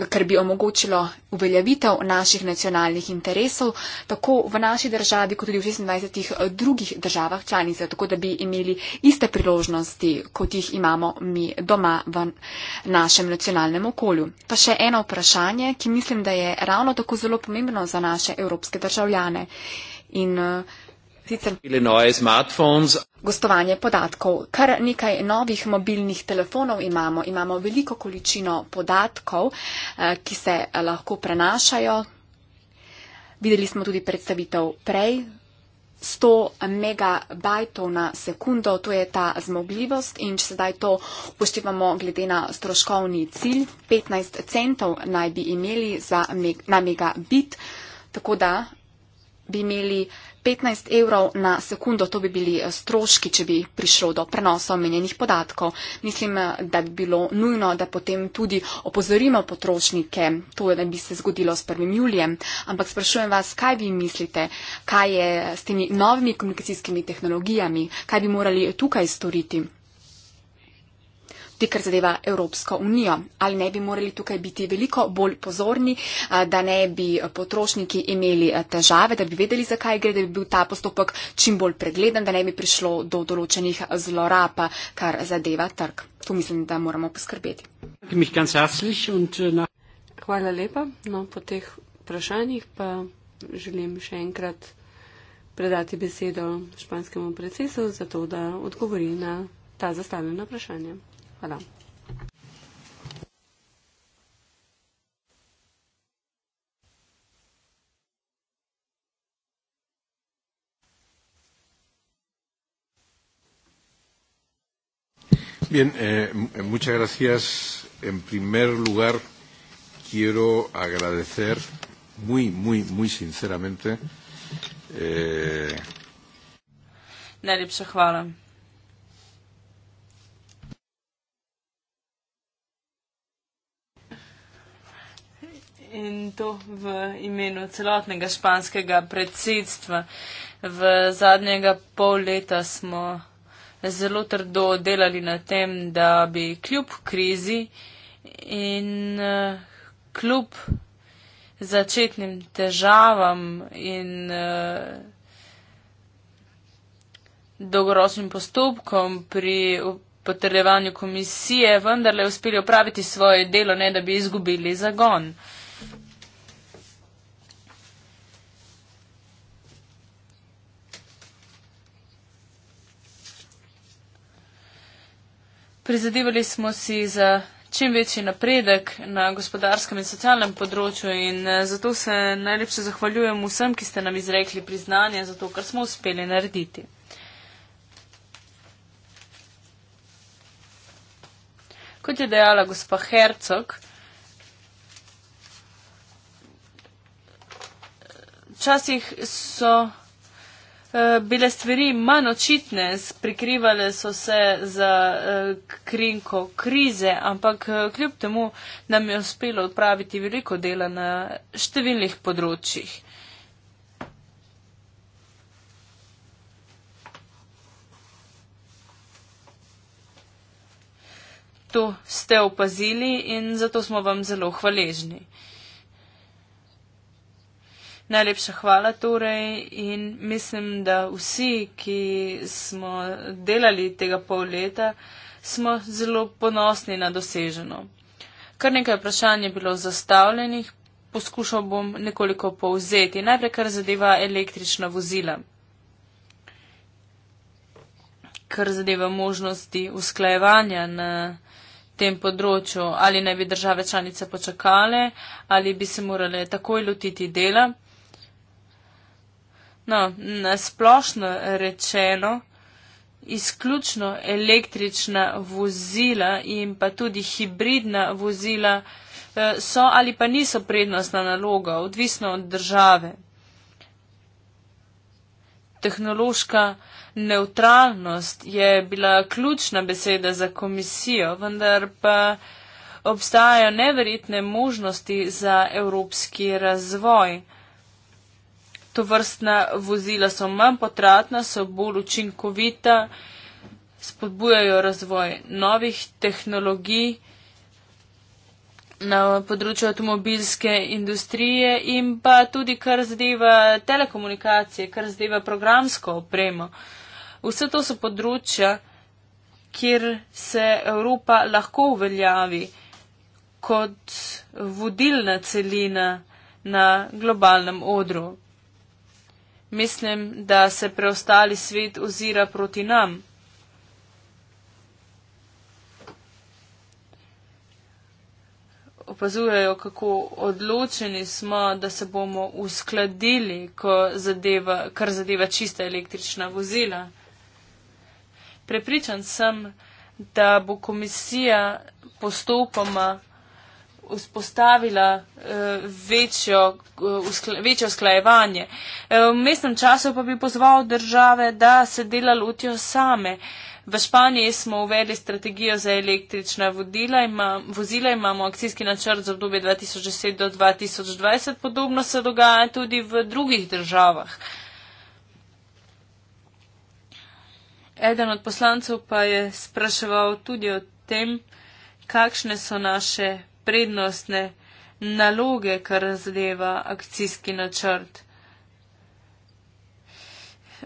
kar bi omogočilo uveljavitev naših nacionalnih interesov, tako v naši državi, kot tudi v 26 eh, drugih državah članice, tako da bi imeli iste priložnosti, kot jih imamo mi doma v našem nacionalnem okolju. Pa še eno vprašanje, ki mislim, da je ravno tako zelo pomembno za naše evropske državljane. In uh, sicer gostovanje podatkov. Kar nekaj novih mobilnih telefonov imamo. Imamo veliko količino podatkov, uh, ki se eh, lahko prenašajo. Videli smo tudi predstavitev prej 100 megabajtov na sekundo, to je ta zmogljivost in če sedaj to upoštevamo glede na stroškovni cilj, 15 centov naj bi imeli meg na megabit, tako da bi imeli 15 evrov na sekundo, to bi bili eh, stroški, če bi prišlo do prenosa omenjenih podatkov. Mislim, eh, da bi bilo nujno, da potem tudi opozorimo potrošnike, to ne bi se zgodilo s 1. julijem, ampak sprašujem vas, kaj vi mislite, kaj je s temi novimi komunikacijskimi tehnologijami, kaj bi morali tukaj storiti tudi kar zadeva Evropsko unijo. Ali ne bi morali tukaj biti veliko bolj pozorni, da ne bi potrošniki imeli težave, da bi vedeli, zakaj gre, da bi bil ta postopek čim bolj pregleden, da ne bi prišlo do določenih zlorab, kar zadeva trg. Tu mislim, da moramo poskrbeti. Äh, Hvala lepa. No, po teh vprašanjih pa želim še enkrat predati besedo španskemu predsedstvu, zato da odgovori na ta zastavljena vprašanja. Voilà. Bien, eh, muchas gracias. En primer lugar, quiero agradecer muy, muy, muy sinceramente. Eh... Najlepša hvala. in to v imenu celotnega španskega predsedstva. V zadnjega pol leta smo zelo trdo delali na tem, da bi kljub krizi in eh, kljub začetnim težavam in eh, dolgoročnim postopkom pri potrjevanju komisije vendarle uspeli opraviti svoje delo, ne da bi izgubili zagon. Prizadevali smo si za čim večji napredek na gospodarskem in socialnem področju in eh, zato se najlepše zahvaljujem vsem, ki ste nam izrekli priznanje za to, kar smo uspeli narediti. Kot je dejala gospa Hercog, včasih so. Eh, bile stvari manj očitne, prikrivale so se za eh, krinko krize, ampak eh, kljub temu nam je uspelo odpraviti veliko dela na številnih področjih. To ste opazili in zato smo vam zelo hvaležni. Najlepša hvala torej in mislim, da vsi, ki smo delali tega pol leta, smo zelo ponosni na doseženo. Kar nekaj vprašanj je bilo zastavljenih, poskušal bom nekoliko povzeti. Najprej, kar zadeva električna vozila, kar zadeva možnosti usklajevanja na tem področju, ali naj bi države članice počakale, ali bi se morale takoj lotiti dela no, nasplošno rečeno, izključno električna vozila in pa tudi hibridna vozila eh, so ali pa niso prednostna naloga, odvisno od države. Tehnološka neutralnost je bila ključna beseda za komisijo, vendar pa obstajajo neverjetne možnosti za evropski razvoj to vrstna vozila so manj potratna, so bolj učinkovita, spodbujajo razvoj novih tehnologij na področju avtomobilske industrije in pa tudi kar zadeva telekomunikacije, kar zadeva programsko opremo. Vse to so področja, kjer se Evropa lahko uveljavi kot vodilna celina na globalnem odru. Mislim, da se preostali svet ozira proti nam. Opazujejo, kako odločeni smo, da se bomo uskladili, zadeva, kar zadeva čista električna vozila. Prepričan sem, da bo komisija postopoma vzpostavila eh, večjo, eh, večjo sklajevanje. Eh, v mestnem času pa bi pozval države, da se dela lotijo same. V Španiji smo uvedli strategijo za električna vodila, ima, vozila, imamo akcijski načrt za obdobje 2010 do 2020, podobno se dogaja tudi v drugih državah. Eden od poslancev pa je spraševal tudi o tem, kakšne so naše prednostne naloge, kar zadeva akcijski načrt.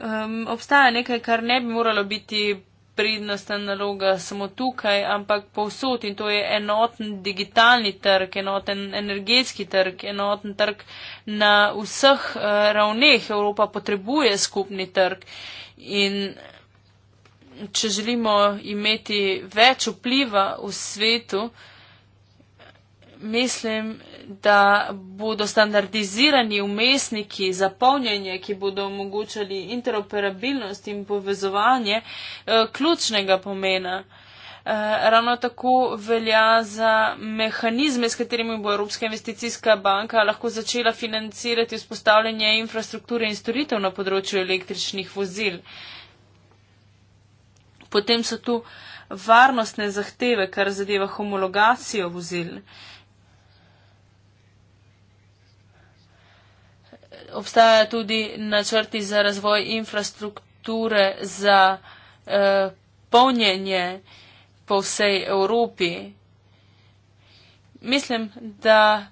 Um, obstaja nekaj, kar ne bi moralo biti prednostna naloga samo tukaj, ampak povsod in to je enoten digitalni trg, enoten energetski trg, enoten trg na vseh uh, ravneh. Evropa potrebuje skupni trg in če želimo imeti več vpliva v svetu, uh, mislim, da bodo standardizirani umestniki za polnjenje, ki bodo omogočali interoperabilnost in povezovanje, eh, ključnega pomena. Eh, ravno tako velja za mehanizme, s katerimi bo Evropska investicijska banka lahko začela financirati vzpostavljanje infrastrukture in storitev na področju električnih vozil. Potem so tu varnostne zahteve, kar zadeva homologacijo vozil. Uh, obstaja tudi načrti za razvoj infrastrukture za eh, polnjenje po vsej Evropi. Mislim, da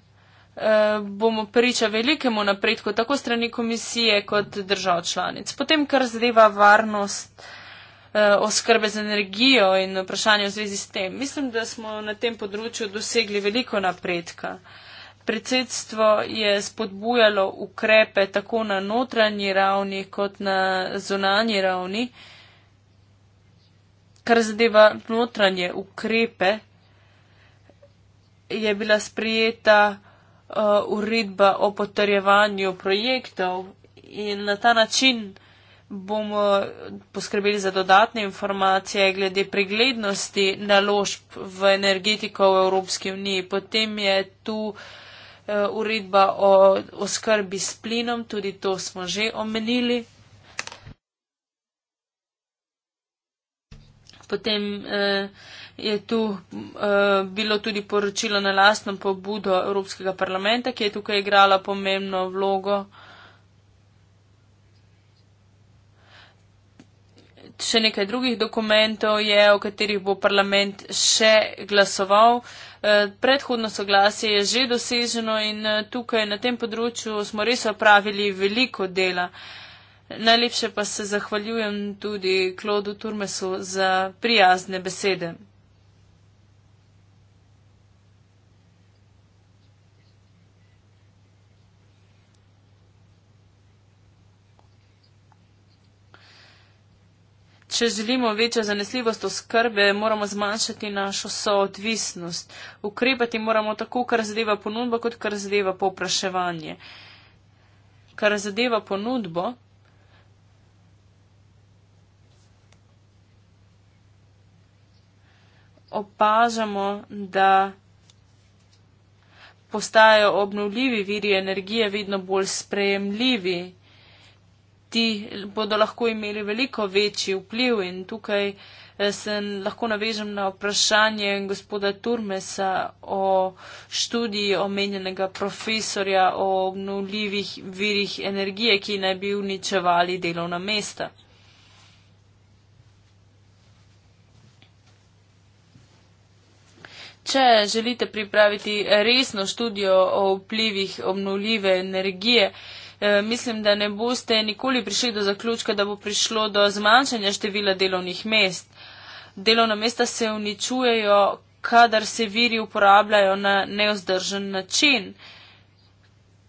eh, bomo priča velikemu napredku tako strani komisije kot držav članic. Potem, kar zadeva varnost eh, oskrbe z energijo in vprašanje v zvezi s tem, mislim, da smo na tem področju dosegli veliko napredka. Predsedstvo je spodbujalo ukrepe tako na notranji ravni kot na zunanji ravni. Kar zadeva notranje ukrepe, je bila sprijeta uh, uredba o potrjevanju projektov in na ta način bomo poskrbeli za dodatne informacije glede preglednosti naložb v energetiko v Evropski uniji. Potem je tu uh, Eh, uredba o oskrbi s plinom, tudi to smo že omenili. Potem eh, je tu eh, bilo tudi poročilo na lastno pobudo Evropskega parlamenta, ki je tukaj igrala pomembno vlogo. Še nekaj drugih dokumentov je, o katerih bo parlament še glasoval. Eh, Eh, predhodno soglasje je že doseženo in eh, tukaj na tem področju smo res opravili veliko dela. Najlepše pa se zahvaljujem tudi Klodu Turmesu za prijazne besede. Če želimo večjo zanesljivost oskrbe, moramo zmanjšati našo soodvisnost. Ukrepati moramo tako, kar zadeva ponudbo, kot kar zadeva popraševanje. Kar zadeva ponudbo, opažamo, da postajajo obnovljivi viri energije vedno bolj sprejemljivi ti bodo lahko imeli veliko večji vpliv in tukaj eh, se lahko navežem na vprašanje gospoda Turmesa o študiji omenjenega profesorja o obnovljivih virih energije, ki naj bi uničevali delovna mesta. Če želite pripraviti resno študijo o vplivih obnovljive energije, eh, Eh, mislim, da ne boste nikoli prišli do zaključka, da bo prišlo do zmanjšanja števila delovnih mest. Delovna mesta se uničujejo, kadar se viri uporabljajo na neozdržen način,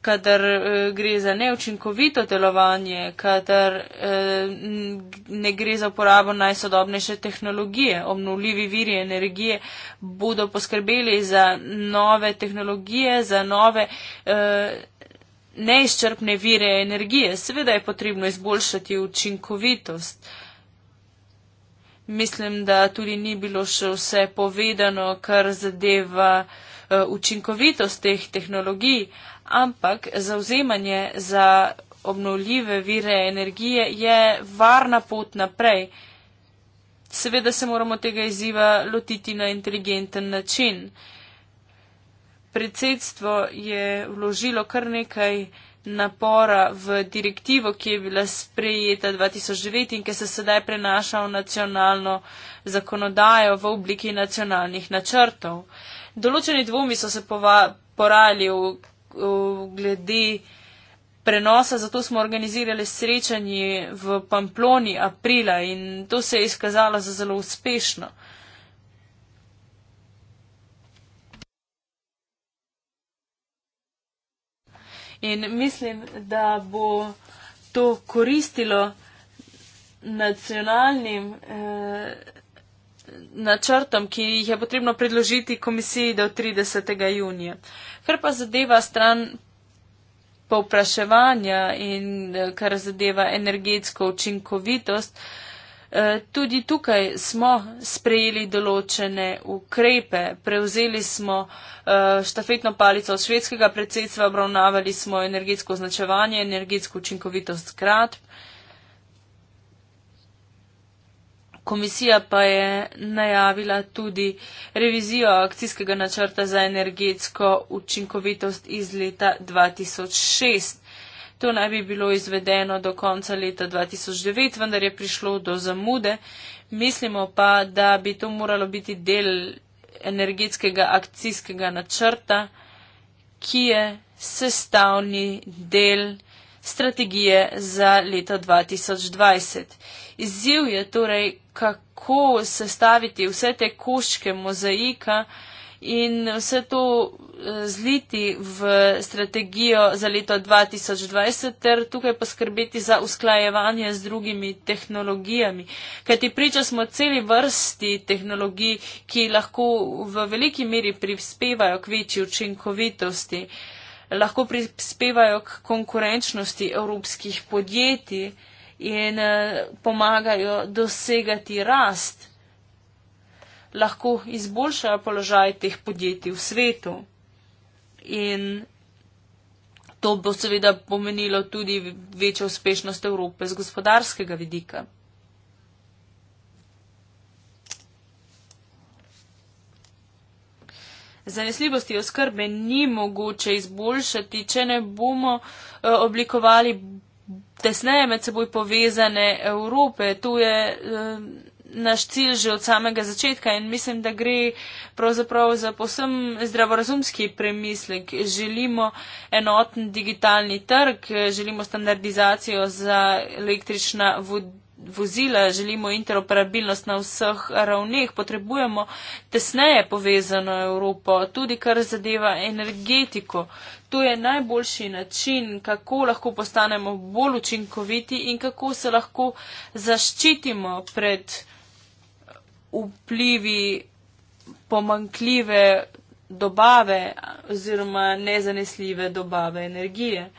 kadar e, gre za neučinkovito delovanje, kadar e, ne gre za uporabo najsodobnejše tehnologije. Obnovljivi viri energije bodo poskrbeli za nove tehnologije, za nove. E, neizčrpne vire energije. Seveda je potrebno izboljšati učinkovitost. Mislim, da tudi ni bilo še vse povedano, kar zadeva eh, učinkovitost teh tehnologij, ampak zauzemanje za obnovljive vire energije je varna pot naprej. Seveda se moramo tega izziva lotiti na inteligenten način predsedstvo je vložilo kar nekaj napora v direktivo, ki je bila sprejeta 2009 in ki se sedaj prenaša v nacionalno zakonodajo v obliki nacionalnih načrtov. Določeni dvomi so se porajali v, v glede prenosa, zato smo organizirali srečanje v Pamploni aprila in to se je izkazalo za zelo uspešno. In mislim, da bo to koristilo nacionalnim eh, načrtom, ki jih je potrebno predložiti komisiji do 30. junija. Kar pa zadeva stran povpraševanja in eh, kar zadeva energetsko učinkovitost, eh, Eh, tudi tukaj smo sprejeli določene ukrepe, prevzeli smo eh, štafetno palico od švedskega predsedstva, obravnavali smo energetsko označevanje, energetsko učinkovitost zgradb. Komisija pa je najavila tudi revizijo akcijskega načrta za energetsko učinkovitost iz leta 2006. To naj bi bilo izvedeno do konca leta 2009, vendar je prišlo do zamude. Mislimo pa, da bi to moralo biti del energetskega akcijskega načrta, ki je sestavni del strategije za leto 2020. Izziv je torej, kako sestaviti vse te koščke mozaika in vse to zliti v strategijo za leto 2020 ter tukaj poskrbeti za usklajevanje z drugimi tehnologijami. Kajti priča smo celi vrsti tehnologij, ki lahko v veliki meri prispevajo k večji učinkovitosti, lahko prispevajo k konkurenčnosti evropskih podjetij in eh, pomagajo dosegati rast lahko izboljšajo položaj teh podjetij v svetu in to bo seveda pomenilo tudi večjo uspešnost Evrope z gospodarskega vidika. Zanesljivosti oskrbe ni mogoče izboljšati, če ne bomo eh, oblikovali tesneje med seboj povezane Evrope. To je. Eh, naš cilj že od samega začetka in mislim, da gre pravzaprav za posem zdravorazumski premislek. Želimo enoten digitalni trg, želimo standardizacijo za električna vodila. Vozila, želimo interoperabilnost na vseh ravneh, potrebujemo tesneje povezano Evropo, tudi kar zadeva energetiko. To je najboljši način, kako lahko postanemo bolj učinkoviti in kako se lahko zaščitimo pred vplivi pomankljive dobave oziroma nezanesljive dobave energije.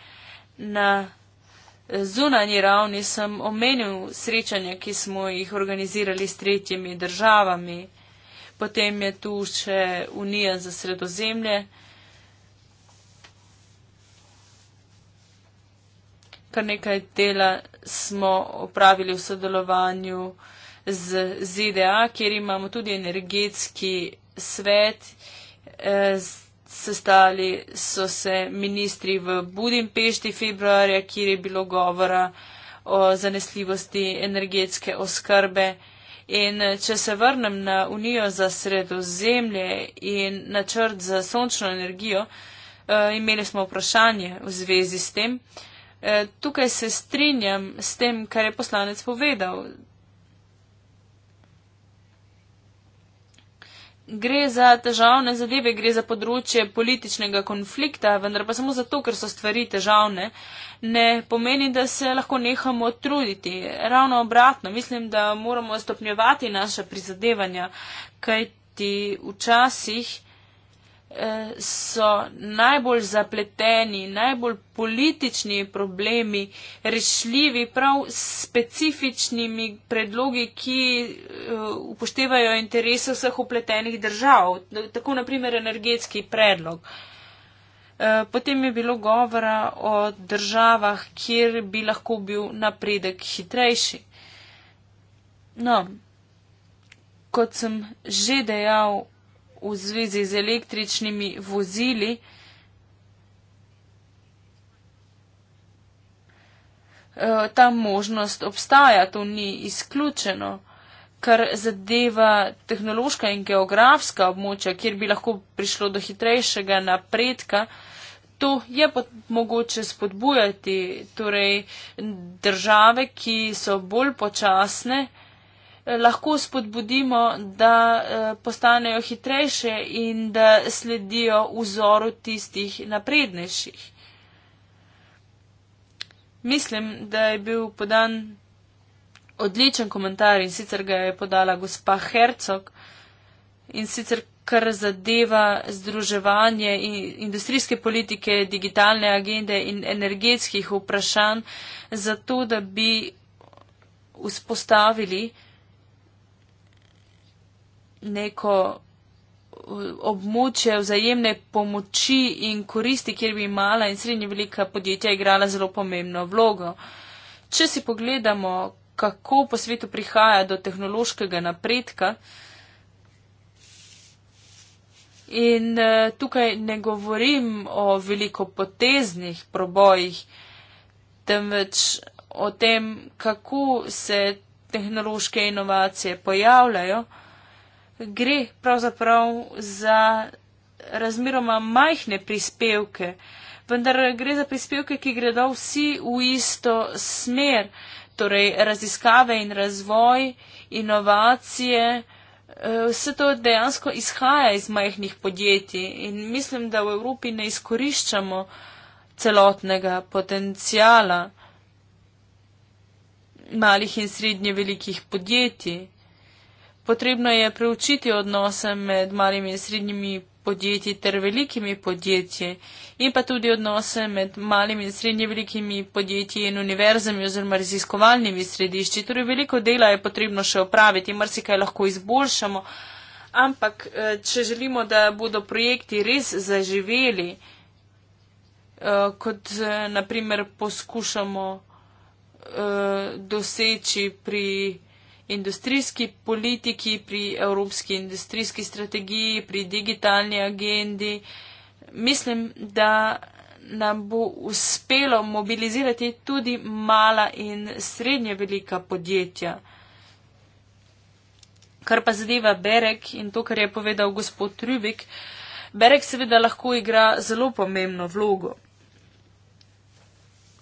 Na zunanji ravni sem omenil srečanja, ki smo jih organizirali s tretjimi državami, potem je tu še Unija za sredozemlje. Kar nekaj dela smo opravili v sodelovanju z ZDA, kjer imamo tudi energetski svet. E, sestali so se ministri v Budimpešti februarja, kjer je bilo govora o zanesljivosti energetske oskrbe. In če se vrnem na Unijo za sredozemlje in načrt za sončno energijo, e, imeli smo vprašanje v zvezi s tem. E, tukaj se strinjam s tem, kar je poslanec povedal, gre za težavne zadeve, gre za področje političnega konflikta, vendar pa samo zato, ker so stvari težavne, ne pomeni, da se lahko nehamo truditi. Ravno obratno, mislim, da moramo stopnjevati naše prizadevanja, kajti včasih so najbolj zapleteni, najbolj politični problemi, rešljivi prav s specifičnimi predlogi, ki eh, upoštevajo interese vseh upletenih držav, tako naprimer energetski predlog. Eh, potem je bilo govora o državah, kjer bi lahko bil napredek hitrejši. No, kot sem že dejal, v zvezi z električnimi vozili. E, ta možnost obstaja, to ni izključeno, kar zadeva tehnološka in geografska območja, kjer bi lahko prišlo do hitrejšega napredka. To je pot, mogoče spodbujati, torej države, ki so bolj počasne, lahko spodbudimo, da eh, postanejo hitrejše in da sledijo vzoru tistih naprednejših. Mislim, da je bil podan odličen komentar in sicer ga je podala gospa Hercog in sicer kar zadeva združevanje in industrijske politike, digitalne agende in energetskih vprašanj, zato da bi vzpostavili uh, neko uh, območje vzajemne pomoči in koristi, kjer bi mala in srednje velika podjetja igrala zelo pomembno vlogo. Če si pogledamo, kako po svetu prihaja do tehnološkega napredka, in uh, tukaj ne govorim o velikopoteznih probojih, temveč o tem, kako se tehnološke inovacije pojavljajo, gre pravzaprav za razmeroma majhne prispevke, vendar gre za prispevke, ki gredo vsi v isto smer, torej raziskave in razvoj, inovacije. Eh, vse to dejansko izhaja iz majhnih podjetij in mislim, da v Evropi ne izkoriščamo celotnega potencijala malih in srednje velikih podjetij. Potrebno je preučiti odnose med malimi in srednjimi podjetji ter velikimi podjetji in pa tudi odnose med malimi in srednje velikimi podjetji in univerzami oziroma raziskovalnimi središči. Torej veliko dela je potrebno še opraviti, mar si kaj lahko izboljšamo, ampak eh, če želimo, da bodo projekti res zaživeli, eh, kot eh, naprimer poskušamo doseči pri industrijski politiki, pri evropski industrijski strategiji, pri digitalni agendi. Mislim, da nam bo uspelo mobilizirati tudi mala in srednje velika podjetja. Kar pa zadeva Berek in to, kar je povedal gospod Rubik, Berek seveda lahko igra zelo pomembno vlogo.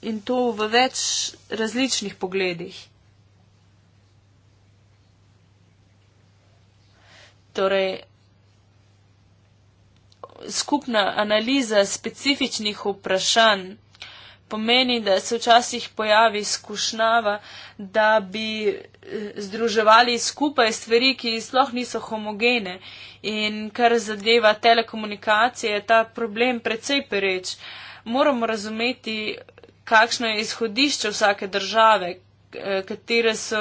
In to v več različnih pogledih. torej skupna analiza specifičnih vprašanj pomeni, da se včasih pojavi skušnava, da bi eh, združevali skupaj stvari, ki sploh niso homogene. In kar zadeva telekomunikacije, je ta problem precej pereč. Moramo razumeti, kakšno je izhodišče vsake države, Eh, katere so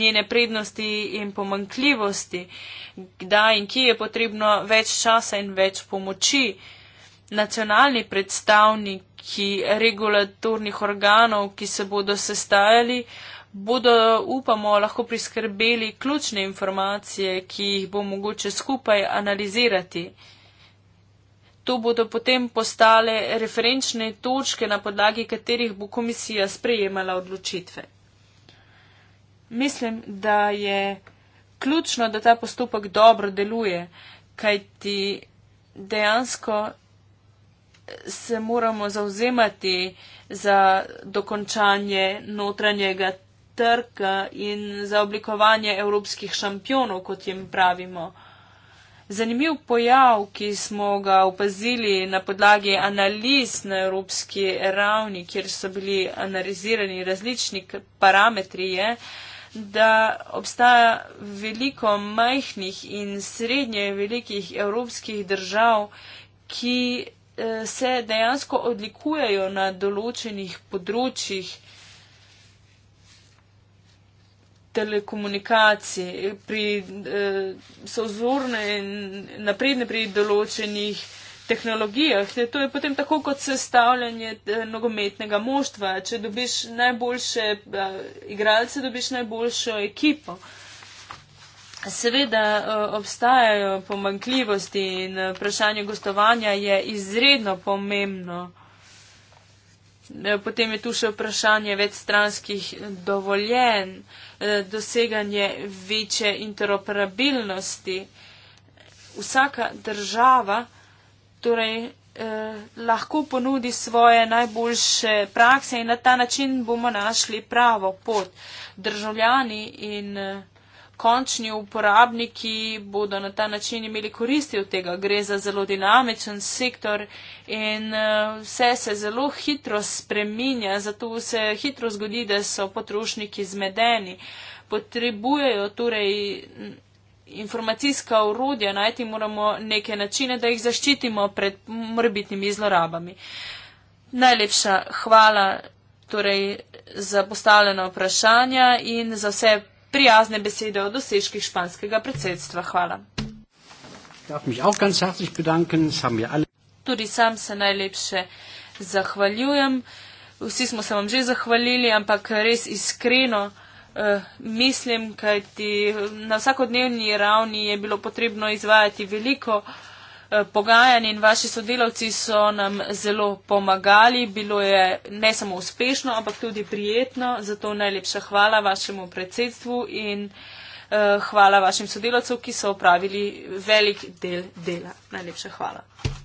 njene prednosti in pomankljivosti, kdaj in kje je potrebno več časa in več pomoči. Nacionalni predstavniki regulatornih organov, ki se bodo sestajali, bodo, upamo, lahko priskrbeli ključne informacije, ki jih bo mogoče skupaj analizirati. To bodo potem postale referenčne točke, na podlagi katerih bo komisija sprejemala odločitve. Mislim, da je ključno, da ta postopek dobro deluje, kajti dejansko se moramo zauzemati za dokončanje notranjega trga in za oblikovanje evropskih šampionov, kot jim pravimo. Zanimiv pojav, ki smo ga opazili na podlagi analiz na evropski ravni, kjer so bili analizirani različni parametri, je, da obstaja veliko majhnih in srednje velikih evropskih držav, ki eh, se dejansko odlikujejo na določenih področjih telekomunikacij, pri, eh, so vzorne in napredne pri določenih tehnologijah. To je potem tako kot sestavljanje eh, nogometnega moštva. Če dobiš najboljše eh, igralce, dobiš najboljšo ekipo. Seveda eh, obstajajo pomankljivosti in vprašanje gostovanja je izredno pomembno. Potem je tu še vprašanje večstranskih dovoljen, doseganje večje interoperabilnosti. Vsaka država torej, eh, lahko ponudi svoje najboljše prakse in na ta način bomo našli pravo pot. Državljani in eh, končni uporabniki bodo na ta način imeli koristi od tega. Gre za zelo dinamičen sektor in eh, vse se zelo hitro spreminja, zato se hitro zgodi, da so potrošniki zmedeni. Potrebujejo torej informacijska urodja, najti moramo neke načine, da jih zaščitimo pred morbitnimi zlorabami. Najlepša hvala torej, za postavljeno vprašanje in za vse prijazne besede o dosežkih španskega predsedstva. Hvala. Tudi sam se najlepše zahvaljujem. Vsi smo se vam že zahvalili, ampak res iskreno uh, mislim, kajti na vsakodnevni ravni je bilo potrebno izvajati veliko uh, pogajanj in vaši sodelavci so nam zelo pomagali. Bilo je ne samo uspešno, ampak tudi prijetno. Zato najlepša hvala vašemu predsedstvu in uh, hvala vašim sodelavcem, ki so upravili velik del dela. Najlepša hvala.